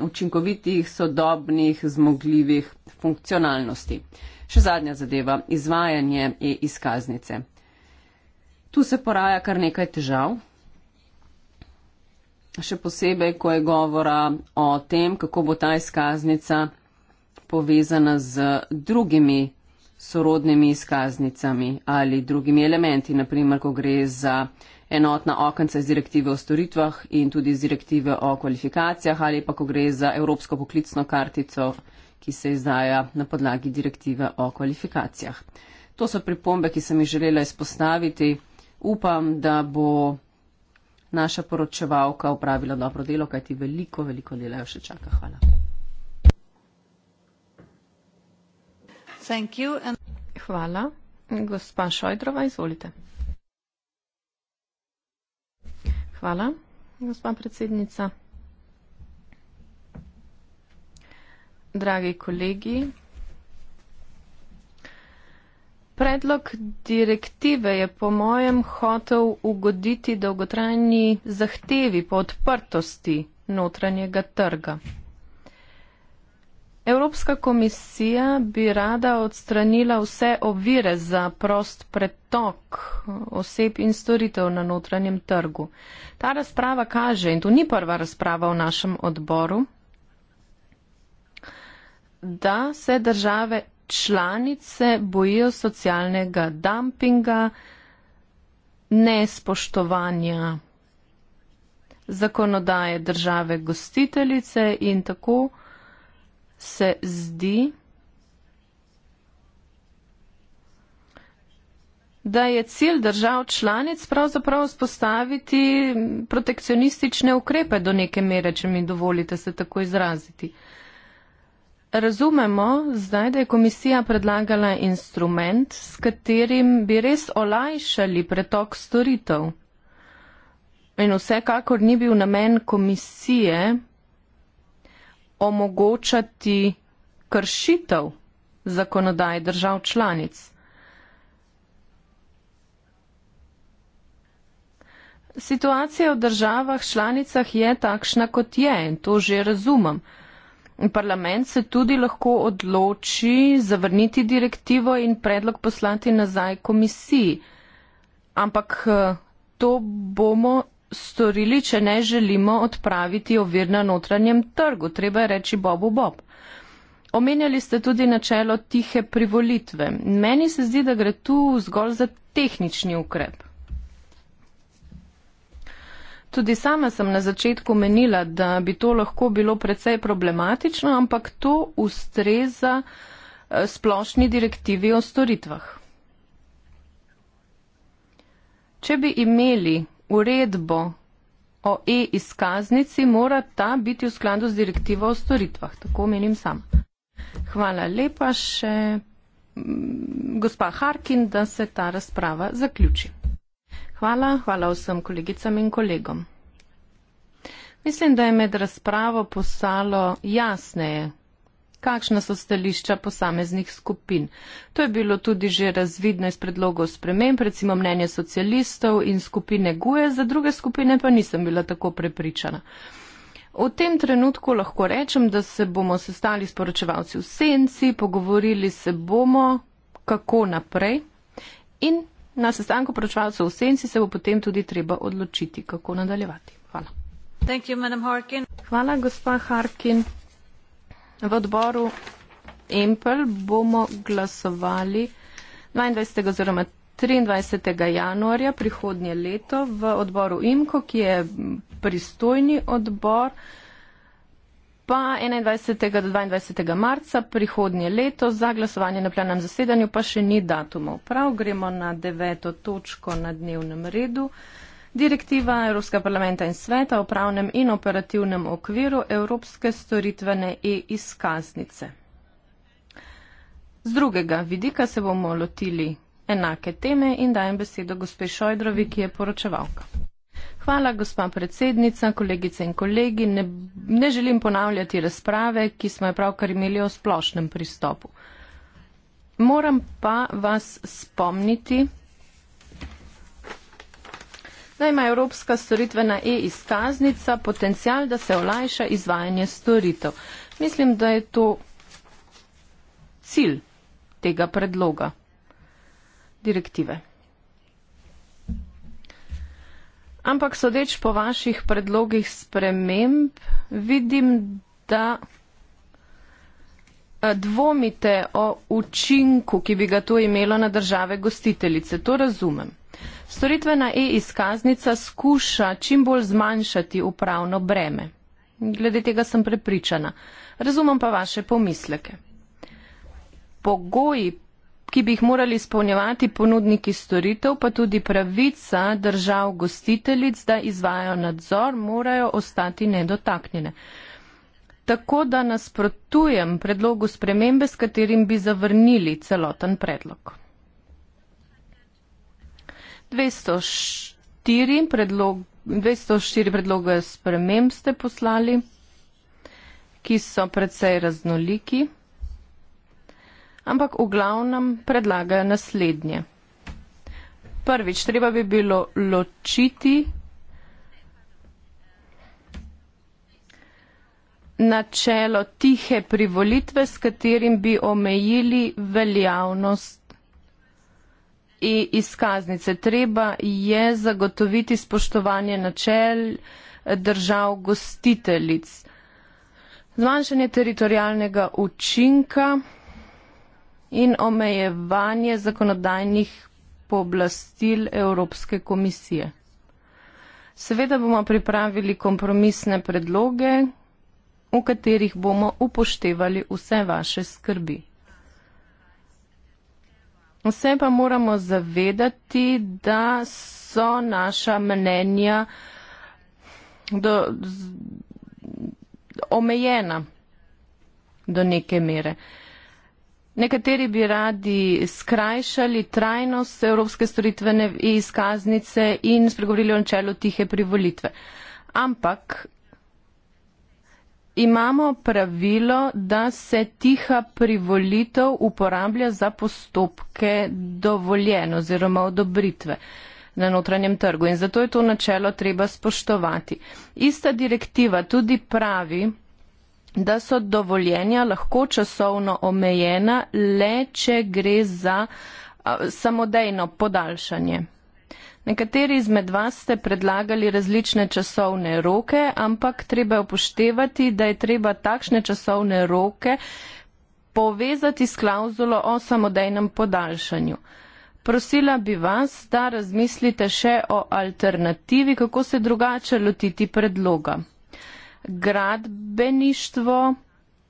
učinkovitih, sodobnih, zmogljivih funkcionalnosti. Še zadnja zadeva - izvajanje e-izkaznice. Tu se poraja kar nekaj težav še posebej, ko je govora o tem, kako bo ta izkaznica povezana z drugimi sorodnimi izkaznicami ali drugimi elementi, naprimer, ko gre za enotna okenca iz direktive o storitvah in tudi iz direktive o kvalifikacijah ali pa ko gre za evropsko poklicno kartico, ki se izdaja na podlagi direktive o kvalifikacijah. To so pripombe, ki sem jih želela izpostaviti. Upam, da bo naša poročevalka upravila dobro delo, kaj ti veliko, veliko dela še čaka. Hvala. Hvala. Gospa Šojdrova, izvolite. Hvala, gospa predsednica. Dragi kolegi, Predlog direktive je po mojem hotel ugoditi dolgotrajni zahtevi po odprtosti notranjega trga. Evropska komisija bi rada odstranila vse ovire za prost pretok oseb in storitev na notranjem trgu. Ta razprava kaže, in to ni prva razprava v našem odboru, da se države članice bojijo socialnega dumpinga, nespoštovanja zakonodaje države gostiteljice in tako se zdi, da je cilj držav članic pravzaprav spostaviti protekcionistične ukrepe do neke mere, če mi dovolite se tako izraziti razumemo zdaj, da je komisija predlagala instrument, s katerim bi res olajšali pretok storitev. In vsekakor ni bil namen komisije omogočati kršitev zakonodaje držav članic. Situacija v državah članicah je takšna, kot je in to že razumem. Parlament se tudi lahko odloči zavrniti direktivo in predlog poslati nazaj komisiji. Ampak eh, to bomo storili, če ne želimo odpraviti ovir na notranjem trgu. Treba je reči Bobu Bob. Omenjali ste tudi načelo tihe privolitve. Meni se zdi, da gre tu zgolj za tehnični ukrep. Tudi sama sem na začetku menila, da bi to lahko bilo precej problematično, ampak to ustreza eh, splošni direktivi o storitvah. Če bi imeli uredbo o e-izkaznici, mora ta biti v skladu z direktivo o storitvah. Tako menim sam. Hvala lepa še mm, gospa Harkin, da se ta razprava zaključi. Hvala, hvala vsem kolegicam in kolegom. Mislim, da je med razpravo postalo jasneje, kakšna so stališča posameznih skupin. To je bilo tudi že razvidno iz predlogov sprememb, recimo mnenje socialistov in skupine Guje, za druge skupine pa nisem bila tako prepričana. V tem trenutku lahko rečem, da se bomo sestali s poročevalci v senci, pogovorili se bomo, kako naprej in Na sestanku poročevalcev v senci se bo potem tudi treba odločiti, kako nadaljevati. Hvala. You, Hvala, gospa Harkin. V odboru Empel bomo glasovali 22. oziroma 23. januarja prihodnje leto v odboru Imko, ki je pristojni odbor pa 21. do 22. marca prihodnje leto za glasovanje na plenarnem zasedanju pa še ni datumov. Prav gremo na deveto točko na dnevnem redu. Direktiva Evropskega parlamenta in sveta o pravnem in operativnem okviru Evropske storitvene e-izkaznice. Z drugega vidika se bomo lotili enake teme in dajem besedo gospe Šojdrovi, ki je poročevalka. Hvala, gospa predsednica, kolegice in kolegi. Ne, ne želim ponavljati razprave, ki smo jo pravkar imeli o splošnem pristopu. Moram pa vas spomniti, da ima Evropska storitvena e-izkaznica potencial, da se olajša izvajanje storitev. Mislim, da je to cilj tega predloga direktive. Ampak sodeč po vaših predlogih sprememb, vidim, da eh, dvomite o učinku, ki bi ga to imelo na države gostiteljice. To razumem. Storitvena e-izkaznica skuša čim bolj zmanjšati upravno breme. Glede tega sem prepričana. Razumem pa vaše pomisleke. Pogoji ki bi jih morali izpolnjevati ponudniki storitev, pa tudi pravica držav gostiteljic, da izvajo nadzor, morajo ostati nedotaknjene. Tako da nasprotujem predlogu spremembe, s katerim bi zavrnili celoten predlog. 204, predlog, 204 predloga sprememb ste poslali, ki so predvsej raznoliki ampak v glavnem predlagajo naslednje. Prvič, treba bi bilo ločiti načelo tihe privolitve, s katerim bi omejili veljavnost e izkaznice. Treba je zagotoviti spoštovanje načel držav gostiteljic. Zmanjšanje teritorijalnega učinka in omejevanje zakonodajnih pooblastil Evropske komisije. Seveda bomo pripravili kompromisne predloge, v katerih bomo upoštevali vse vaše skrbi. Vse pa moramo zavedati, da so naša mnenja do, z, omejena do neke mere. Uh, Nekateri bi radi skrajšali trajnost evropske storitvene izkaznice in spregovorili o načelu tihe privolitve. Ampak imamo pravilo, da se tiha privolitev uporablja za postopke dovoljen oziroma odobritve na notranjem trgu in zato je to načelo treba spoštovati. Ista direktiva tudi pravi, da so dovoljenja lahko časovno omejena le, če gre za samodejno podaljšanje. Nekateri izmed vas ste predlagali različne časovne roke, ampak treba upoštevati, da je treba takšne časovne roke povezati s klauzulo o samodejnem podaljšanju. Prosila bi vas, da razmislite še o alternativi, kako se drugače lotiti predloga gradbeništvo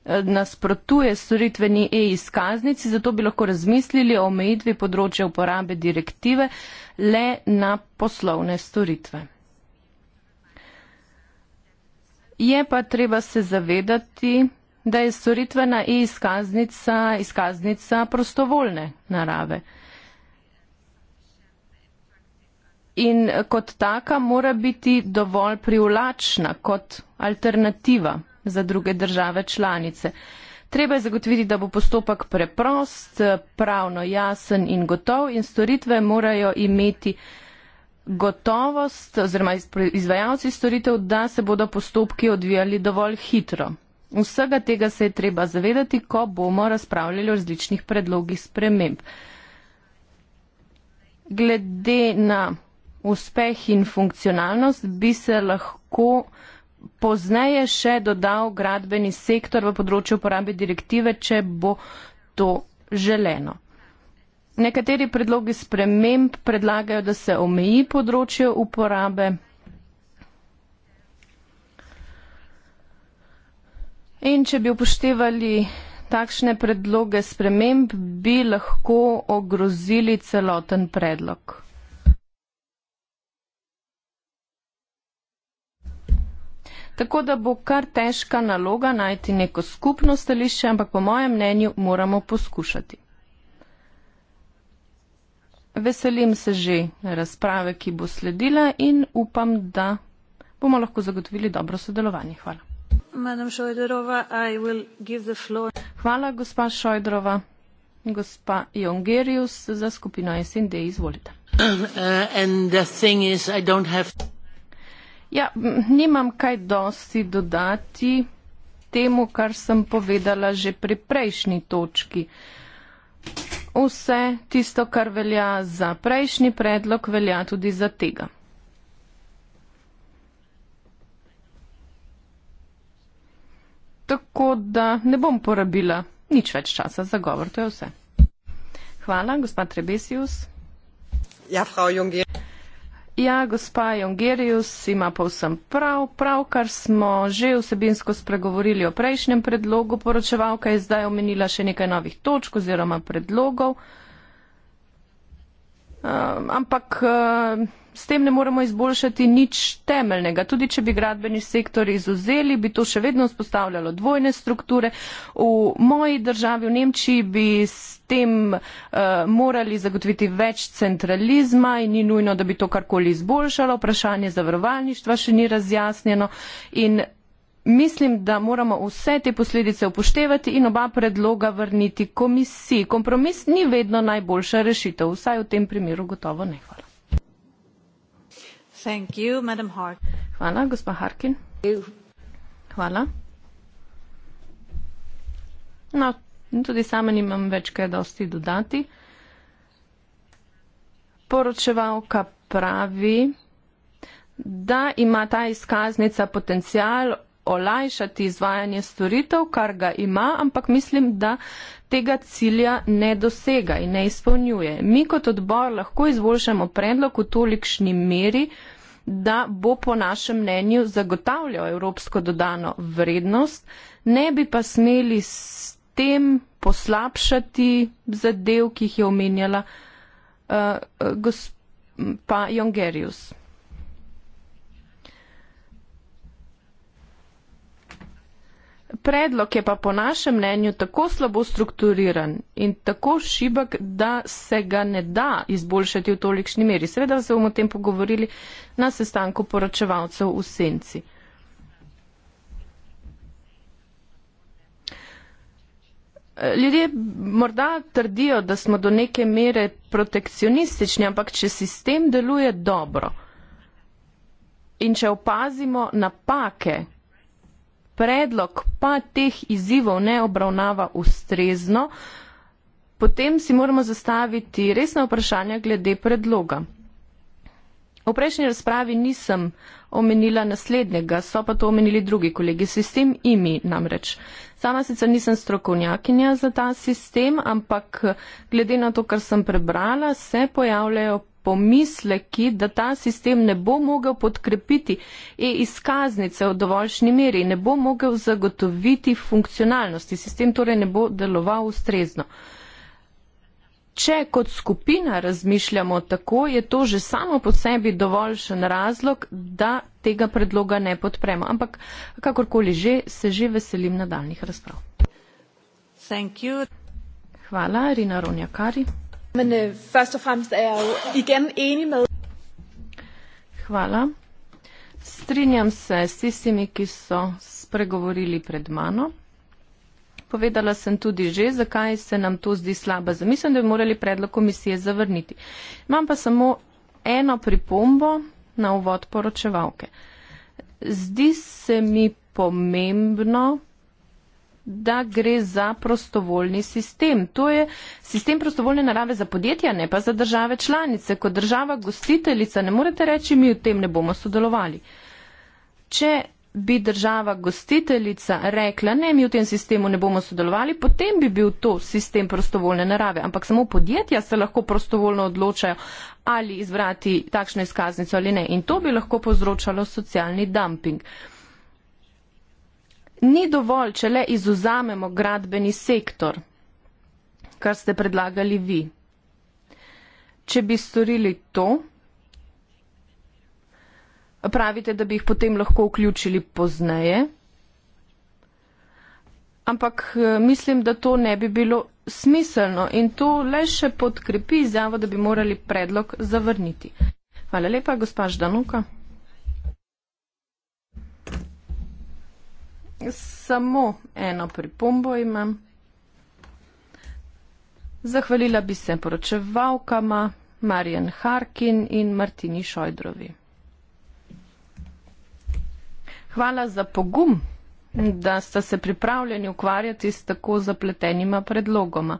eh, nasprotuje storitveni e-izkaznici, zato bi lahko razmislili o omejitvi področja uporabe direktive le na poslovne storitve. Je pa treba se zavedati, da je storitvena e-izkaznica izkaznica prostovoljne narave. in kot taka mora biti dovolj privlačna kot alternativa za druge države članice. Treba je zagotoviti, da bo postopek preprost, pravno jasen in gotov in storitve morajo imeti gotovost oziroma izvajalci storitev, da se bodo postopki odvijali dovolj hitro. Vsega tega se je treba zavedati, ko bomo razpravljali o različnih predlogih sprememb. Glede na uspeh in funkcionalnost, bi se lahko pozneje še dodal gradbeni sektor v področju uporabe direktive, če bo to želeno. Nekateri predlogi sprememb predlagajo, da se omeji področje uporabe. In če bi upoštevali takšne predloge sprememb, bi lahko ogrozili celoten predlog. Tako da bo kar težka naloga najti neko skupno stališče, ampak po mojem mnenju moramo poskušati. Veselim se že razprave, ki bo sledila in upam, da bomo lahko zagotovili dobro sodelovanje. Hvala. Hvala, gospa Šojdrova. Gospa Jongerius za skupino SND, izvolite. Uh, uh, Ja, nimam kaj dosti dodati temu, kar sem povedala že pri prejšnji točki. Vse tisto, kar velja za prejšnji predlog, velja tudi za tega. Tako da ne bom porabila nič več časa za govor, to je vse. Hvala, gospod Trebesius. Ja, frau Junger. Ja, gospa Jongerius ima povsem prav. Pravkar smo že vsebinsko spregovorili o prejšnjem predlogu. Poročevalka je zdaj omenila še nekaj novih točk oziroma predlogov. Uh, ampak. Uh, s tem ne moremo izboljšati nič temeljnega. Tudi če bi gradbeni sektor izuzeli, bi to še vedno vzpostavljalo dvojne strukture. V moji državi, v Nemčiji, bi s tem uh, morali zagotoviti več centralizma in ni nujno, da bi to karkoli izboljšalo. Vprašanje zavarovalništva še ni razjasnjeno. Mislim, da moramo vse te posledice upoštevati in oba predloga vrniti komisiji. Kompromis ni vedno najboljša rešitev, vsaj v tem primeru gotovo ne. Hvala. Hvala, gospa Harkin. Hvala. No, tudi sama nimam več kaj dosti dodati. Poročevalka pravi, da ima ta izkaznica potencial olajšati izvajanje storitev, kar ga ima, ampak mislim, da tega cilja ne dosega in ne izpolnjuje. Mi kot odbor lahko izboljšamo predlog v tolikšni meri, da bo po našem mnenju zagotavljal evropsko dodano vrednost, ne bi pa smeli s tem poslabšati zadev, ki jih je omenjala uh, eh, eh, gospa Jongerius. Predlog je pa po našem mnenju tako slabo strukturiran in tako šibek, da se ga ne da izboljšati v tolikšni meri. Seveda se bomo o tem pogovorili na sestanku poročevalcev v senci. Ljudje morda trdijo, da smo do neke mere protekcionistični, ampak če sistem deluje dobro in če opazimo napake, predlog pa teh izzivov ne obravnava ustrezno, potem si moramo zastaviti resna vprašanja glede predloga. V prejšnji razpravi nisem omenila naslednjega, so pa to omenili drugi kolegi. Sistem IMI namreč. Sama sicer nisem strokovnjakinja za ta sistem, ampak glede na to, kar sem prebrala, se pojavljajo pomisleki, da ta sistem ne bo mogel podkrepiti e-izkaznice v dovoljšni meri, ne bo mogel zagotoviti funkcionalnosti, sistem torej ne bo deloval ustrezno. Če kot skupina razmišljamo tako, je to že samo po sebi dovoljšen razlog, da tega predloga ne podpremo. Ampak kakorkoli že, se že veselim nadaljnih razprav. Hvala, Rina Ronja Kari. Men øh, først og fremmest er jeg jo igen enig med. Hvala. Strinjam se s tistimi, ki so spregovorili pred mano. Povedala sem tudi že, zakaj se nam to zdi slaba zamisel, da bi morali predlog komisije zavrniti. Imam pa samo eno pripombo na uvod poročevalke. Zdi se mi pomembno da gre za prostovoljni sistem. To je sistem prostovoljne narave za podjetja, ne pa za države članice. Kot država gostiteljica ne morete reči, mi v tem ne bomo sodelovali. Če bi država gostiteljica rekla, ne, mi v tem sistemu ne bomo sodelovali, potem bi bil to sistem prostovoljne narave. Ampak samo podjetja se lahko prostovoljno odločajo, ali izbrati takšno izkaznico ali ne. In to bi lahko povzročalo socialni dumping ni dovolj, če le izuzamemo gradbeni sektor, kar ste predlagali vi. Če bi storili to, pravite, da bi jih potem lahko vključili pozneje, ampak eh, mislim, da to ne bi bilo smiselno in to le še podkrepi izjavo, da bi morali predlog zavrniti. Hvala lepa, gospa Ždanuka. Samo eno pripombo imam. Zahvalila bi se poročevalkama Marjen Harkin in Martini Šojdrovi. Hvala za pogum, da ste se pripravljeni ukvarjati s tako zapletenima predlogoma.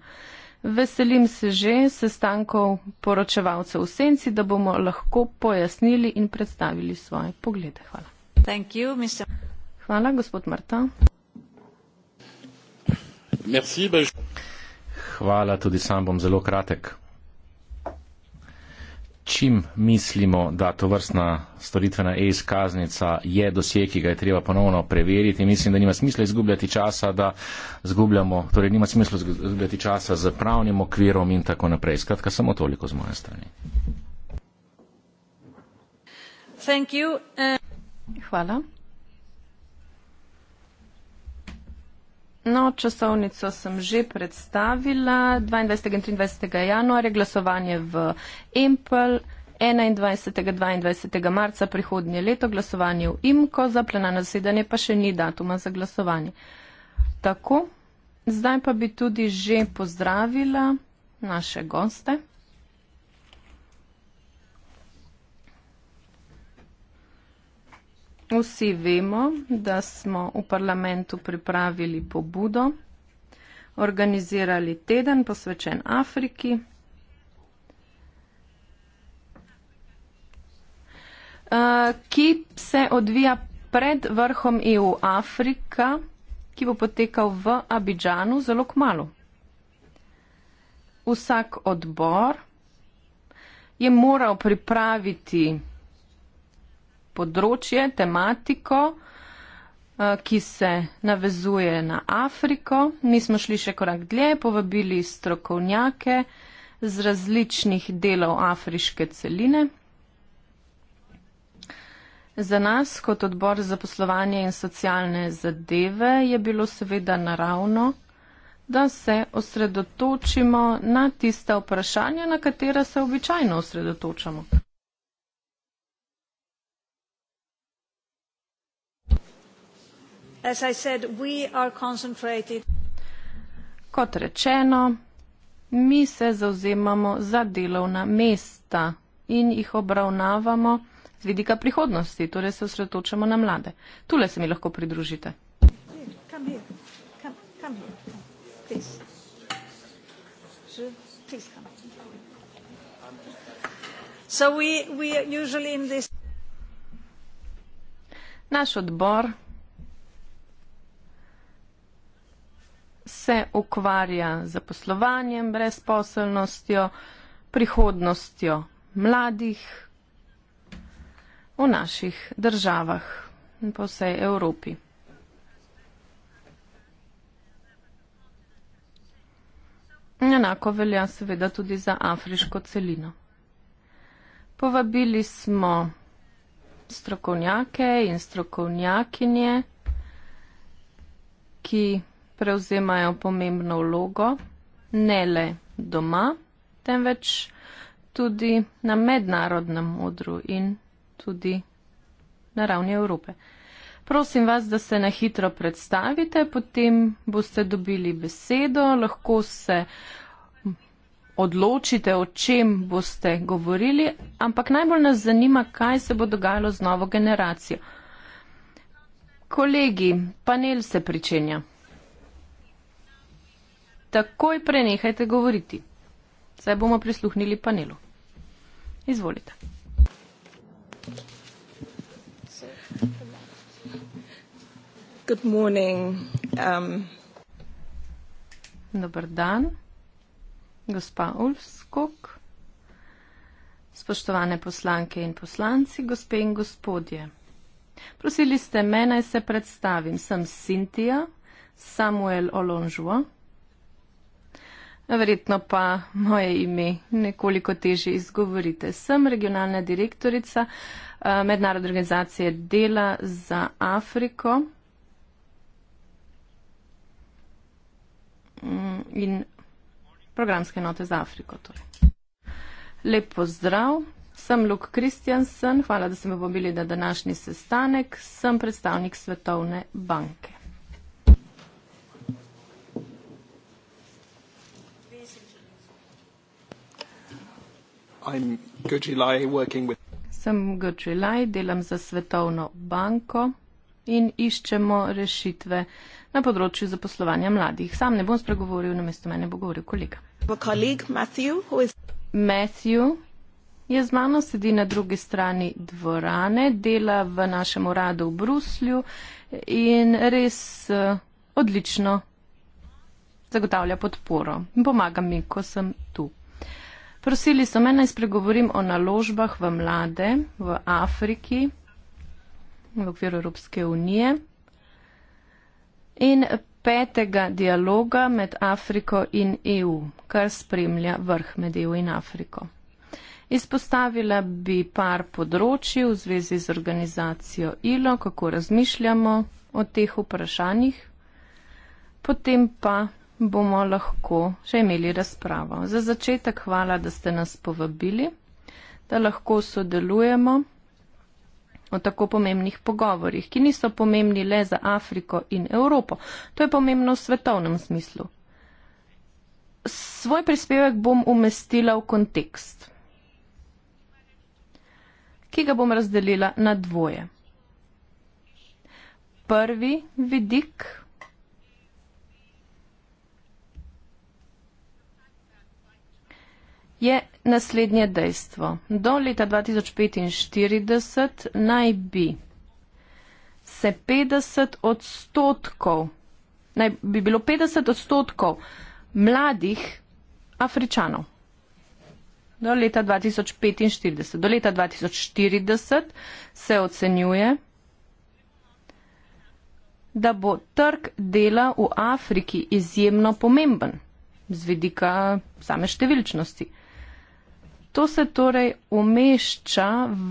Veselim se že sestankov poročevalcev v senci, da bomo lahko pojasnili in predstavili svoje poglede. Hvala. Thank you, Mr. Hvala, gospod Marta. Merci, Hvala, tudi sam bom zelo kratek. Čim mislimo, da to vrstna storitvena e-izkaznica je dosje, ki ga je treba ponovno preveriti, mislim, da nima smisla izgubljati časa, da zgubljamo, torej nima smisla izgubljati časa z pravnim okvirom in tako naprej. Skratka, samo toliko z moje strani. Eh. Hvala. No, časovnico sem že predstavila. 22. in 23. januarja glasovanje v Empel. 21. in 22. marca prihodnje leto glasovanje v Imko, za plenarno zasedanje pa še ni datuma za glasovanje. Tako, zdaj pa bi tudi že pozdravila naše goste. Vsi vemo, da smo v parlamentu pripravili pobudo, organizirali teden posvečen Afriki. Eh, ki se odvija pred vrhom EU Afrika, ki bo potekal v Abidžanu zelo k malu. Vsak odbor je moral pripraviti področje, tematiko, eh, ki se navezuje na Afriko. Mi smo šli še korak dlje, povabili strokovnjake z različnih delov afriške celine. Za nas kot odbor za poslovanje in socialne zadeve je bilo seveda naravno, da se osredotočimo na tista vprašanja, na katera se običajno osredotočamo. Kot rečeno, mi se zauzemamo za delovna mesta in jih obravnavamo z vidika prihodnosti, torej se osredotočamo na mlade. Tule se mi lahko pridružite. Naš odbor se ukvarja z zaposlovanjem, brezposelnostjo, prihodnostjo mladih v naših državah in po vsej Evropi. Enako velja seveda tudi za afriško celino. Povabili smo strokovnjake in strokovnjakinje, ki prevzemajo pomembno vlogo ne le doma, temveč tudi na mednarodnem odru in tudi na ravni Evrope. Prosim vas, da se na hitro predstavite, potem boste dobili besedo, lahko se odločite, o čem boste govorili, ampak najbolj nas zanima, kaj se bo dogajalo z novo generacijo. Kolegi, panel se pričenja takoj prenehajte govoriti. Zdaj bomo prisluhnili panelu. Izvolite. Good morning. Um. Dobar dan, gospa Ulfskog, spoštovane poslanke in poslanci, gospe in gospodje. Prosili ste me, naj se predstavim. Sem Sintija Samuel Olonžua, Verjetno pa moje ime nekoliko teže izgovorite. Sem regionalna direktorica eh, Mednarodne organizacije dela za Afriko mm, in programske note za Afriko. Torej. Lep pozdrav. Sem Luk Kristjansen. Hvala, da ste me povabili na današnji sestanek. Sem predstavnik Svetovne banke. Sem Gočilaj, delam za Svetovno banko in iščemo rešitve na področju zaposlovanja mladih. Sam ne bom spregovoril, namesto mene bo govoril kolega. Matthew, is... Matthew je z mano, sedi na drugi strani dvorane, dela v našem uradu v Bruslju in res eh, odlično zagotavlja podporo. Pomaga mi, ko sem tu. Prosili so me, naj spregovorim o naložbah v mlade v Afriki, v okviru Evropske unije. In petega dialoga med Afriko in EU, kar spremlja vrh med EU in Afriko. Izpostavila bi par področji v zvezi z organizacijo ILO, kako razmišljamo o teh vprašanjih, potem pa bomo lahko še imeli razpravo. Za začetek hvala, da ste nas povabili, da lahko sodelujemo o tako pomembnih pogovorjih, ki niso pomembni le za Afriko in Evropo. To je pomembno v svetovnem smislu. Svoj prispevek bom umestila v kontekst, ki ga bom razdelila na dvoje. Prvi vidik je naslednje dejstvo. Do leta 2045 naj bi se 50 odstotkov, naj bi bilo 50 odstotkov mladih Afričanov. Do leta 2045. Do leta 2040 se ocenjuje, da bo trg dela v Afriki izjemno pomemben z vidika same številčnosti. To se torej umešča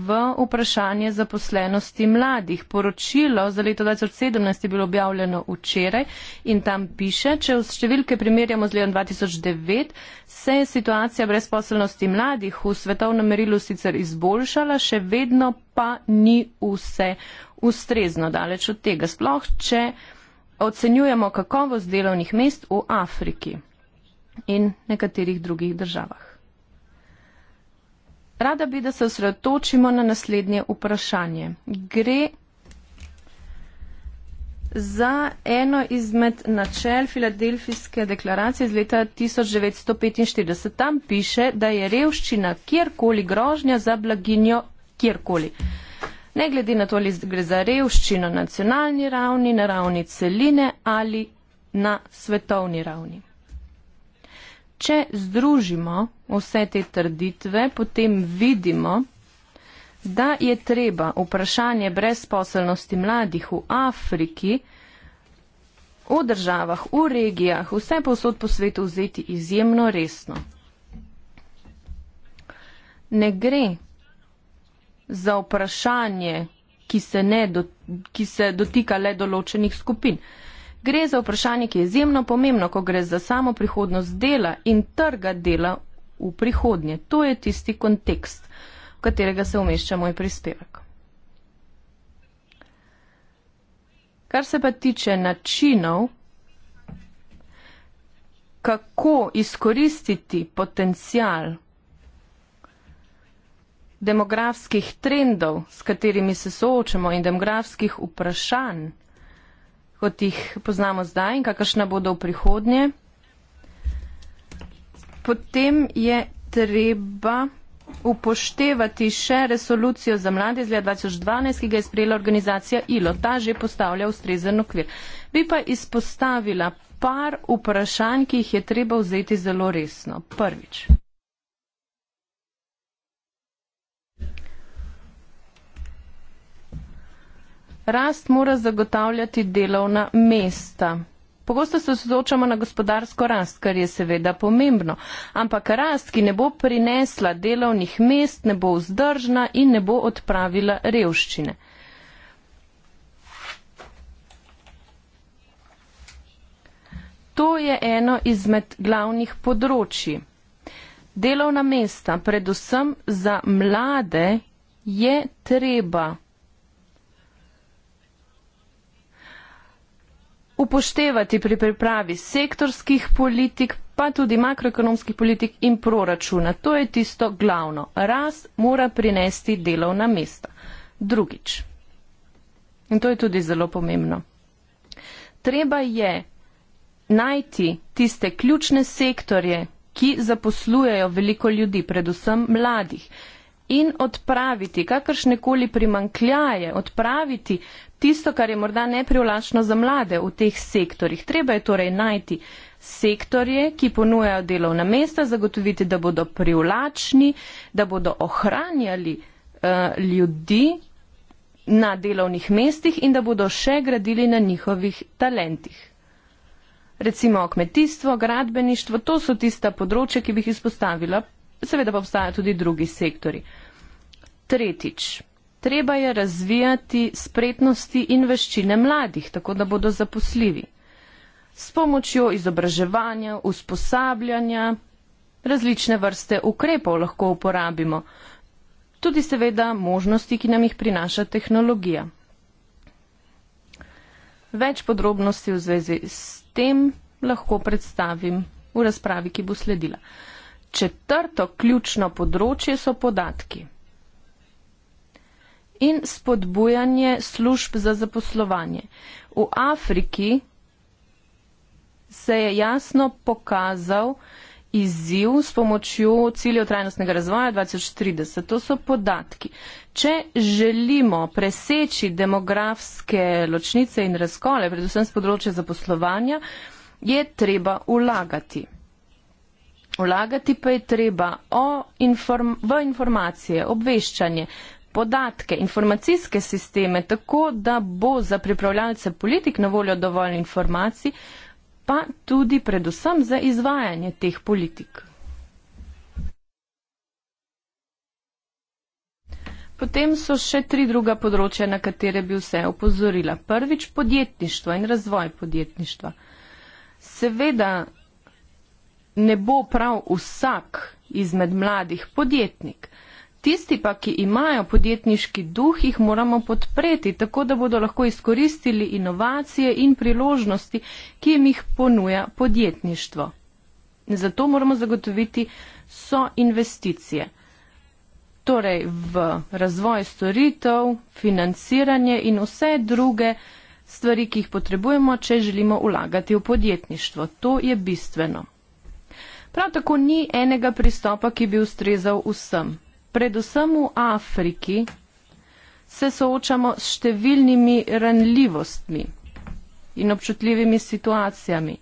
v vprašanje zaposlenosti mladih. Poročilo za leto 2017 je bilo objavljeno včeraj in tam piše, če v številke primerjamo z letom 2009, se je situacija brezposelnosti mladih v svetovnem merilu sicer izboljšala, še vedno pa ni vse ustrezno daleč od tega, sploh če ocenjujemo kakovost delovnih mest v Afriki in nekaterih drugih državah. Rada bi, da se osredotočimo na naslednje vprašanje. Gre za eno izmed načel Filadelfijske deklaracije iz leta 1945. Tam piše, da je revščina kjerkoli grožnja za blaginjo kjerkoli. Ne glede na to, ali gre za revščino na nacionalni ravni, na ravni celine ali na svetovni ravni če združimo vse te trditve, potem vidimo, da je treba vprašanje brezposelnosti mladih v Afriki, v državah, v regijah, vse posod po svetu vzeti izjemno resno. Ne gre za vprašanje, ki se, do, ki se dotika le določenih skupin. Gre za vprašanje, ki je izjemno pomembno, ko gre za samo prihodnost dela in trga dela v prihodnje. To je tisti kontekst, v katerega se umešča moj prispevek. Kar se pa tiče načinov, kako izkoristiti potencial demografskih trendov, s katerimi se soočamo in demografskih vprašanj, kot jih poznamo zdaj in kakršna bodo v prihodnje. Potem je treba upoštevati še resolucijo za mlade iz leta 2012, ki ga je sprejela organizacija ILO. Ta že postavlja ustrezen okvir. Bi pa izpostavila par vprašanj, ki jih je treba vzeti zelo resno. Prvič. Rast mora zagotavljati delovna mesta. Pogosto se soočamo na gospodarsko rast, kar je seveda pomembno, ampak rast, ki ne bo prinesla delovnih mest, ne bo vzdržna in ne bo odpravila revščine. To je eno izmed glavnih področji. Delovna mesta, predvsem za mlade, je treba upoštevati pri pripravi sektorskih politik, pa tudi makroekonomskih politik in proračuna. To je tisto glavno. Raz mora prinesti delovna mesta. Drugič. In to je tudi zelo pomembno. Treba je najti tiste ključne sektorje, ki zaposlujejo veliko ljudi, predvsem mladih, in odpraviti kakršnekoli primankljaje, odpraviti uh, tisto, kar je morda neprivlačno za mlade v teh sektorjih. Treba je torej najti sektorje, ki ponujajo delovna mesta, zagotoviti, da bodo privlačni, da bodo ohranjali uh, ljudi na delovnih mestih in da bodo še gradili na njihovih talentih. Recimo kmetijstvo, gradbeništvo, to so tista področja, ki bih izpostavila. Seveda pa obstajajo tudi drugi sektori. Tretjič treba je razvijati spretnosti in veščine mladih, tako da bodo zaposljivi. S pomočjo izobraževanja, usposabljanja, različne vrste ukrepov lahko uporabimo. Tudi seveda možnosti, ki nam jih prinaša tehnologija. Več podrobnosti v zvezi s tem lahko predstavim v razpravi, ki bo sledila. Četrto ključno področje so podatki in spodbujanje služb za zaposlovanje. V Afriki se je jasno pokazal izziv s pomočjo ciljev trajnostnega razvoja 2040. To so podatki. Če želimo preseči demografske ločnice in razkole, predvsem z področja zaposlovanja, je treba ulagati. Ulagati pa je treba o inform v informacije, obveščanje, podatke, informacijske sisteme, tako da bo za pripravljalce politik na voljo dovolj informacij, pa tudi predvsem za izvajanje teh politik. Potem so še tri druga področja, na katere bi vse opozorila. Prvič podjetništvo in razvoj podjetništva. Seveda ne bo prav vsak izmed mladih podjetnik tisti pa, ki imajo podjetniški duh, jih moramo podpreti, tako da bodo lahko izkoristili inovacije in priložnosti, ki jim jih ponuja podjetništvo. Zato moramo zagotoviti so investicije. Torej v razvoj storitev, financiranje in vse druge stvari, ki jih potrebujemo, če želimo vlagati v podjetništvo. To je bistveno. Prav tako ni enega pristopa, ki bi ustrezal vsem predvsem v Afriki, se soočamo s številnimi ranljivostmi in občutljivimi situacijami.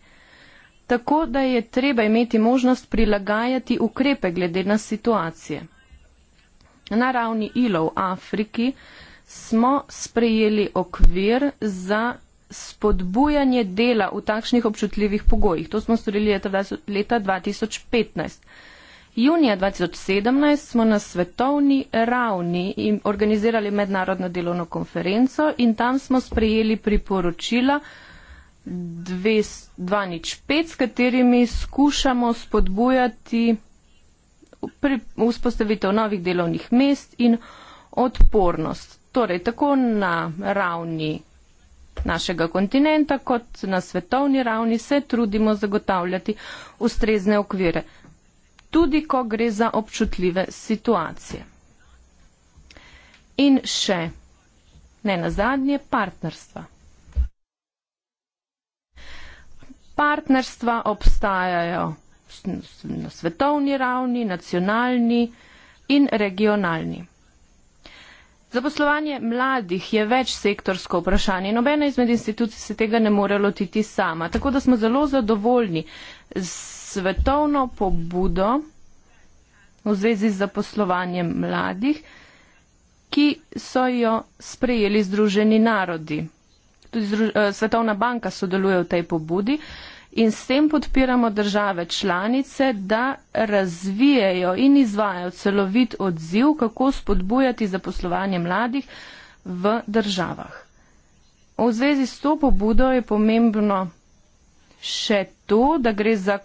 Tako da je treba imeti možnost prilagajati ukrepe glede na situacije. Na ravni ILO v Afriki smo sprejeli okvir za spodbujanje dela v takšnih občutljivih pogojih. To smo storili leta 2015. Junija 2017 smo na svetovni ravni organizirali mednarodno delovno konferenco in tam smo sprejeli priporočila 205, s katerimi skušamo spodbujati vzpostavitev novih delovnih mest in odpornost. Torej, tako na ravni našega kontinenta kot na svetovni ravni se trudimo zagotavljati ustrezne okvire tudi ko gre za občutljive situacije. In še, ne nazadnje, partnerstva. Partnerstva obstajajo na svetovni ravni, nacionalni in regionalni. Zaposlovanje mladih je več sektorsko vprašanje in obena izmed institucij se tega ne more lotiti sama. Tako da smo zelo zadovoljni z svetovno pobudo v zvezi z zaposlovanjem mladih, ki so jo sprejeli Združeni narodi. Tudi eh, Svetovna banka sodeluje v tej pobudi in s tem podpiramo države članice, da razvijajo in izvajajo celovit odziv, kako spodbujati zaposlovanje mladih v državah. V zvezi s to pobudo je pomembno še to, da gre za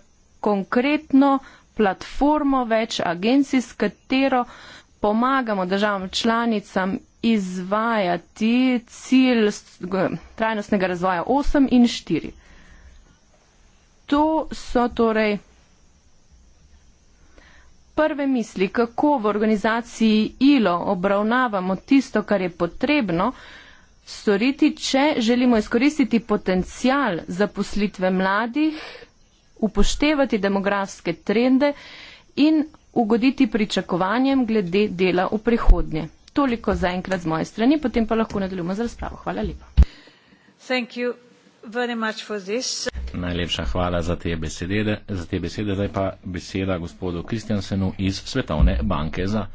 konkretno platformo več agencij, s katero pomagamo državam članicam izvajati cilj trajnostnega razvoja 8 in 4. To so torej prve misli, kako v organizaciji ILO obravnavamo tisto, kar je potrebno storiti, če želimo izkoristiti potencial zaposlitve mladih upoštevati demografske trende in ugoditi pričakovanjem glede dela v prihodnje. Toliko zaenkrat z moje strani, potem pa lahko nadaljujemo z razpravo. Hvala lepa. Thank you very much for this. Najlepša hvala za te, besede, za te besede. Zdaj pa beseda gospodu Kristjansenu iz Svetovne banke za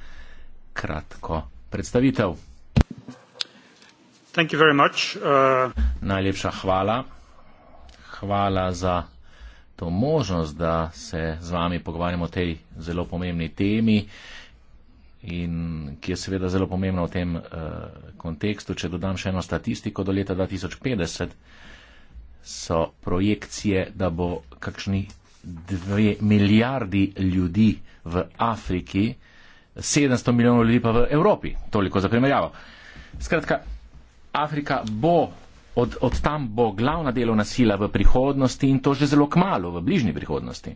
kratko predstavitev. Thank you very much. Uh... Najlepša hvala. Hvala za to možnost, da se z vami pogovarjamo o tej zelo pomembni temi in ki je seveda zelo pomembna v tem uh, kontekstu. Če dodam še eno statistiko, do leta 2050 so projekcije, da bo kakšni dve milijardi ljudi v Afriki, 700 milijonov ljudi pa v Evropi. Toliko za primerjavo. Skratka, Afrika bo od, od tam bo glavna delovna sila v prihodnosti in to že zelo kmalo, v bližnji prihodnosti.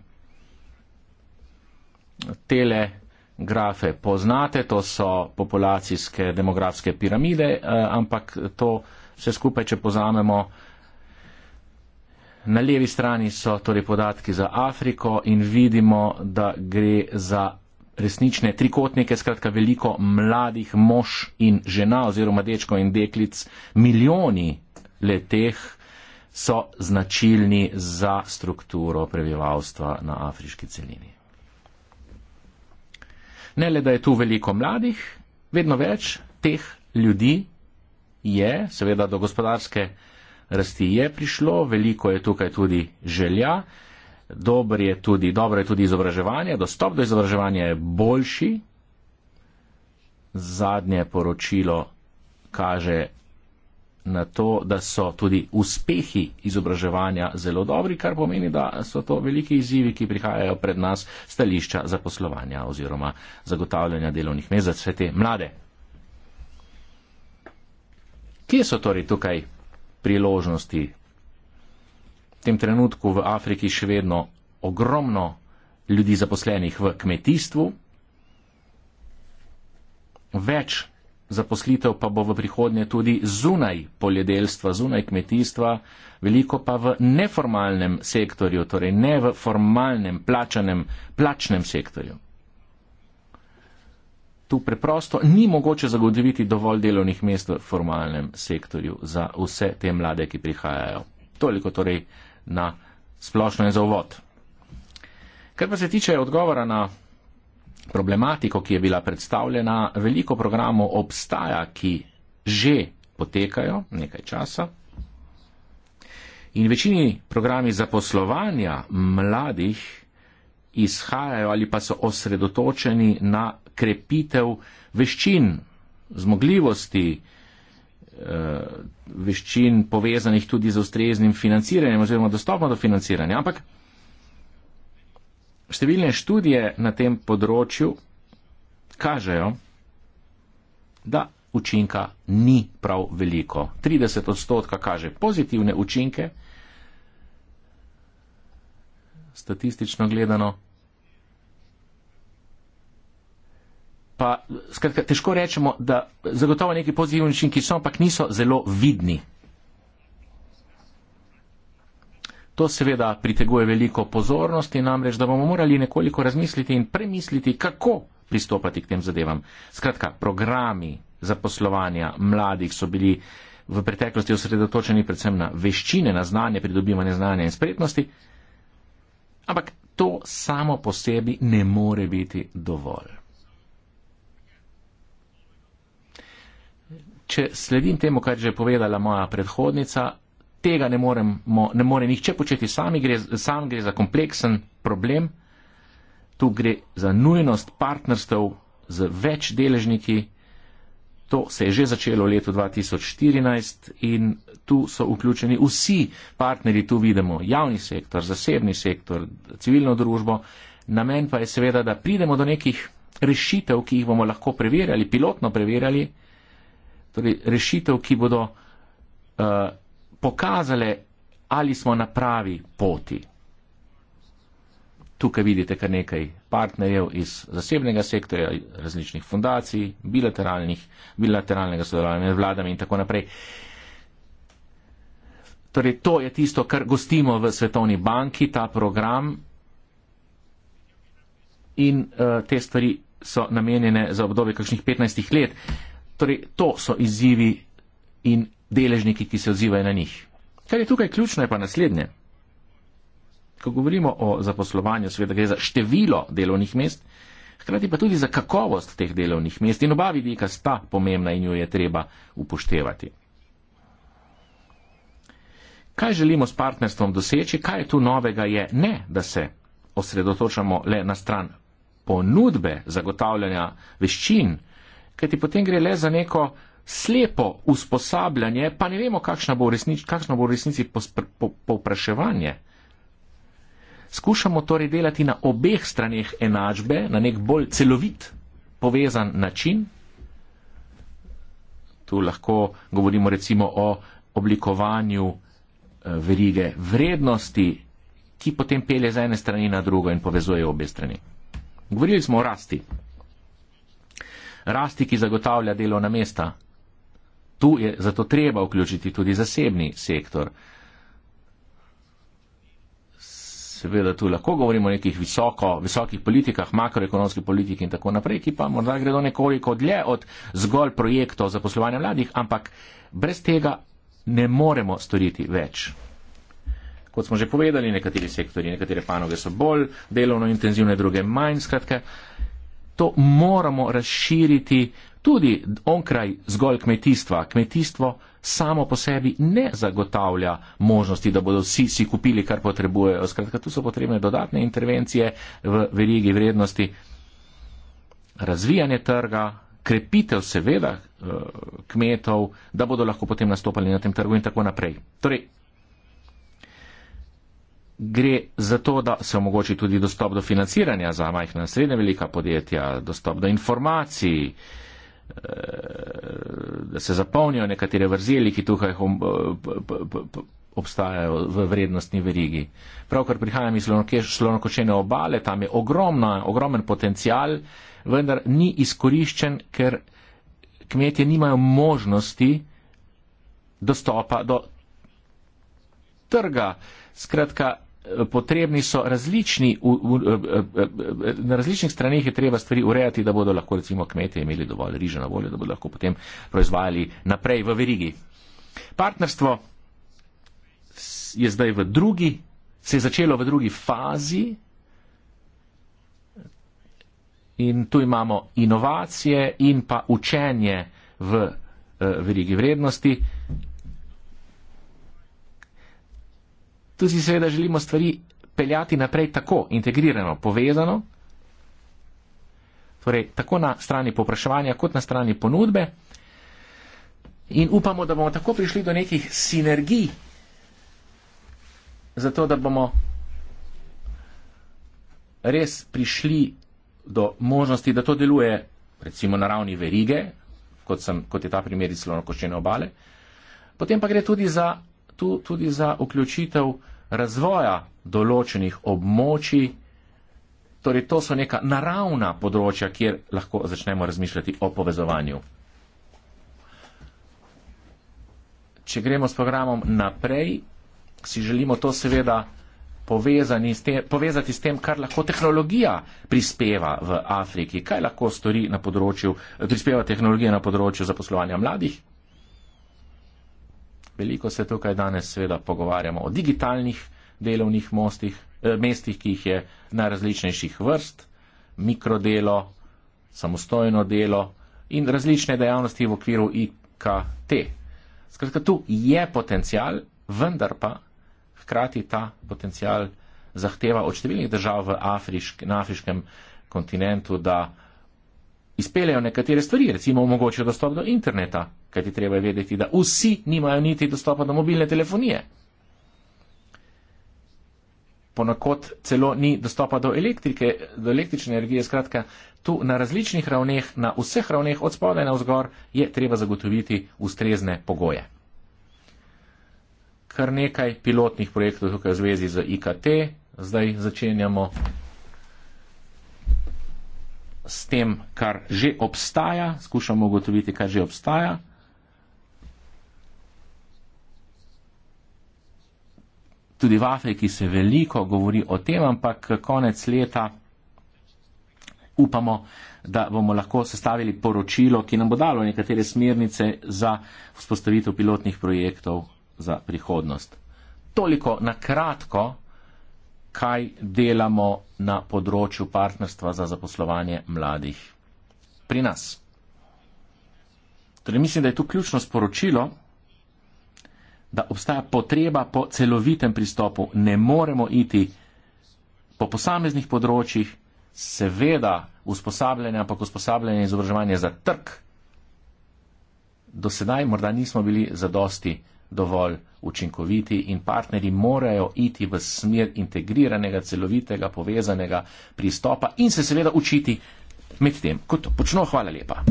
Tele grafe poznate, to so populacijske demografske piramide, eh, ampak to vse skupaj, če pozamemo, na levi strani so torej podatki za Afriko in vidimo, da gre za resnične trikotnike, skratka veliko mladih mož in žena oziroma dečkov in deklic, milijoni leteh so značilni za strukturo prebivalstva na afriški celini. Ne le, da je tu veliko mladih, vedno več teh ljudi je, seveda do gospodarske rasti je prišlo, veliko je tukaj tudi želja, Dobro je, tudi, dobro je tudi izobraževanje, dostop do izobraževanja je boljši. Zadnje poročilo kaže na to, da so tudi uspehi izobraževanja zelo dobri, kar pomeni, da so to veliki izzivi, ki prihajajo pred nas stališča zaposlovanja oziroma zagotavljanja delovnih mest za vse te mlade. Kje so torej tukaj priložnosti? V tem trenutku v Afriki še vedno ogromno ljudi zaposlenih v kmetijstvu, več zaposlitev pa bo v prihodnje tudi zunaj poljedelstva, zunaj kmetijstva, veliko pa v neformalnem sektorju, torej ne v formalnem, plačanem, plačnem sektorju. Tu preprosto ni mogoče zagotoviti dovolj delovnih mest v formalnem sektorju za vse te mlade, ki prihajajo. Toliko torej na splošno in za uvod. Kar pa se tiče odgovora na problematiko, ki je bila predstavljena, veliko programov obstaja, ki že potekajo nekaj časa. In večini programi zaposlovanja mladih izhajajo ali pa so osredotočeni na krepitev veščin, zmogljivosti, eh, veščin povezanih tudi z ustreznim financiranjem oziroma dostopno do financiranja. Ampak Številne študije na tem področju kažejo, da učinka ni prav veliko. 30 odstotka kaže pozitivne učinke, statistično gledano. Pa, skratka, težko rečemo, da zagotovo neki pozitivni učinki so, ampak niso zelo vidni. To seveda priteguje veliko pozornosti, namreč da bomo morali nekoliko razmisliti in premisliti, kako pristopati k tem zadevam. Skratka, programi zaposlovanja mladih so bili v preteklosti osredotočeni predvsem na veščine, na znanje, pridobivanje znanja in spretnosti, ampak to samo po sebi ne more biti dovolj. Če sledim temu, kar je že povedala moja predhodnica, tega ne, moremo, ne more nihče početi sami, gre, sam gre za kompleksen problem, tu gre za nujnost partnerstev z več deležniki. To se je že začelo v letu 2014 in tu so vključeni vsi partnerji, tu vidimo javni sektor, zasebni sektor, civilno družbo. Namen pa je seveda, da pridemo do nekih rešitev, ki jih bomo lahko preverjali, pilotno preverjali, torej rešitev, ki bodo uh, pokazale, ali smo na pravi poti. Tukaj vidite kar nekaj partnerjev iz zasebnega sektorja, različnih fundacij, bilateralnega sodelovanja med vladami in tako naprej. Torej, to je tisto, kar gostimo v Svetovni banki, ta program in uh, te stvari so namenjene za obdobje kakšnih 15 let. Torej, to so izzivi in deležniki, ki se odzivajo na njih. Kar je tukaj ključno, je pa naslednje. Ko govorimo o zaposlovanju, seveda gre za število delovnih mest, hkrati pa tudi za kakovost teh delovnih mest in oba vidika sta pomembna in jo je treba upoštevati. Kaj želimo s partnerstvom doseči, kaj je tu novega, je ne, da se osredotočamo le na stran ponudbe zagotavljanja veščin, kajti potem gre le za neko slepo usposabljanje, pa ne vemo, kakšna bo, resnič, kakšna bo v resnici povpraševanje. Skušamo torej delati na obeh straneh enačbe, na nek bolj celovit povezan način. Tu lahko govorimo recimo o oblikovanju eh, verige vrednosti, ki potem pele z ene strani na drugo in povezuje obe strani. Govorili smo o rasti. Rasti, ki zagotavlja delovna mesta, Tu je zato treba vključiti tudi zasebni sektor. Seveda tu lahko govorimo o nekih visoko, visokih politikah, makroekonomskih politik in tako naprej, ki pa morda gredo nekoliko dlje od zgolj projektov za poslovanje mladih, ampak brez tega ne moremo storiti več. Kot smo že povedali, nekateri sektori, nekatere panoge so bolj delovno intenzivne, druge manj. Skratka, to moramo razširiti. Tudi onkraj zgolj kmetijstva, kmetijstvo samo po sebi ne zagotavlja možnosti, da bodo vsi si kupili, kar potrebujejo. Skratka, tu so potrebne dodatne intervencije v verigi vrednosti, razvijanje trga, krepitev seveda eh, kmetov, da bodo lahko potem nastopali na tem trgu in tako naprej. Torej, Gre za to, da se omogoči tudi dostop do financiranja za majhna in srednja velika podjetja, dostop do informacij, eh, Eh, da se zapolnijo nekatere vrzeli, ki tukaj eh, obstajajo v vrednostni verigi. Pravkar prihajam iz slonokočene obale, tam je ogromna, ogromen potencial, vendar ni izkoriščen, ker kmetje nimajo možnosti dostopa do trga. Skratka, potrebni so različni, u, u, u, e, u, e, e, na različnih stranih je treba stvari urejati, da bodo lahko recimo kmetje imeli dovolj riža na voljo, da bodo lahko potem proizvajali naprej v verigi. Partnerstvo je zdaj v drugi, se je začelo v drugi fazi in tu imamo inovacije in pa učenje v verigi vrednosti. Tu si seveda želimo stvari peljati naprej tako, integrirano, povezano, torej tako na strani popraševanja kot na strani ponudbe in upamo, da bomo tako prišli do nekih sinergij, zato da bomo res prišli do možnosti, da to deluje recimo na ravni verige, kot, sem, kot je ta primer iz slonokoščene obale. Potem pa gre tudi za tu tudi za vključitev razvoja določenih območij. Torej, to so neka naravna področja, kjer lahko začnemo razmišljati o povezovanju. Če gremo s programom naprej, si želimo to seveda s te, povezati s tem, kar lahko tehnologija prispeva v Afriki, kaj lahko stori na področju, prispeva tehnologija na področju zaposlovanja mladih. Veliko se tukaj danes seveda pogovarjamo o digitalnih delovnih mostih, eh, mestih, ki jih je najrazličnejših vrst, mikrodelo, samostojno delo in različne dejavnosti v okviru IKT. Skratka, tu je potencial, vendar pa hkrati ta potencial zahteva od številnih držav v Afriš, na afriškem kontinentu, da izpeljejo nekatere stvari, recimo omogočajo dostop do interneta, kajti treba je vedeti, da vsi nimajo niti dostopa do mobilne telefonije. Ponakot celo ni dostopa do elektrike, do električne energije. Skratka, tu na različnih ravneh, na vseh ravneh, od spodaj na vzgor, je treba zagotoviti ustrezne pogoje. Kar nekaj pilotnih projektov tukaj v zvezi z IKT, zdaj začenjamo s tem, kar že obstaja, skušamo ugotoviti, kar že obstaja. Tudi v Afriki se veliko govori o tem, ampak konec leta upamo, da bomo lahko sestavili poročilo, ki nam bo dalo nekatere smernice za vzpostavitev pilotnih projektov za prihodnost. Toliko na kratko kaj delamo na področju partnerstva za zaposlovanje mladih pri nas. Torej mislim, da je tu ključno sporočilo, da obstaja potreba po celovitem pristopu. Ne moremo iti po posameznih področjih, seveda usposabljanje, ampak usposabljanje in izobraževanje za trg. Do sedaj morda nismo bili zadosti dovolj učinkoviti in partnerji morajo iti v smer integriranega, celovitega, povezanega pristopa in se seveda učiti med tem, kot to počno. Hvala lepa.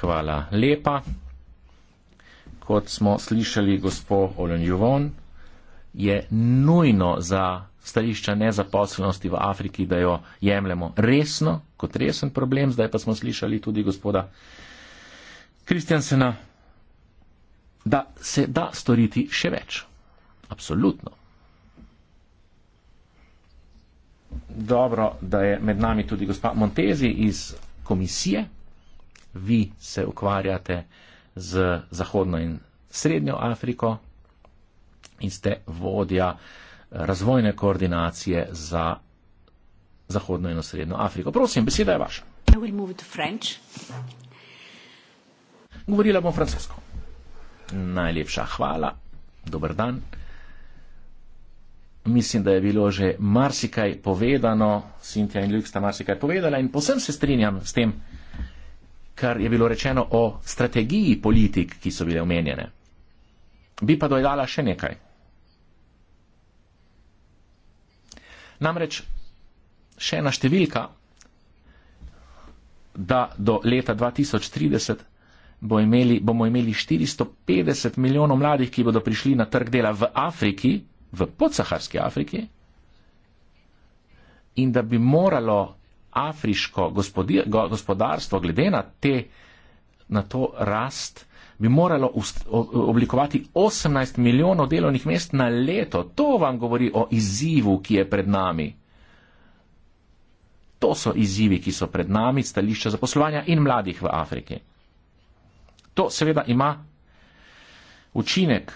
Hvala lepa. Kot smo slišali gospod Olen Juvon, je nujno za stališča nezaposlenosti v Afriki, da jo jemljemo resno, kot resen problem. Zdaj pa smo slišali tudi gospoda Kristjansena, da se da storiti še več. Absolutno. Dobro, da je med nami tudi gospa Montezi iz komisije. Vi se ukvarjate z Zahodno in Srednjo Afriko in ste vodja razvojne koordinacije za Zahodno in Srednjo Afriko. Prosim, beseda je vaša. Govorila bom francosko. Najlepša hvala, dober dan. Mislim, da je bilo že marsikaj povedano, Sintja in Ljuk sta marsikaj povedala in posem se strinjam s tem, kar je bilo rečeno o strategiji politik, ki so bile omenjene. Bi pa dojdala še nekaj. Namreč še ena številka, da do leta 2030 bo imeli, bomo imeli 450 milijonov mladih, ki bodo prišli na trg dela v Afriki, v podsaharski Afriki, in da bi moralo afriško gospodarstvo, glede na, te, na to rast, bi moralo oblikovati 18 milijonov delovnih mest na leto. To vam govori o izzivu, ki je pred nami. To so izzivi, ki so pred nami, stališča zaposlovanja in mladih v Afriki. To seveda ima učinek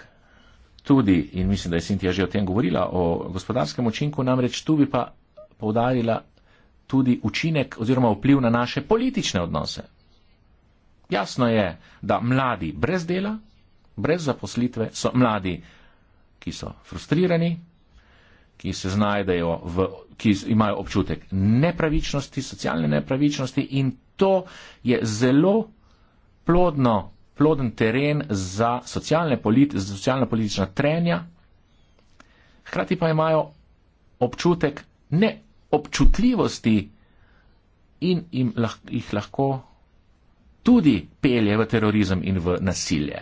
tudi, in mislim, da je Sintija že o tem govorila, o gospodarskem učinku, namreč tu bi pa povdarila tudi učinek oziroma vpliv na naše politične odnose. Jasno je, da mladi brez dela, brez zaposlitve so mladi, ki so frustrirani, ki se znajdejo v, ki imajo občutek nepravičnosti, socialne nepravičnosti in to je zelo plodno, ploden teren za socialne politi, za socialno politična trenja, hkrati pa imajo občutek neobčutljivosti in jim lah jih lahko tudi pelje v terorizem in v nasilje.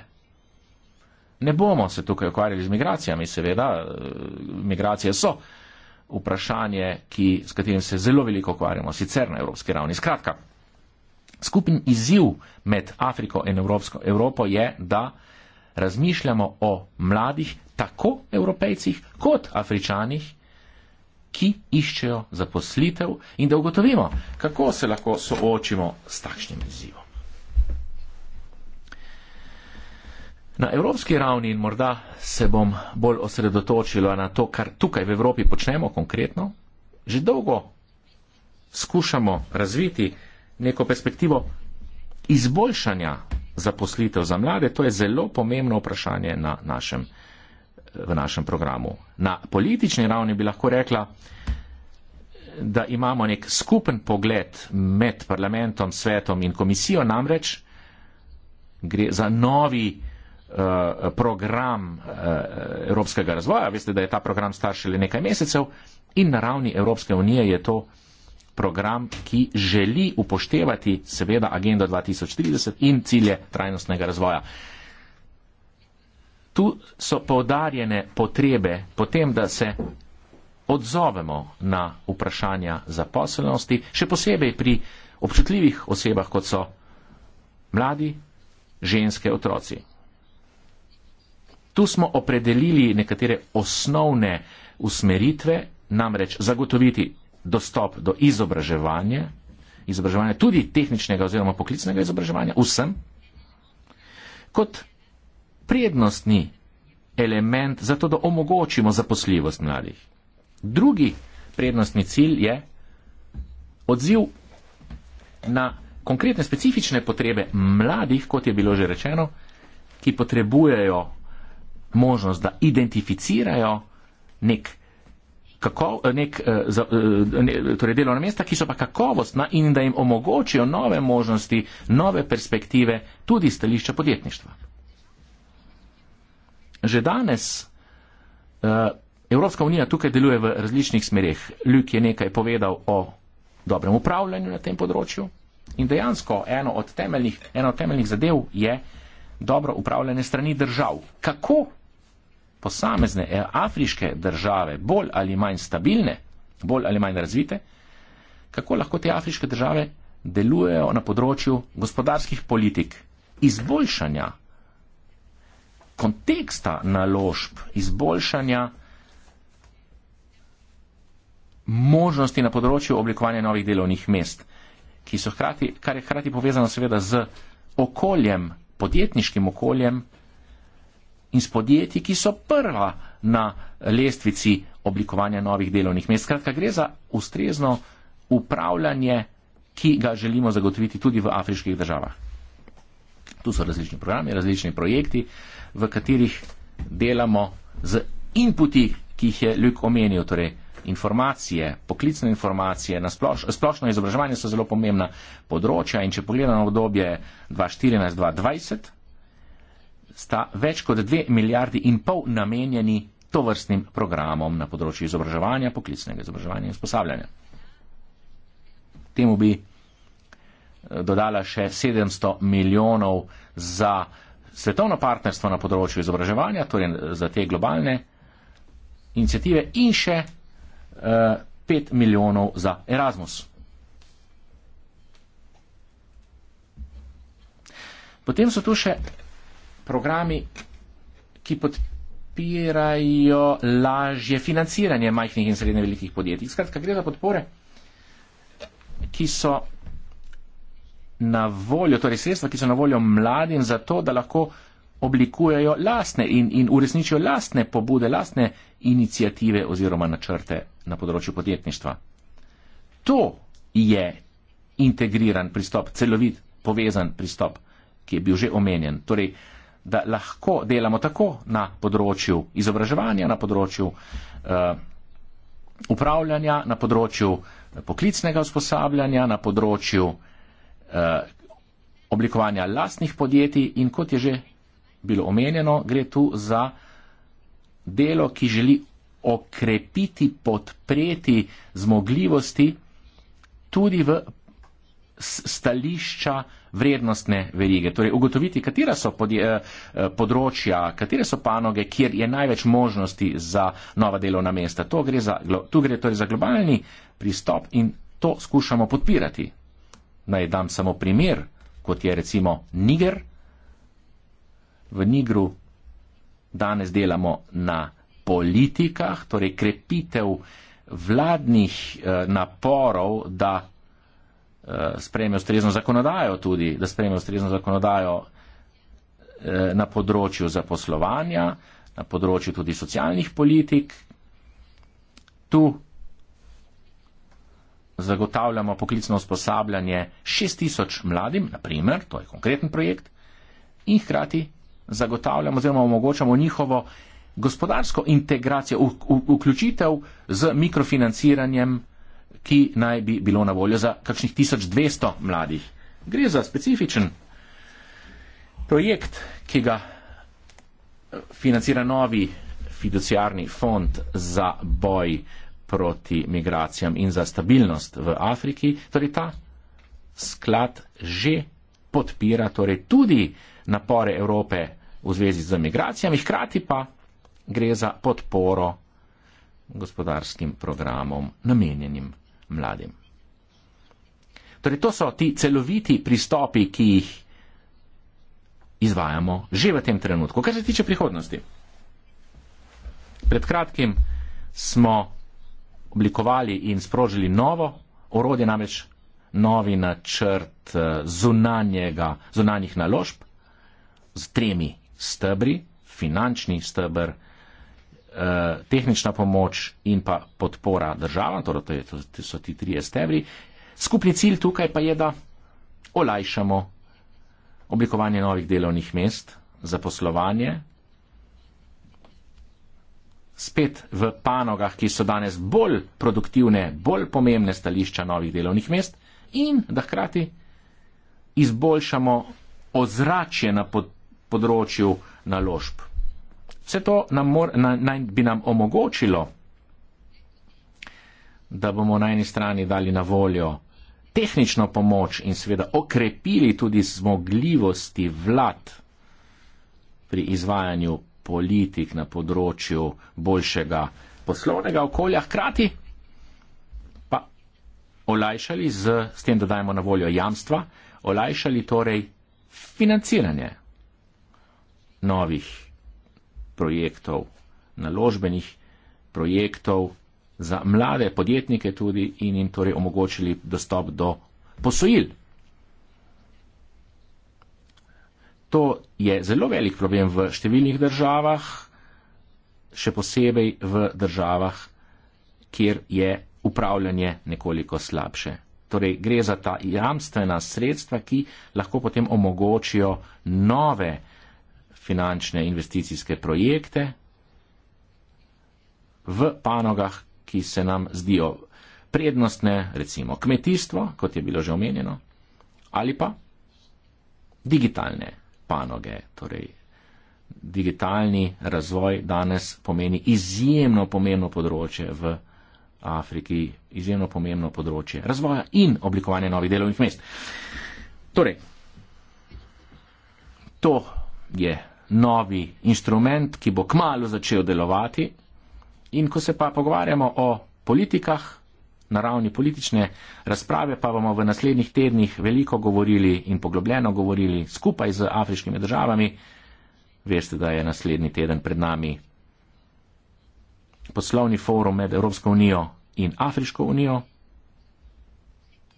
Ne bomo se tukaj ukvarjali z migracijami, seveda, eh, migracije so vprašanje, ki, s katerim se zelo veliko ukvarjamo, sicer na evropski ravni. Skratka, Skupen izziv med Afriko in Evropsko, Evropo je, da razmišljamo o mladih, tako evropejcih kot afričanih, ki iščejo zaposlitev in da ugotovimo, kako se lahko soočimo s takšnim izzivom. Na evropski ravni in morda se bom bolj osredotočila na to, kar tukaj v Evropi počnemo konkretno, že dolgo skušamo razviti neko perspektivo izboljšanja zaposlitev za mlade, to je zelo pomembno vprašanje na našem, v našem programu. Na politični ravni bi lahko rekla, da imamo nek skupen pogled med parlamentom, svetom in komisijo, namreč gre za novi eh, program eh, evropskega razvoja. Veste, da je ta program star šele nekaj mesecev in na ravni Evropske unije je to program, ki želi upoštevati seveda agendo 2030 in cilje trajnostnega razvoja. Tu so podarjene potrebe potem, da se odzovemo na vprašanja zaposlenosti, še posebej pri občutljivih osebah, kot so mladi, ženske, otroci. Tu smo opredelili nekatere osnovne usmeritve, namreč zagotoviti dostop do izobraževanja, izobraževanja tudi tehničnega oziroma poklicnega izobraževanja vsem, kot prednostni element za to, da omogočimo zaposljivost mladih. Drugi prednostni cilj je odziv na konkretne specifične potrebe mladih, kot je bilo že rečeno, ki potrebujejo možnost, da identificirajo nek kako, eh, nek, eh, za, eh, ne, torej delovna mesta, ki so pa kakovostna in da jim omogočijo nove možnosti, nove perspektive, tudi stališča podjetništva. Že danes Evropska unija tukaj deluje v različnih smerih. Ljuk je nekaj povedal o dobrem upravljanju na tem področju in dejansko eno od temeljnih, eno od temeljnih zadev je dobro upravljanje strani držav. Kako posamezne eh, afriške države bolj ali manj stabilne, bolj ali manj razvite, kako lahko te afriške države delujejo na področju gospodarskih politik, izboljšanja konteksta naložb, izboljšanja možnosti na področju oblikovanja novih delovnih mest, hkrati, kar je hkrati povezano seveda z okoljem, podjetniškim okoljem, in s podjetji, ki so prva na lestvici oblikovanja novih delovnih mest. Skratka, gre za ustrezno upravljanje, ki ga želimo zagotoviti tudi v afriških državah. Tu so različni programi, različni projekti, v katerih delamo z inputi, ki jih je Ljuk omenil, torej informacije, poklicne informacije, na sploš, splošno izobraževanje so zelo pomembna področja in če pogledamo obdobje 2014-2020, sta več kot dve milijardi in pol namenjeni tovrstnim programom na področju izobraževanja, poklicnega izobraževanja in usposabljanja. Temu bi eh, dodala še 700 milijonov za svetovno partnerstvo na področju izobraževanja, torej eh, za te globalne inicijative in še uh, eh, 5 milijonov za Erasmus. Potem so tu še programi, ki podpirajo lažje financiranje majhnih in srednje velikih podjetij. Skratka, gre za podpore, ki so na voljo, torej sredstva, ki so na voljo mladim za to, da lahko oblikujejo lastne in, in uresničijo lastne pobude, lastne inicijative oziroma načrte na področju podjetništva. To je integriran pristop, celovit, povezan pristop, ki je bil že omenjen. Torej, uh, da lahko delamo tako na področju izobraževanja, na področju uh, upravljanja, na področju eh, poklicnega usposabljanja, na področju uh, oblikovanja lastnih podjetij in kot je že bilo omenjeno, gre tu za delo, ki želi okrepiti, podpreti zmogljivosti tudi v stališča vrednostne verige. Torej, ugotoviti, katera so podje, eh, področja, katere so panoge, kjer je največ možnosti za nova delovna mesta. To gre za, tu gre torej za globalni pristop in to skušamo podpirati. Naj dam samo primer, kot je recimo Niger. V Nigru danes delamo na politikah, torej krepitev vladnih eh, naporov, da Eh, sprejme ustrezno zakonodajo tudi, da sprejme ustrezno zakonodajo eh, na področju zaposlovanja, na področju tudi socialnih politik. Tu zagotavljamo poklicno usposabljanje 6000 mladim, naprimer, to je konkreten projekt, in hkrati zagotavljamo oziroma omogočamo njihovo gospodarsko integracijo, vključitev z mikrofinanciranjem ki naj bi bilo na voljo za kakšnih 1200 mladih. Gre za specifičen projekt, ki ga eh, financira novi fiduciarni fond za boj proti migracijam in za stabilnost v Afriki. Torej ta sklad že podpira torej tudi napore Evrope v zvezi z migracijami, hkrati pa gre za podporo gospodarskim programom namenjenim mladim. Torej, to so ti celoviti pristopi, ki jih izvajamo že v tem trenutku. Kar se tiče prihodnosti. Pred kratkim smo oblikovali in sprožili novo orodje, namreč novi načrt eh, zunanjih naložb z tremi stebri, finančni stebr, eh, tehnična pomoč in pa podpora država, torej to, je, to so ti trije stebri. Skupni cilj tukaj pa je, da olajšamo oblikovanje novih delovnih mest za poslovanje spet v panogah, ki so danes bolj produktivne, bolj pomembne stališča novih delovnih mest in da hkrati izboljšamo ozračje na pod področju naložb, Vse to nam mor, na, naj bi nam omogočilo, da bomo na eni strani dali na voljo tehnično pomoč in seveda okrepili tudi zmogljivosti vlad pri izvajanju politik na področju boljšega poslovnega okolja, hkrati pa olajšali z, s tem, da dajemo na voljo jamstva, olajšali torej financiranje novih projektov, naložbenih projektov za mlade podjetnike tudi in jim torej omogočili dostop do posojil. To je zelo velik problem v številnih državah, še posebej v državah, kjer je upravljanje nekoliko slabše. Torej gre za ta jamstvena sredstva, ki lahko potem omogočijo nove projekte finančne investicijske projekte v panogah, ki se nam zdijo prednostne, recimo kmetijstvo, kot je bilo že omenjeno, ali pa digitalne panoge. Torej, digitalni razvoj danes pomeni izjemno pomembno področje v Afriki, izjemno pomembno področje razvoja in oblikovanja novih delovnih mest. Torej, to je novi instrument, ki bo kmalo začel delovati. In ko se pa pogovarjamo o politikah, na ravni politične razprave, pa bomo v naslednjih tednih veliko govorili in poglobljeno govorili skupaj z afriškimi državami. Veste, da je naslednji teden pred nami poslovni forum med Evropsko unijo in Afriško unijo,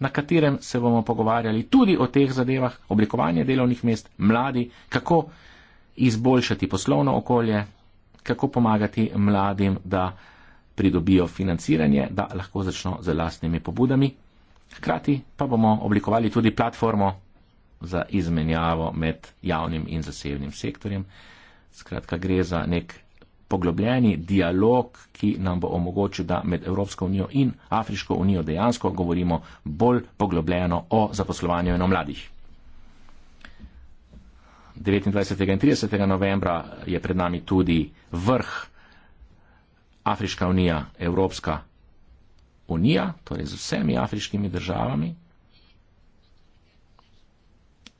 na katerem se bomo pogovarjali tudi o teh zadevah, oblikovanje delovnih mest, mladi, kako izboljšati poslovno okolje, kako pomagati mladim, da pridobijo financiranje, da lahko začno z lastnimi pobudami. Hkrati pa bomo oblikovali tudi platformo za izmenjavo med javnim in zasebnim sektorjem. Skratka, gre za nek poglobljeni dialog, ki nam bo omogočil, da med Evropsko unijo in Afriško unijo dejansko govorimo bolj poglobljeno o zaposlovanju eno mladih. 29. in 30. novembra je pred nami tudi vrh Afriška unija, Evropska unija, torej z vsemi afriškimi državami.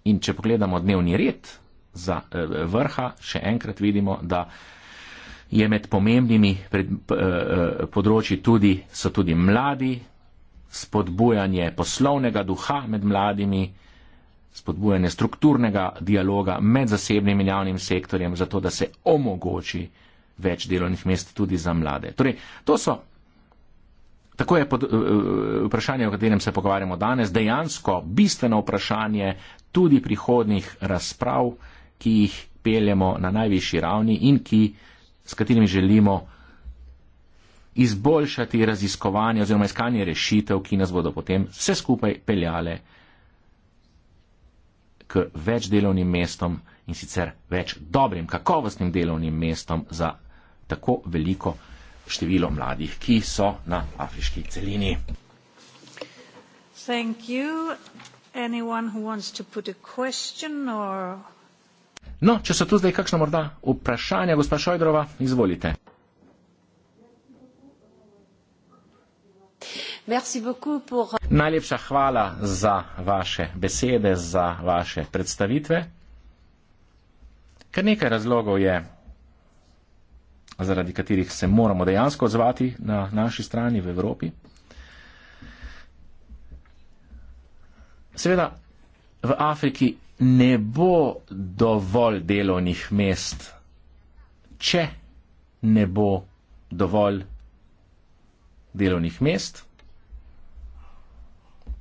In če pogledamo dnevni red za eh, vrha, še enkrat vidimo, da je med pomembnimi pred, eh, eh, področji tudi, so tudi mladi, spodbujanje poslovnega duha med mladimi, spodbujanje strukturnega dialoga med zasebnim in javnim sektorjem, zato da se omogoči več delovnih mest tudi za mlade. Torej, to so, tako je pod, uh, vprašanje, o katerem se pogovarjamo danes, dejansko bistveno vprašanje tudi prihodnih razprav, ki jih peljemo na najvišji ravni in ki, s katerimi želimo izboljšati raziskovanje oziroma iskanje rešitev, ki nas bodo potem vse skupaj peljale k več delovnim mestom in sicer več dobrim, kakovostnim delovnim mestom za tako veliko število mladih, ki so na afriški celini. No, če so tu zdaj kakšna morda vprašanja, gospa Šojdrova, izvolite. Euh, Najlepša hvala za vaše besede, za vaše predstavitve. Kar nekaj razlogov je, zaradi katerih se moramo dejansko odzvati na naši strani v Evropi. Seveda, v Afriki ne bo dovolj delovnih mest, če ne bo dovolj delovnih mest,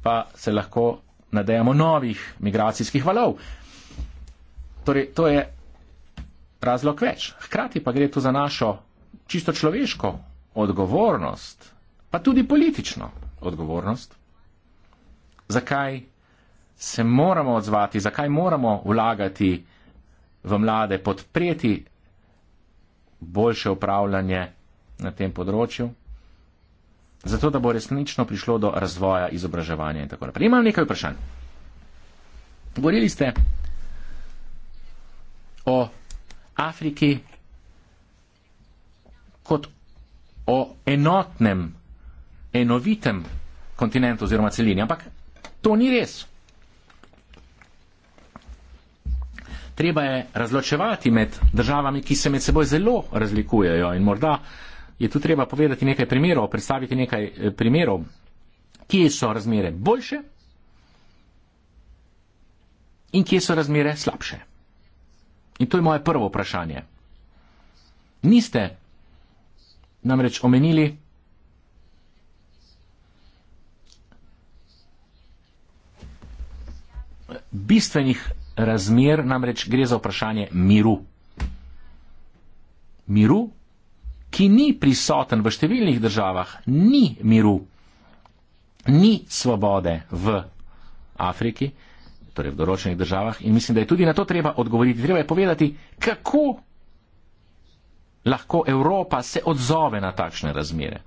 pa se lahko nadejamo novih migracijskih valov. Torej, to je razlog več. Hkrati pa gre tu za našo čisto človeško odgovornost, pa tudi politično odgovornost, zakaj se moramo odzvati, zakaj moramo vlagati v mlade, podpreti boljše upravljanje na tem področju zato da bo resnično prišlo do razvoja izobraževanja in tako naprej. Imam nekaj vprašanj. Govorili ste o Afriki kot o enotnem, enovitem kontinentu oziroma celini, ampak to ni res. Treba je razločevati med državami, ki se med seboj zelo razlikujejo in morda je tu treba povedati nekaj primerov, predstaviti nekaj eh, primerov, kje so razmere boljše in kje so razmere slabše. In to je moje prvo vprašanje. Niste namreč omenili, bistvenih razmer, namreč gre za vprašanje miru. Miru ki ni prisoten v številnih državah, ni miru, ni svobode v Afriki, torej v določenih državah. In mislim, da je tudi na to treba odgovoriti. Treba je povedati, kako lahko Evropa se odzove na takšne razmere.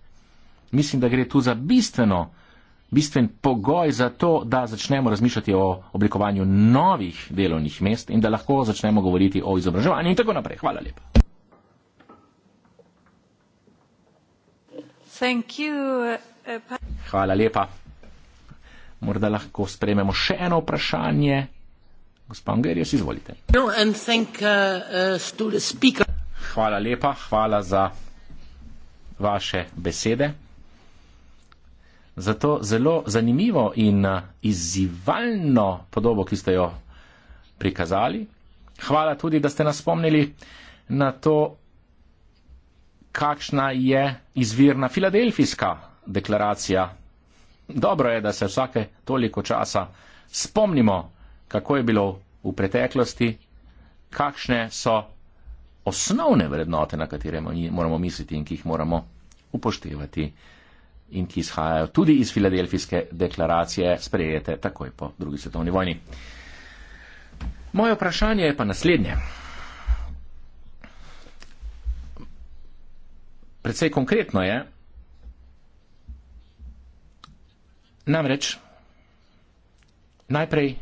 Mislim, da gre tu za bistveno, bistven pogoj za to, da začnemo razmišljati o oblikovanju novih delovnih mest in da lahko začnemo govoriti o izobraževanju in tako naprej. Hvala lepa. Uh, uh, hvala lepa. Morda lahko sprejmemo še eno vprašanje. Gospod Angerijus, izvolite. No, uh, hvala lepa, hvala za vaše besede. Zato zelo zanimivo in izzivalno podobo, ki ste jo prikazali. Hvala tudi, da ste nas spomnili na to kakšna je izvirna filadelfijska deklaracija. Dobro je, da se vsake toliko časa spomnimo, kako je bilo v preteklosti, kakšne so osnovne vrednote, na katere moramo misliti in ki jih moramo upoštevati in ki izhajajo tudi iz filadelfijske deklaracije, sprejete takoj po drugi svetovni vojni. Moje vprašanje je pa naslednje. precej konkretno je, namreč najprej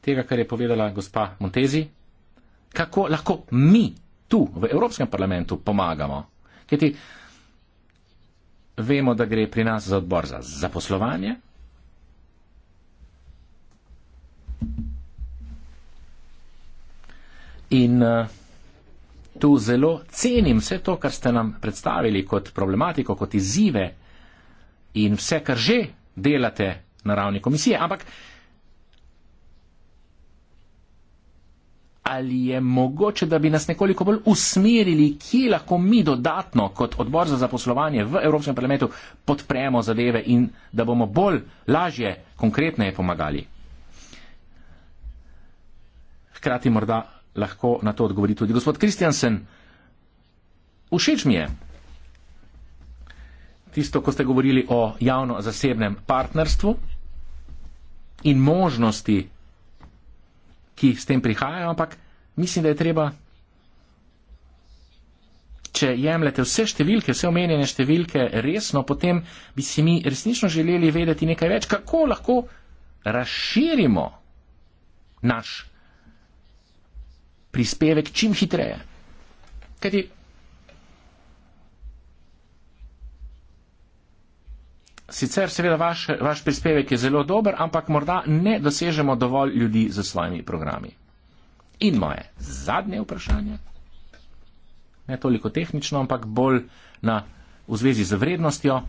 tega, kar je povedala gospa Montezi, kako lahko mi tu v Evropskem parlamentu pomagamo. Kajti vemo, da gre pri nas za odbor za zaposlovanje. In uh, tu zelo cenim vse to, kar ste nam predstavili kot problematiko, kot izzive in vse, kar že delate na ravni komisije. Ampak ali je mogoče, da bi nas nekoliko bolj usmerili, kje lahko mi dodatno kot odbor za zaposlovanje v Evropskem parlamentu podpremo zadeve in da bomo bolj lažje, konkretneje pomagali? Hkrati morda lahko na to odgovori tudi gospod Kristjansen. Všeč mi je tisto, ko ste govorili o javno-zasebnem partnerstvu in možnosti, ki s tem prihajajo, ampak mislim, da je treba, če jemljete vse številke, vse omenjene številke resno, potem bi si mi resnično želeli vedeti nekaj več, kako lahko razširimo naš prispevek čim hitreje. Kajti sicer seveda vaš, vaš prispevek je zelo dober, ampak morda ne dosežemo dovolj ljudi za svojimi programi. In moje zadnje vprašanje, ne toliko tehnično, ampak bolj na, v zvezi z vrednostjo,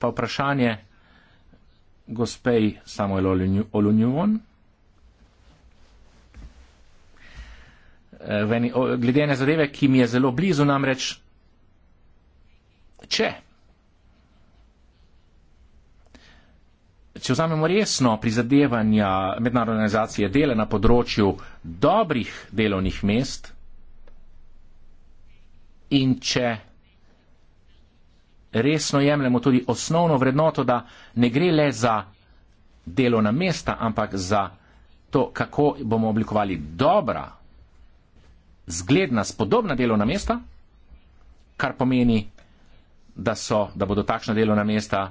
pa vprašanje gospej Samuel Olunjuvon. Olu Eh, eni, glede ene zadeve, ki mi je zelo blizu, namreč, če, če vzamemo resno prizadevanja mednarodne organizacije dele na področju dobrih delovnih mest in če resno jemljemo tudi osnovno vrednoto, da ne gre le za delovna mesta, ampak za to, kako bomo oblikovali dobra zgledna, spodobna delovna mesta, kar pomeni, da, so, da bodo takšna delovna mesta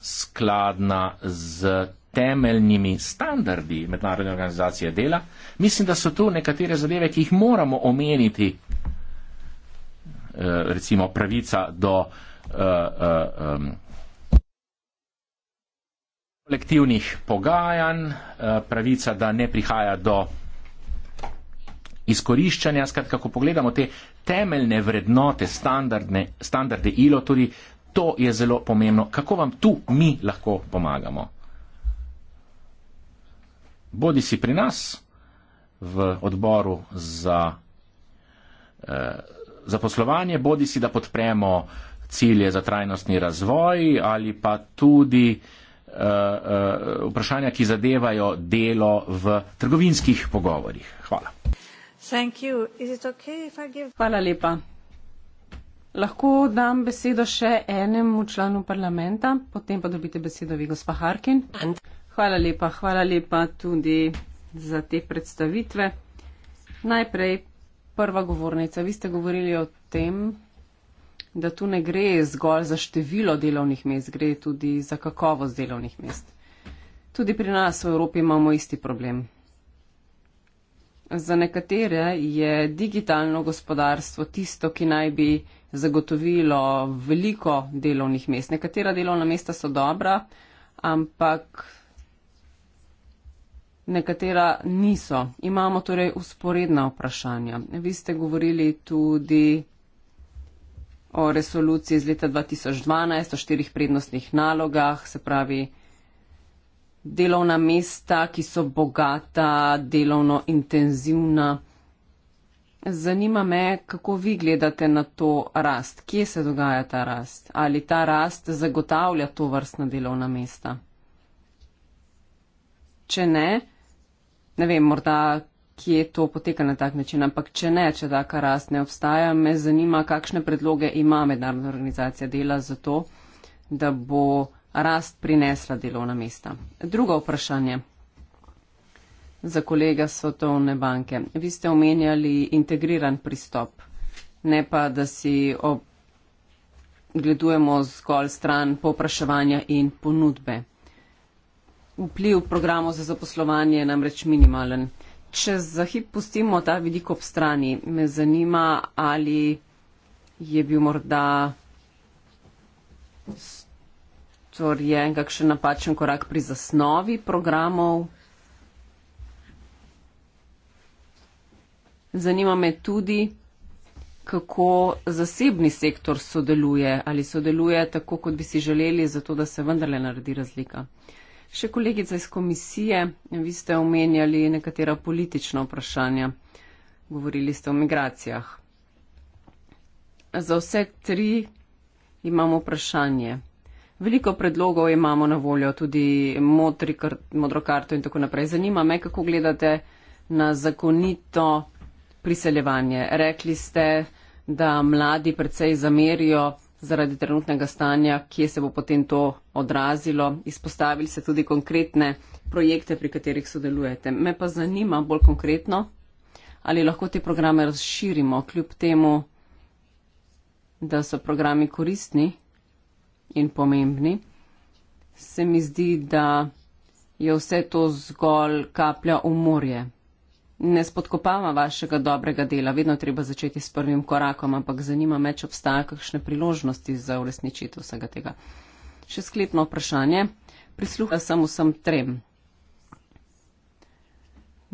skladna z temeljnimi standardi mednarodne organizacije dela. Mislim, da so tu nekatere zadeve, ki jih moramo omeniti, eh, recimo pravica do uh, uh, um, kolektivnih pogajanj, uh, pravica, da ne prihaja do izkoriščanja. Skratka, ko pogledamo te temeljne vrednote, standarde ILO, tudi to je zelo pomembno. Kako vam tu mi lahko pomagamo? Bodi si pri nas v odboru za, eh, za poslovanje, bodi si da podpremo cilje za trajnostni razvoj ali pa tudi uh, uh, vprašanja, ki zadevajo delo v trgovinskih pogovorjih. Hvala. Hvala lepa. Lahko dam besedo še enemu članu parlamenta, potem pa dobite besedo vi, gospa Harkin. Hvala lepa, hvala lepa tudi za te predstavitve. Najprej prva govornica. Vi ste govorili o tem, da tu ne gre zgolj za število delovnih mest, gre tudi za kakovost delovnih mest. Tudi pri nas v Evropi imamo isti problem. Za nekatere je digitalno gospodarstvo tisto, ki naj bi zagotovilo veliko delovnih mest. Nekatera delovna mesta so dobra, ampak nekatera niso. Imamo torej usporedna vprašanja. Vi ste govorili tudi o resoluciji iz leta 2012 o štirih prednostnih nalogah, se pravi, delovna mesta, ki so bogata, delovno intenzivna. Zanima me, kako vi gledate na to rast, kje se dogaja ta rast, ali ta rast zagotavlja to vrstna delovna mesta. Če ne, ne vem, morda kje to poteka na tak način, ampak če ne, če taka rast ne obstaja, me zanima, kakšne predloge ima Mednarodna organizacija dela za to, da bo rast prinesla delovna mesta. Drugo vprašanje za kolega Svetovne banke. Vi ste omenjali integriran pristop, ne pa, da si gledujemo zgolj stran popraševanja in ponudbe. Vpliv programov za zaposlovanje je namreč minimalen. Če za hip pustimo ta vidik ob strani, me zanima, ali je bil morda Tor je kakšen napačen korak pri zasnovi programov. Zanima me tudi, kako zasebni sektor sodeluje ali sodeluje tako, kot bi si želeli, zato da se vendarle naredi razlika. Še kolegica iz komisije, vi ste omenjali nekatera politična vprašanja. Govorili ste o migracijah. Za vse tri imamo vprašanje. Veliko predlogov imamo na voljo, tudi kart, modro karto in tako naprej. Zanima me, kako gledate na zakonito priseljevanje. Rekli ste, da mladi predvsej zamerijo zaradi trenutnega stanja, kje se bo potem to odrazilo. Izpostavili ste tudi konkretne projekte, pri katerih sodelujete. Me pa zanima bolj konkretno, ali lahko te programe razširimo, kljub temu, da so programi koristni in pomembni. Se mi zdi, da je vse to zgolj kaplja v morje. Ne spodkopava vašega dobrega dela, vedno treba začeti s prvim korakom, ampak zanima me, če obstaja kakšne priložnosti za uresničitev vsega tega. Še sklepno vprašanje. Prisluha sem vsem trem.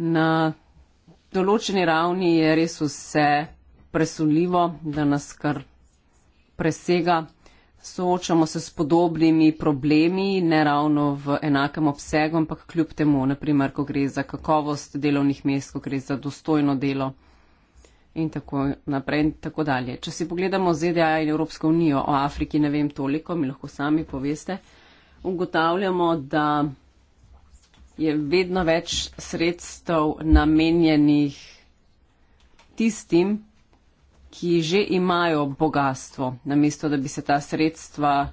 Na določeni ravni je res vse presuljivo, da nas kar presega soočamo se s podobnimi problemi, ne ravno v enakem obsegu, ampak kljub temu, naprimer, ko gre za kakovost delovnih mest, ko gre za dostojno delo in tako naprej in tako dalje. Če si pogledamo ZDA in Evropsko unijo o Afriki, ne vem toliko, mi lahko sami poveste, ugotavljamo, da je vedno več sredstev namenjenih tistim, ki že imajo bogatstvo, namesto da bi se ta sredstva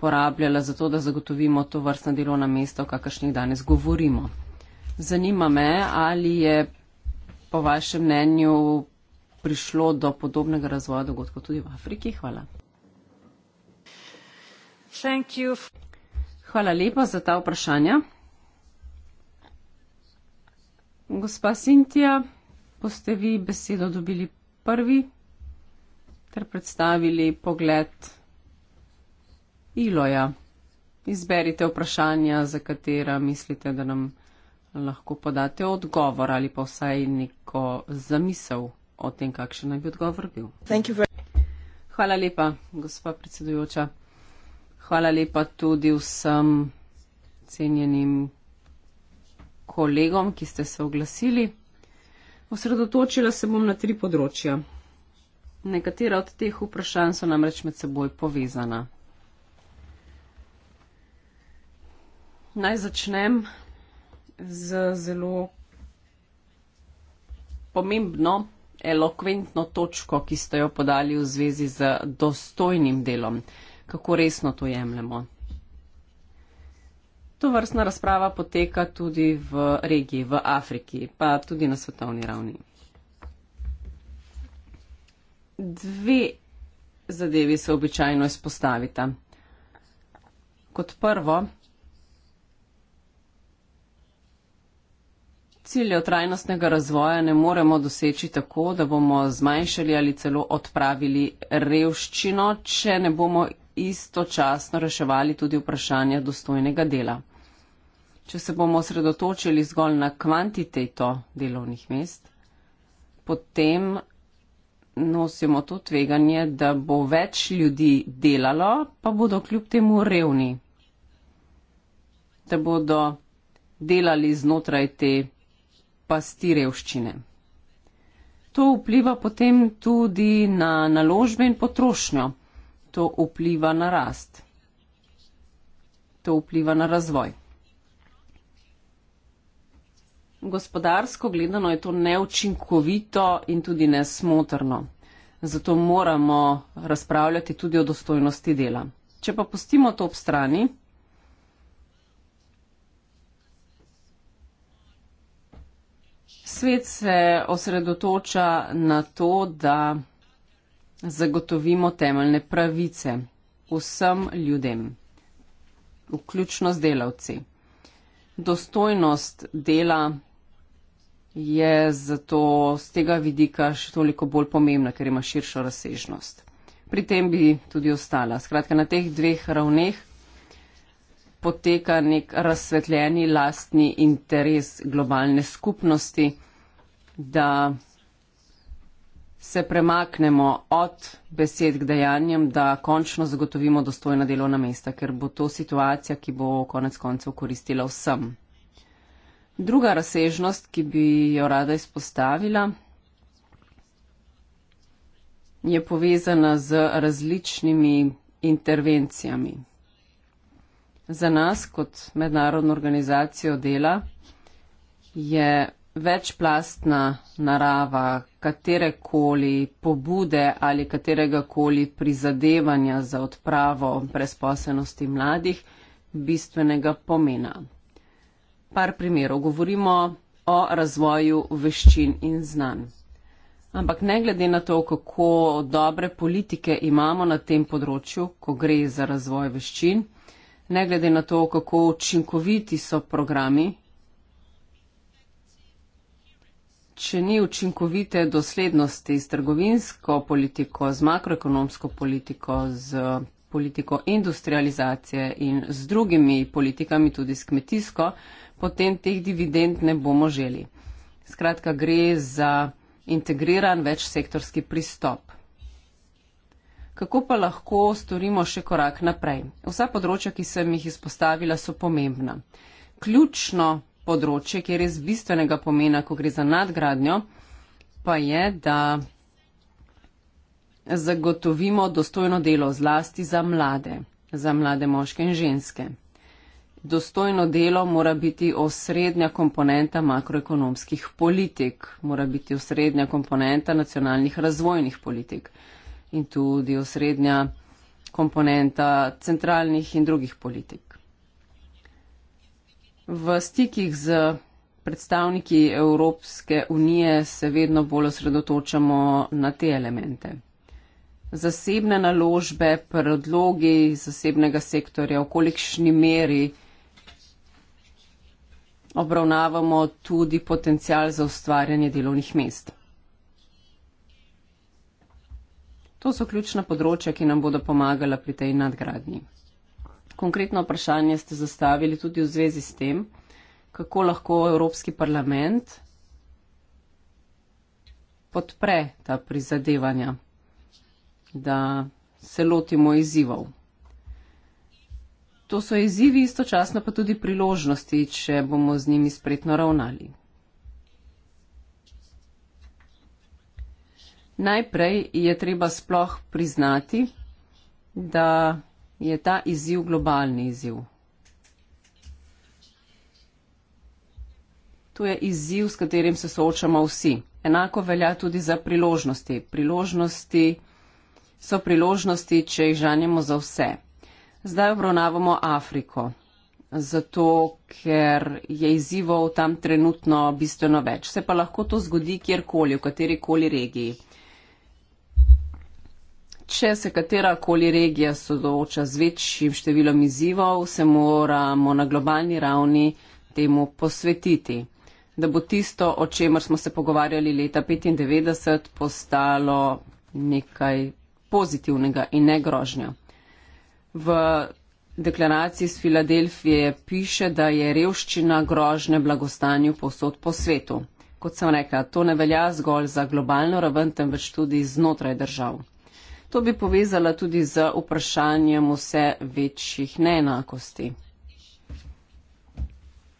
porabljala za to, da zagotovimo to vrstno delovno mesto, o kakršnih danes govorimo. Zanima me, ali je po vašem mnenju prišlo do podobnega razvoja dogodkov tudi v Afriki. Hvala. Hvala lepa za ta vprašanja. Gospa Sintija, boste vi besedo dobili prvi ter predstavili pogled Iloja. Izberite vprašanja, za katera mislite, da nam lahko podate odgovor ali pa vsaj neko zamisel o tem, kakšen naj bi odgovor bil. Hvala lepa, gospa predsedujoča. Hvala lepa tudi vsem cenjenim kolegom, ki ste se oglasili. Osredotočila se bom na tri področja. Nekatera od teh vprašanj so namreč med seboj povezana. Naj začnem z zelo pomembno, elokventno točko, ki ste jo podali v zvezi z dostojnim delom. Kako resno to jemljemo? To vrstna razprava poteka tudi v regiji, v Afriki, pa tudi na svetovni ravni dve zadevi se običajno izpostavita. Kot prvo, ciljev trajnostnega razvoja ne moremo doseči tako, da bomo zmanjšali ali celo odpravili revščino, če ne bomo istočasno reševali tudi vprašanja dostojnega dela. Če se bomo osredotočili zgolj na kvantiteto delovnih mest, potem nosimo to tveganje, da bo več ljudi delalo, pa bodo kljub temu revni. Da bodo delali znotraj te pasti revščine. To vpliva potem tudi na naložbe in potrošnjo. To vpliva na rast. To vpliva na razvoj. Gospodarsko gledano je to neučinkovito in tudi nesmotrno. Zato moramo razpravljati tudi o dostojnosti dela. Če pa pustimo to ob strani. Svet se osredotoča na to, da zagotovimo temeljne pravice vsem ljudem, vključno z delavci. Dostojnost dela je zato z tega vidika še toliko bolj pomembna, ker ima širšo razsežnost. Pri tem bi tudi ostala. Skratka, na teh dveh ravneh poteka nek razsvetljeni lastni interes globalne skupnosti, da se premaknemo od besed k dejanjem, da končno zagotovimo dostojna delovna mesta, ker bo to situacija, ki bo konec koncev koristila vsem. Druga razsežnost, ki bi jo rada izpostavila, je povezana z različnimi intervencijami. Za nas kot mednarodno organizacijo dela je večplastna narava katerekoli pobude ali kateregakoli prizadevanja za odpravo brezposelnosti mladih bistvenega pomena par primerov. Govorimo o razvoju veščin in znanj. Ampak ne glede na to, kako dobre politike imamo na tem področju, ko gre za razvoj veščin, ne glede na to, kako učinkoviti so programi, če ni učinkovite doslednosti s trgovinsko politiko, z makroekonomsko politiko, z politiko industrializacije in z drugimi politikami, tudi s kmetijsko potem teh dividend ne bomo želi. Skratka, gre za integriran večsektorski pristop. Kako pa lahko storimo še korak naprej? Vsa področja, ki sem jih izpostavila, so pomembna. Ključno področje, ki je res bistvenega pomena, ko gre za nadgradnjo, pa je, da zagotovimo dostojno delo zlasti za mlade, za mlade moške in ženske dostojno delo mora biti osrednja komponenta makroekonomskih politik, mora biti osrednja komponenta nacionalnih razvojnih politik in tudi osrednja komponenta centralnih in drugih politik. V stikih z predstavniki Evropske unije se vedno bolj osredotočamo na te elemente. Zasebne naložbe, predlogi zasebnega sektorja, v kolikšni meri obravnavamo tudi potencial za ustvarjanje delovnih mest. To so ključna področja, ki nam bodo pomagala pri tej nadgradnji. Konkretno vprašanje ste zastavili tudi v zvezi s tem, kako lahko Evropski parlament podpre ta prizadevanja, da se lotimo izzivov to so izzivi, istočasno pa tudi priložnosti, če bomo z njimi spretno ravnali. Najprej je treba sploh priznati, da je ta izziv globalni izziv. To je izziv, s katerim se soočamo vsi. Enako velja tudi za priložnosti. Priložnosti so priložnosti, če jih žanjemo za vse. Zdaj obravnavamo Afriko, zato ker je izzivov tam trenutno bistveno več. Se pa lahko to zgodi kjerkoli, v katerikoli regiji. Če se katerakoli regija sodoča z večjim številom izzivov, se moramo na globalni ravni temu posvetiti, da bo tisto, o čemer smo se pogovarjali leta 1995, postalo nekaj pozitivnega in ne grožnja. V deklaraciji iz Filadelfije piše, da je revščina grožne blagostanju posod po svetu. Kot sem rekla, to ne velja zgolj za globalno raven, temveč tudi znotraj držav. To bi povezala tudi z vprašanjem vse večjih neenakosti.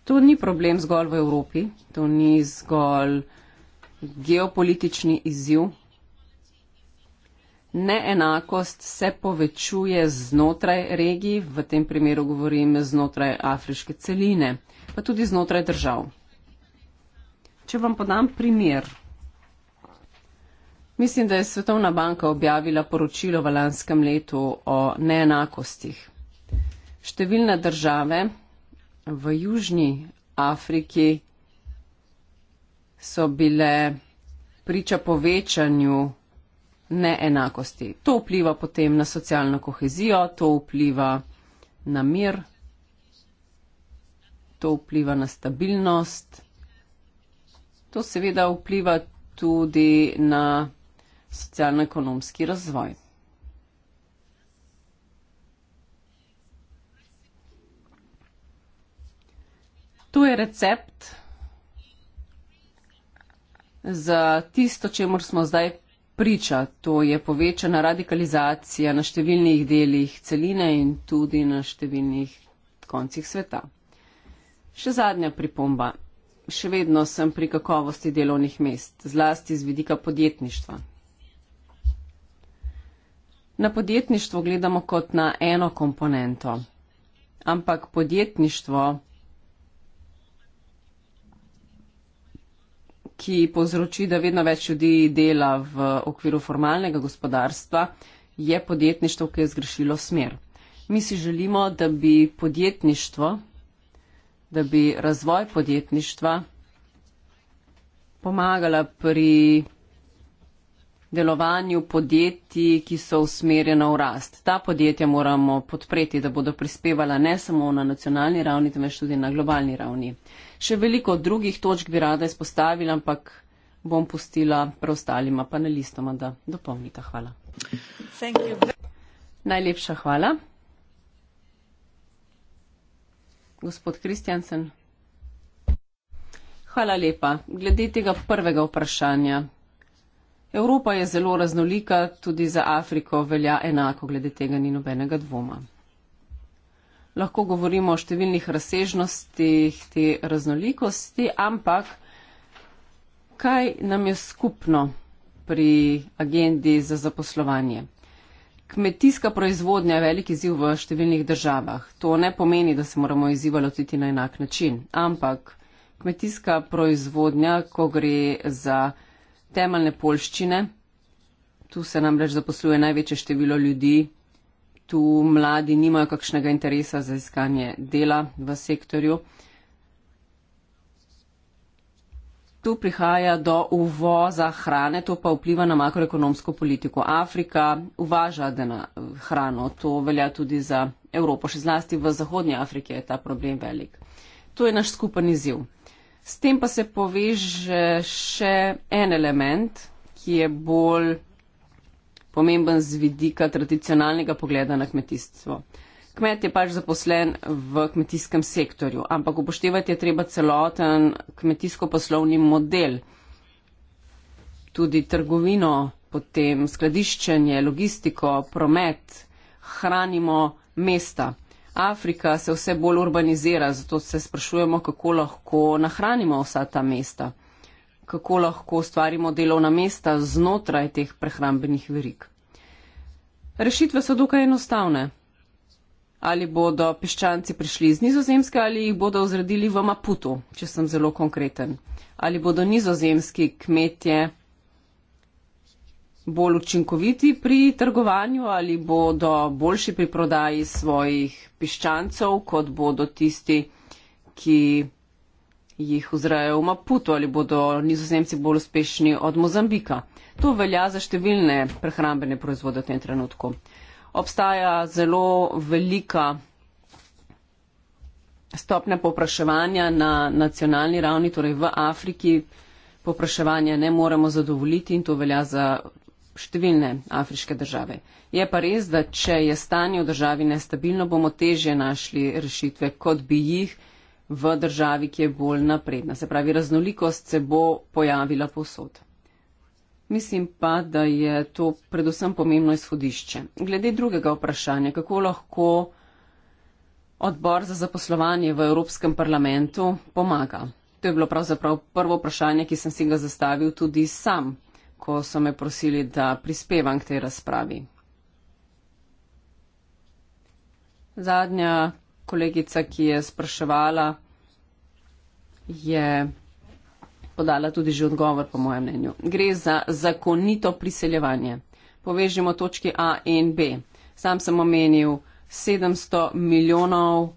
To ni problem zgolj v Evropi, to ni zgolj geopolitični izziv, neenakost se povečuje znotraj regij, v tem primeru govorim znotraj afriške celine, pa tudi znotraj držav. Če vam podam primer. Mislim, da je Svetovna banka objavila poročilo v lanskem letu o neenakostih. Številne države v Južni Afriki so bile priča povečanju neenakosti. To vpliva potem na socialno kohezijo, to vpliva na mir, to vpliva na stabilnost, to seveda vpliva tudi na socialno-ekonomski razvoj. To je recept za tisto, čemu smo zdaj priča. To je povečana radikalizacija na številnih delih celine in tudi na številnih koncih sveta. Še zadnja pripomba. Še vedno sem pri kakovosti delovnih mest, zlasti z vidika podjetništva. Na podjetništvo gledamo kot na eno komponento, ampak podjetništvo ki povzroči, da vedno več ljudi dela v okviru formalnega gospodarstva, je podjetništvo, ki je zgrešilo smer. Mi si želimo, da bi podjetništvo, da bi razvoj podjetništva pomagala pri delovanju podjetij, ki so usmerjena v rast. Ta podjetja moramo podpreti, da bodo prispevala ne samo na nacionalni ravni, temveč tudi na globalni ravni. Še veliko drugih točk bi rada izpostavila, ampak bom pustila preostalima panelistoma, da dopolnita. Hvala. Najlepša hvala. Gospod Kristjansen. Hvala lepa. Glede tega prvega vprašanja. Evropa je zelo raznolika, tudi za Afriko velja enako, glede tega ni nobenega dvoma lahko govorimo o številnih razsežnostih te raznolikosti, ampak kaj nam je skupno pri agendi za zaposlovanje? Kmetijska proizvodnja je velik izziv v številnih državah. To ne pomeni, da se moramo izziva lotiti na enak način, ampak kmetijska proizvodnja, ko gre za temeljne polščine, tu se namreč zaposluje največje število ljudi, tu mladi nimajo kakšnega interesa za iskanje dela v sektorju. Tu prihaja do uvoza hrane, to pa vpliva na makroekonomsko politiko. Afrika uvaža dena hrano, to velja tudi za Evropo, še zlasti v Zahodnji Afriki je ta problem velik. To je naš skupen izziv. S tem pa se poveže še en element, ki je bolj pomemben z vidika tradicionalnega pogleda na kmetijstvo. Kmet je pač zaposlen v kmetijskem sektorju, ampak upoštevati je treba celoten kmetijsko-poslovni model, tudi trgovino, potem skladiščenje, logistiko, promet, hranimo mesta. Afrika se vse bolj urbanizira, zato se sprašujemo, kako lahko nahranimo vsa ta mesta kako lahko ustvarimo delovna mesta znotraj teh prehrambenih verik. Rešitve so dokaj enostavne. Ali bodo piščanci prišli iz nizozemske ali jih bodo ozredili v Maputu, če sem zelo konkreten. Ali bodo nizozemski kmetje bolj učinkoviti pri trgovanju ali bodo boljši pri prodaji svojih piščancov, kot bodo tisti, ki jih vzrajo v Maputo ali bodo nizozemci bolj uspešni od Mozambika. To velja za številne prehrambene proizvode v tem trenutku. Obstaja zelo velika stopnja popraševanja na nacionalni ravni, torej v Afriki popraševanja ne moremo zadovoljiti in to velja za številne afriške države. Je pa res, da če je stanje v državi nestabilno, bomo težje našli rešitve, kot bi jih v državi, ki je bolj napredna. Se pravi, raznolikost se bo pojavila posod. Mislim pa, da je to predvsem pomembno izhodišče. Glede drugega vprašanja, kako lahko odbor za zaposlovanje v Evropskem parlamentu pomaga. To je bilo pravzaprav prvo vprašanje, ki sem si ga zastavil tudi sam, ko so me prosili, da prispevam k tej razpravi. Zadnja kolegica, ki je spraševala, je podala tudi že odgovor, po mojem mnenju. Gre za zakonito priseljevanje. Povežimo točki A in B. Sam sem omenil 700 milijonov,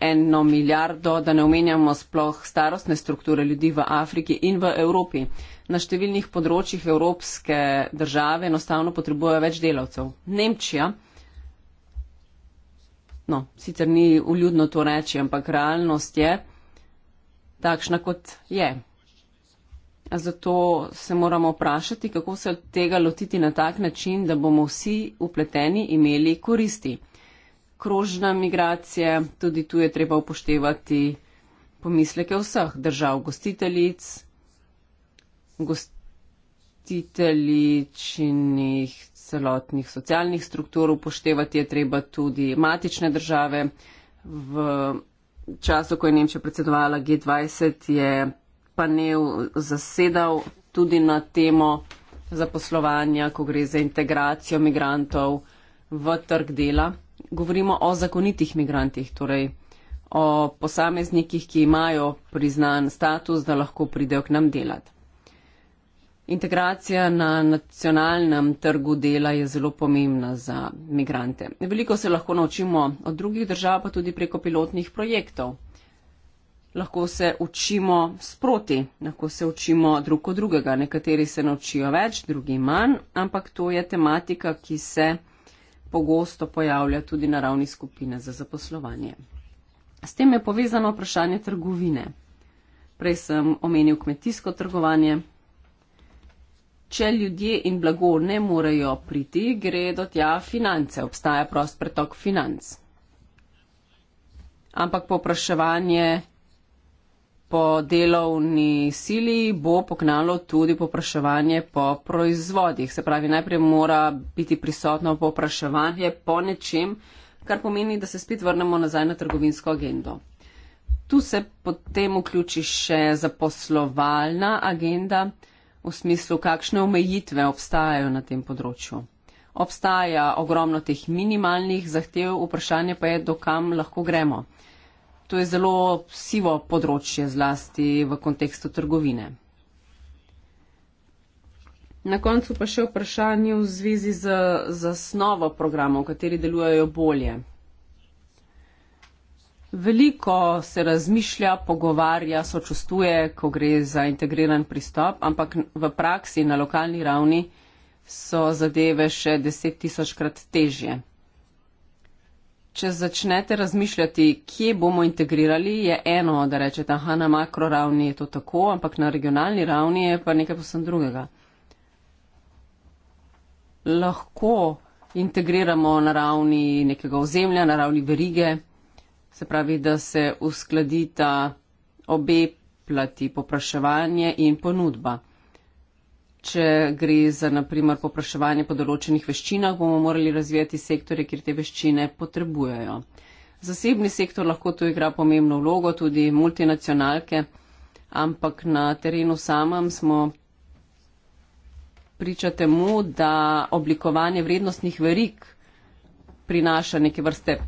eno milijardo, da ne omenjamo sploh starostne strukture ljudi v Afriki in v Evropi. Na številnih področjih evropske države enostavno potrebujejo več delavcev. Nemčija no, sicer ni uljudno to reči, ampak realnost je takšna, kot je. Zato se moramo vprašati, kako se tega lotiti na tak način, da bomo vsi upleteni imeli koristi. Krožna migracija, tudi tu je treba upoštevati pomisleke vseh držav, gostiteljic, gostiteljičnih celotnih socialnih struktur, upoštevati je treba tudi matične države. V času, ko je Nemčija predsedovala G20, je panel zasedal tudi na temo zaposlovanja, ko gre za integracijo migrantov v trg dela. Govorimo o zakonitih migrantih, torej o posameznikih, ki imajo priznan status, da lahko pridejo k nam delati. Integracija na nacionalnem trgu dela je zelo pomembna za migrante. Veliko se lahko naučimo od drugih držav, pa tudi preko pilotnih projektov. Lahko se učimo sproti, lahko se učimo drug od drugega. Nekateri se naučijo več, drugi manj, ampak to je tematika, ki se pogosto pojavlja tudi na ravni skupine za zaposlovanje. S tem je povezano vprašanje trgovine. Prej sem omenil kmetijsko trgovanje, Če ljudje in blago ne morejo priti, gre do tja finance, obstaja prost pretok financ. Ampak popraševanje po delovni sili bo poknalo tudi popraševanje po proizvodih. Se pravi, najprej mora biti prisotno popraševanje po nečem, kar pomeni, da se spet vrnemo nazaj na trgovinsko agendo. Tu se potem vključi še zaposlovalna agenda v smislu, kakšne omejitve obstajajo na tem področju. Obstaja ogromno teh minimalnih zahtev, vprašanje pa je, dokam lahko gremo. To je zelo sivo področje, zlasti v kontekstu trgovine. Na koncu pa še vprašanje v zvezi z zasnovo programov, kateri delujejo bolje. Veliko se razmišlja, pogovarja, sočustuje, ko gre za integriran pristop, ampak v praksi na lokalni ravni so zadeve še deset tisočkrat težje. Če začnete razmišljati, kje bomo integrirali, je eno, da rečete, aha, na makro ravni je to tako, ampak na regionalni ravni je pa nekaj posebno drugega. Lahko integriramo na ravni nekega ozemlja, na ravni verige. Se pravi, da se uskladita obe plati, popraševanje in ponudba. Če gre za, naprimer, popraševanje po določenih veščinah, bomo morali razvijati sektore, kjer te veščine potrebujejo. Zasebni sektor lahko tu igra pomembno vlogo, tudi multinacionalke, ampak na terenu samem smo priča temu, da oblikovanje vrednostnih verik prinaša neke vrste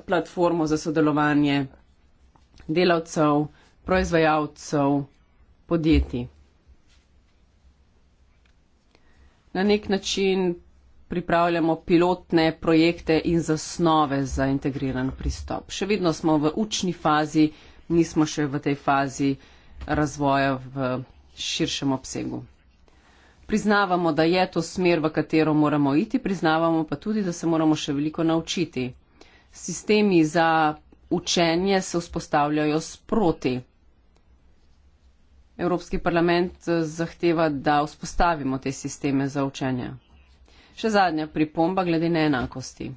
platformo za sodelovanje delavcev, proizvajalcev, podjetij. Na nek način pripravljamo pilotne projekte in zasnove za integriran pristop. Še vedno smo v učni fazi, nismo še v tej fazi razvoja v širšem obsegu. Priznavamo, da je to smer, v katero moramo iti, priznavamo pa tudi, da se moramo še veliko naučiti sistemi za učenje se vzpostavljajo sproti. Evropski parlament eh, zahteva, da vzpostavimo te sisteme za učenje. Še zadnja pripomba glede neenakosti.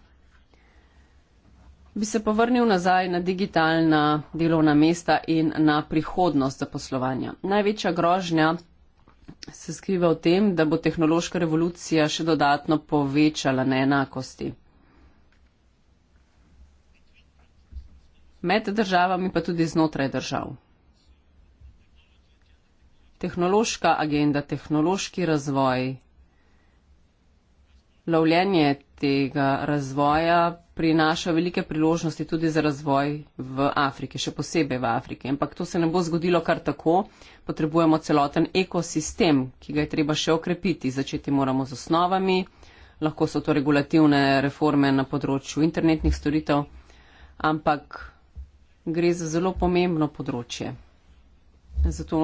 Bi se povrnil nazaj na digitalna delovna mesta in na prihodnost zaposlovanja. Največja grožnja se skriva v tem, da bo tehnološka revolucija še dodatno povečala neenakosti. med državami, pa tudi znotraj držav. Tehnološka agenda, tehnološki razvoj, lovljenje tega razvoja prinaša velike priložnosti tudi za razvoj v Afriki, še posebej v Afriki. Ampak to se ne bo zgodilo kar tako. Potrebujemo celoten ekosistem, ki ga je treba še okrepiti. Začeti moramo z osnovami, lahko so to regulativne reforme na področju internetnih storitev, ampak gre za zelo pomembno področje. Zato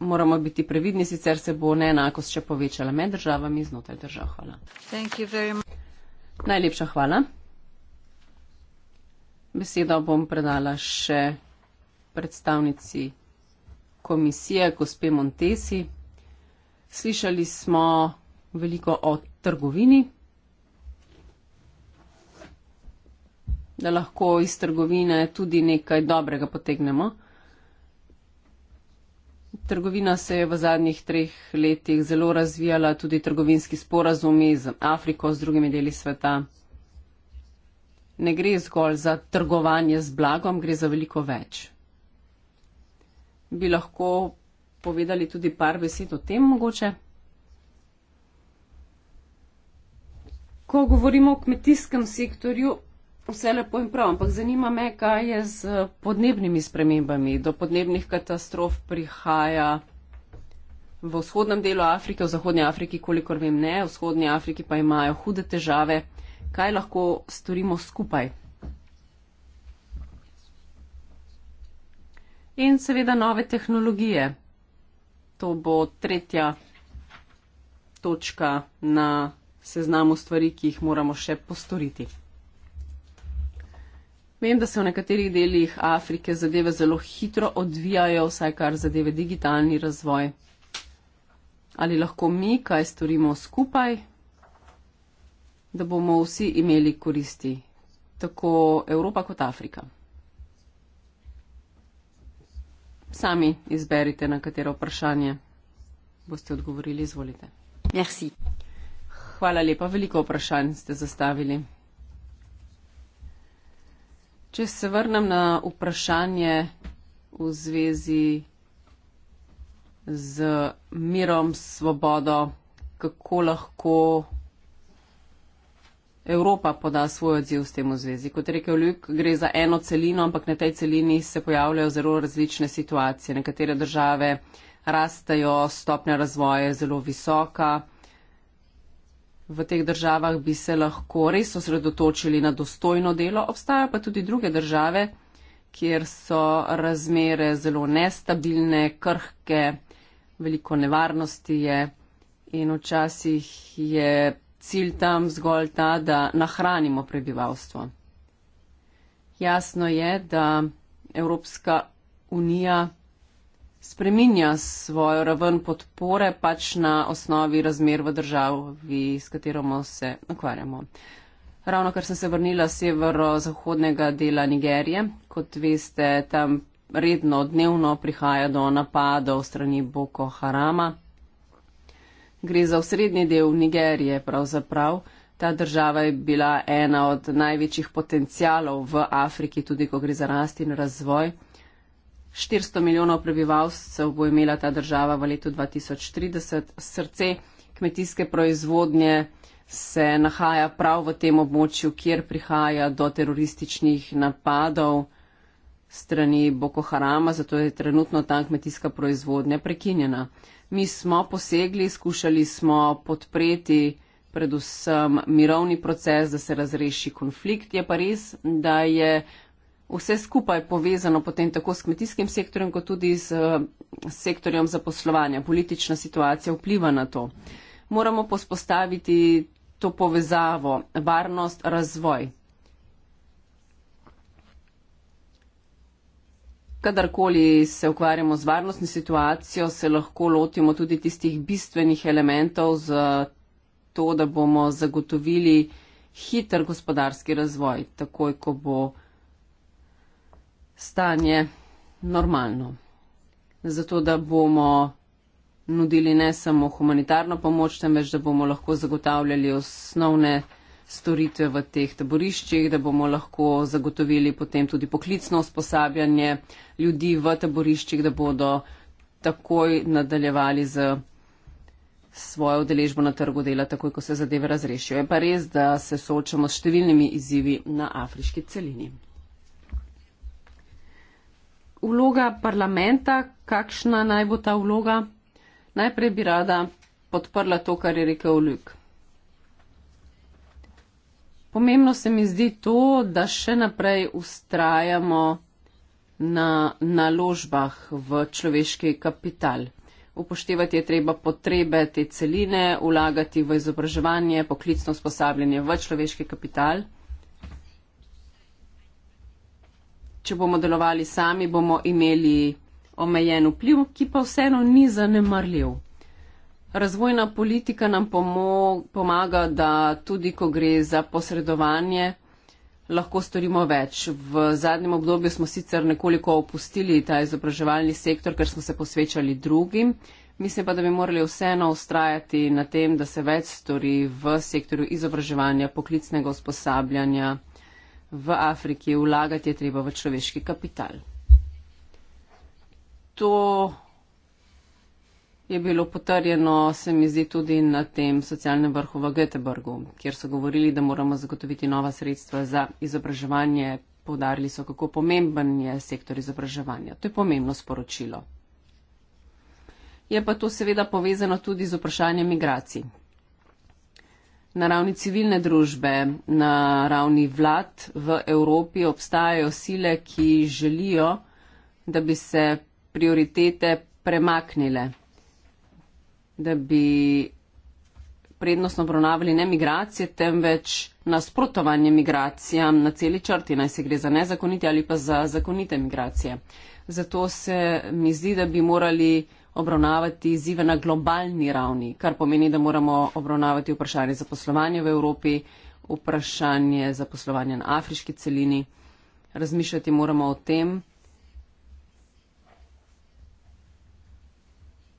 moramo biti previdni, sicer se bo neenakost še povečala med državami in znotraj držav. Hvala. Najlepša hvala. Besedo bom predala še predstavnici komisije, gospe Montesi. Slišali smo veliko o trgovini. da lahko iz trgovine tudi nekaj dobrega potegnemo. Trgovina se je v zadnjih treh letih zelo razvijala, tudi trgovinski sporazumi z Afriko, z drugimi deli sveta. Ne gre zgolj za trgovanje z blagom, gre za veliko več. Bi lahko povedali tudi par besed o tem mogoče? Ko govorimo o kmetijskem sektorju, vse lepo in prav, ampak zanima me, kaj je z podnebnimi spremembami. Do podnebnih katastrof prihaja v vzhodnem delu Afrike, v zahodnji Afriki, kolikor vem ne, v vzhodnji Afriki pa imajo hude težave. Kaj lahko storimo skupaj? In seveda nove tehnologije. To bo tretja točka na seznamu stvari, ki jih moramo še postoriti. Vem, da se v nekaterih delih Afrike zadeve zelo hitro odvijajo, vsaj kar zadeve digitalni razvoj. Ali lahko mi kaj storimo skupaj, da bomo vsi imeli koristi, tako Evropa kot Afrika? Sami izberite, na katero vprašanje boste odgovorili. Izvolite. Merci. Hvala lepa, veliko vprašanj ste zastavili. Če se vrnem na vprašanje v zvezi z mirom, svobodo, kako lahko Evropa poda svoj odziv s tem v zvezi. Kot je rekel Ljuk, gre za eno celino, ampak na tej celini se pojavljajo zelo različne situacije. Nekatere države rastejo, stopnja razvoja je zelo visoka v teh državah bi se lahko res osredotočili na dostojno delo. Obstajajo pa tudi druge države, kjer so razmere zelo nestabilne, krhke, veliko nevarnosti je in včasih je cilj tam zgolj ta, da nahranimo prebivalstvo. Jasno je, da Evropska unija spreminja svojo raven podpore pač na osnovi razmer v državi, s katero se ukvarjamo. Ravno kar sem se vrnila z severozahodnega dela Nigerije, kot veste, tam redno dnevno prihaja do napadov strani Boko Harama. Gre za osrednji del Nigerije pravzaprav. Ta država je bila ena od največjih potencijalov v Afriki, tudi ko gre za rast in razvoj. 400 milijonov prebivalcev bo imela ta država v letu 2030. Srce kmetijske proizvodnje se nahaja prav v tem območju, kjer prihaja do terorističnih napadov strani Boko Harama, zato je trenutno tam kmetijska proizvodnja prekinjena. Mi smo posegli, skušali smo podpreti predvsem mirovni proces, da se razreši konflikt. Je pa res, da je vse skupaj povezano potem tako s kmetijskim sektorjem, kot tudi s sektorjem zaposlovanja. Politična situacija vpliva na to. Moramo pospostaviti to povezavo, varnost, razvoj. Kadarkoli se ukvarjamo z varnostno situacijo, se lahko lotimo tudi tistih bistvenih elementov za to, da bomo zagotovili hiter gospodarski razvoj, takoj ko bo stanje normalno. Zato, da bomo nudili ne samo humanitarno pomoč, temveč da bomo lahko zagotavljali osnovne storitve v teh taboriščih, da bomo lahko zagotovili potem tudi poklicno usposabljanje ljudi v taboriščih, da bodo takoj nadaljevali z svojo udeležbo na trgu dela, takoj ko se zadeve razrešijo. Je pa res, da se soočamo s številnimi izzivi na afriški celini vloga parlamenta, kakšna naj bo ta vloga? Najprej bi rada podprla to, kar je rekel Ljuk. Pomembno se mi zdi to, da še naprej ustrajamo na naložbah v človeški kapital. Upoštevati je treba potrebe te celine, ulagati v izobraževanje, poklicno usposabljanje v človeški kapital. če bomo delovali sami, bomo imeli omejen vpliv, ki pa vseeno ni zanemarljiv. Razvojna politika nam pomaga, da tudi, ko gre za posredovanje, lahko storimo več. V zadnjem obdobju smo sicer nekoliko opustili ta izobraževalni sektor, ker smo se posvečali drugim. Mislim pa, da bi morali vseeno ustrajati na tem, da se več stori v sektorju izobraževanja, poklicnega usposabljanja v Afriki, vlagati je treba v človeški kapital. To je bilo potrjeno, se mi zdi, tudi na tem socialnem vrhu v Göteborgu, kjer so govorili, da moramo zagotoviti nova sredstva za izobraževanje. Povdarili so, kako pomemben je sektor izobraževanja. To je pomembno sporočilo. Je pa to seveda povezano tudi z vprašanjem migracij na ravni civilne družbe, na ravni vlad v Evropi obstajajo sile, ki želijo, da bi se prioritete premaknile, da bi prednostno obravnavali ne migracije, temveč nasprotovanje migracijam na celi črti, naj se gre za nezakonite ali pa za zakonite migracije. Zato se mi zdi, da bi morali obravnavati izzive na globalni ravni, kar pomeni, da moramo obravnavati vprašanje zaposlovanja v Evropi, vprašanje zaposlovanja na afriški celini. Razmišljati moramo o tem,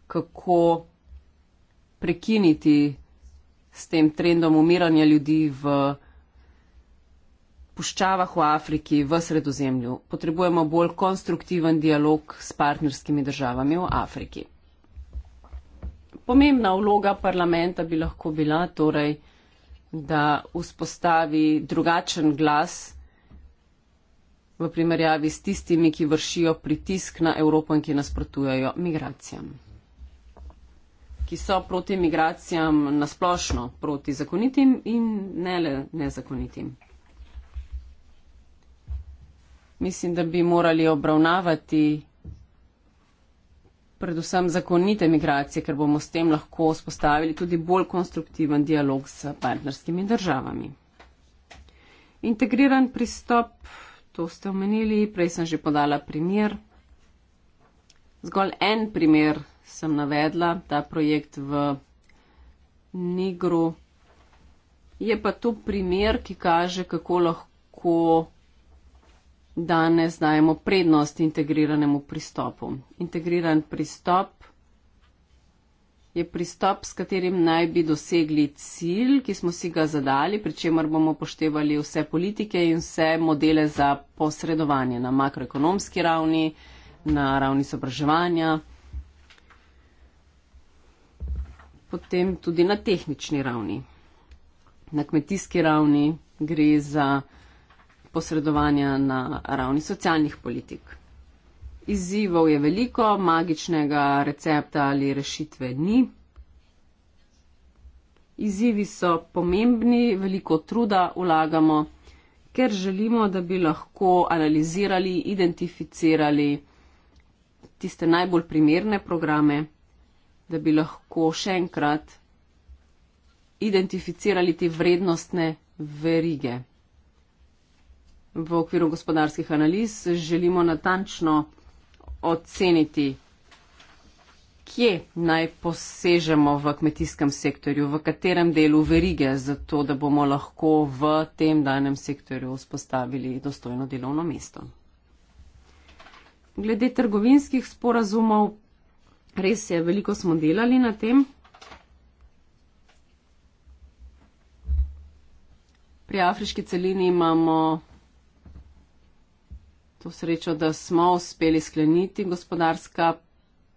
kako prekiniti s tem trendom umiranja ljudi v puščavah v Afriki, v sredozemlju. Potrebujemo bolj konstruktiven dialog s partnerskimi državami v Afriki. Pomembna vloga parlamenta bi lahko bila torej, da vzpostavi drugačen glas v primerjavi s tistimi, ki vršijo pritisk na Evropo in ki nasprotujajo migracijam. Ki so proti migracijam nasplošno, proti zakonitim in ne le nezakonitim mislim, da bi morali obravnavati predvsem zakonite migracije, ker bomo s tem lahko spostavili tudi bolj konstruktiven dialog s partnerskimi državami. Integriran pristop, to ste omenili, prej sem že podala primer. Zgolj en primer sem navedla, ta projekt v Nigru. Je pa to primer, ki kaže, kako lahko danes dajemo prednost integriranemu pristopu. Integriran pristop je pristop, s katerim naj bi dosegli cilj, ki smo si ga zadali, pri čemer bomo poštevali vse politike in vse modele za posredovanje na makroekonomski ravni, na ravni sobraževanja. Potem tudi na tehnični ravni. Na kmetijski ravni gre za posredovanja na ravni socialnih politik. Izzivov je veliko, magičnega recepta ali rešitve ni. Izzivi so pomembni, veliko truda vlagamo, ker želimo, da bi lahko analizirali, identificirali tiste najbolj primerne programe, da bi lahko še enkrat identificirali te vrednostne verige v okviru gospodarskih analiz želimo natančno oceniti, kje naj posežemo v kmetijskem sektorju, v katerem delu verige, zato da bomo lahko v tem danem sektorju vzpostavili dostojno delovno mesto. Glede trgovinskih sporazumov, res je, veliko smo delali na tem. Pri afriški celini imamo to srečo, da smo uspeli skleniti gospodarska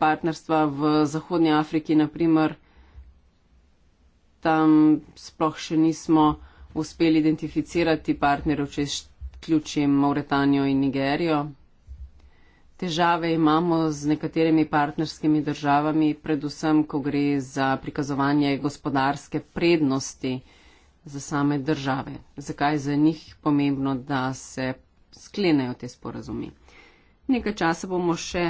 partnerstva v Zahodnji Afriki, naprimer, tam sploh še nismo uspeli identificirati partnerov, če izključim Mauretanijo in Nigerijo. Težave imamo z nekaterimi partnerskimi državami, predvsem, ko gre za prikazovanje gospodarske prednosti za same države. Zakaj je za njih pomembno, da se sklenejo te sporazumi. Nekaj časa bomo še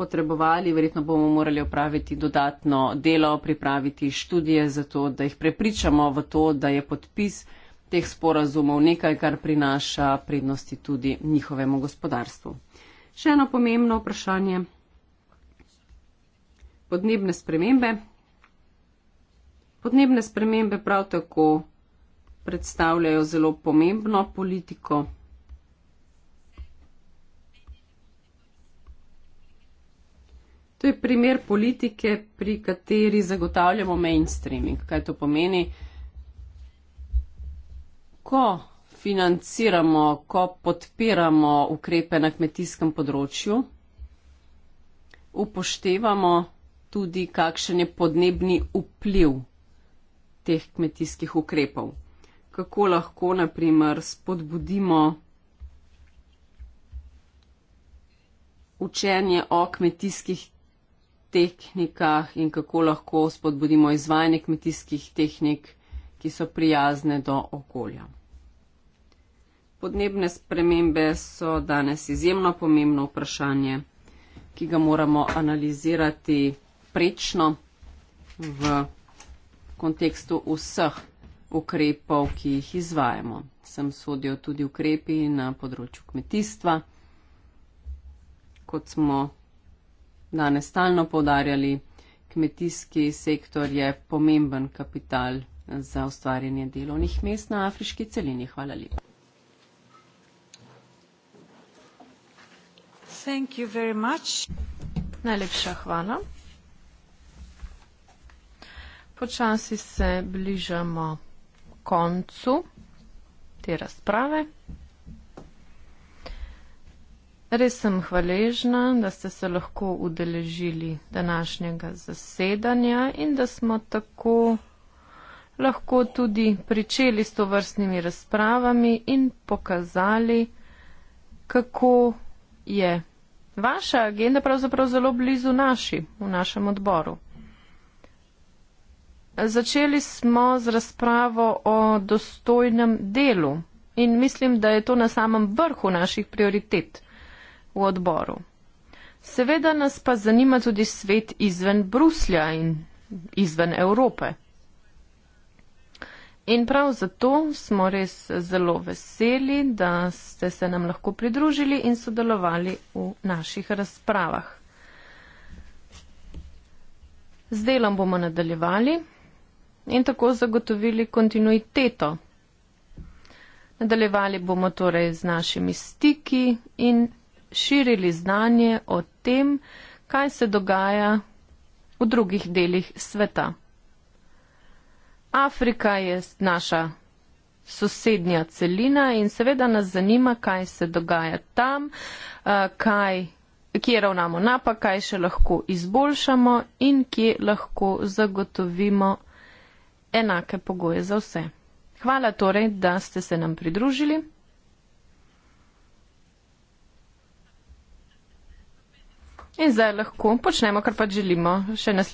potrebovali, verjetno bomo morali opraviti dodatno delo, pripraviti študije za to, da jih prepričamo v to, da je podpis teh sporazumov nekaj, kar prinaša prednosti tudi njihovemu gospodarstvu. Še eno pomembno vprašanje. Podnebne spremembe. Podnebne spremembe prav tako predstavljajo zelo pomembno politiko To je primer politike, pri kateri zagotavljamo mainstreaming. Kaj to pomeni? Ko financiramo, ko podpiramo ukrepe na kmetijskem področju, upoštevamo tudi, kakšen je podnebni vpliv teh kmetijskih ukrepov. Kako lahko, naprimer, spodbudimo učenje o kmetijskih tehnikah in kako lahko spodbudimo izvajanje kmetijskih tehnik, ki so prijazne do okolja. Podnebne spremembe so danes izjemno pomembno vprašanje, ki ga moramo analizirati prečno v kontekstu vseh ukrepov, ki jih izvajamo. Sem sodijo tudi ukrepi na področju kmetijstva. Kot smo danes stalno povdarjali, kmetijski sektor je pomemben kapital za ustvarjanje delovnih mest na afriški celini. Hvala lepa. Najlepša hvala. Počasi se bližamo koncu te razprave. Res sem hvaležna, da ste se lahko udeležili današnjega zasedanja in da smo tako lahko tudi pričeli s to vrstnimi razpravami in pokazali, kako je vaša agenda pravzaprav zelo blizu naši v našem odboru. Začeli smo z razpravo o dostojnem delu in mislim, da je to na samem vrhu naših prioritet v odboru. Seveda nas pa zanima tudi svet izven Bruslja in izven Evrope. In prav zato smo res zelo veseli, da ste se nam lahko pridružili in sodelovali v naših razpravah. Z delom bomo nadaljevali in tako zagotovili kontinuiteto. Nadaljevali bomo torej z našimi stiki in širili znanje o tem, kaj se dogaja v drugih delih sveta. Afrika je naša sosednja celina in seveda nas zanima, kaj se dogaja tam, eh, kaj, kje ravnamo napak, kaj še lahko izboljšamo in kje lahko zagotovimo enake pogoje za vse. Hvala torej, da ste se nam pridružili. In zdaj lahko počnemo, kar pač želimo, še naslednji.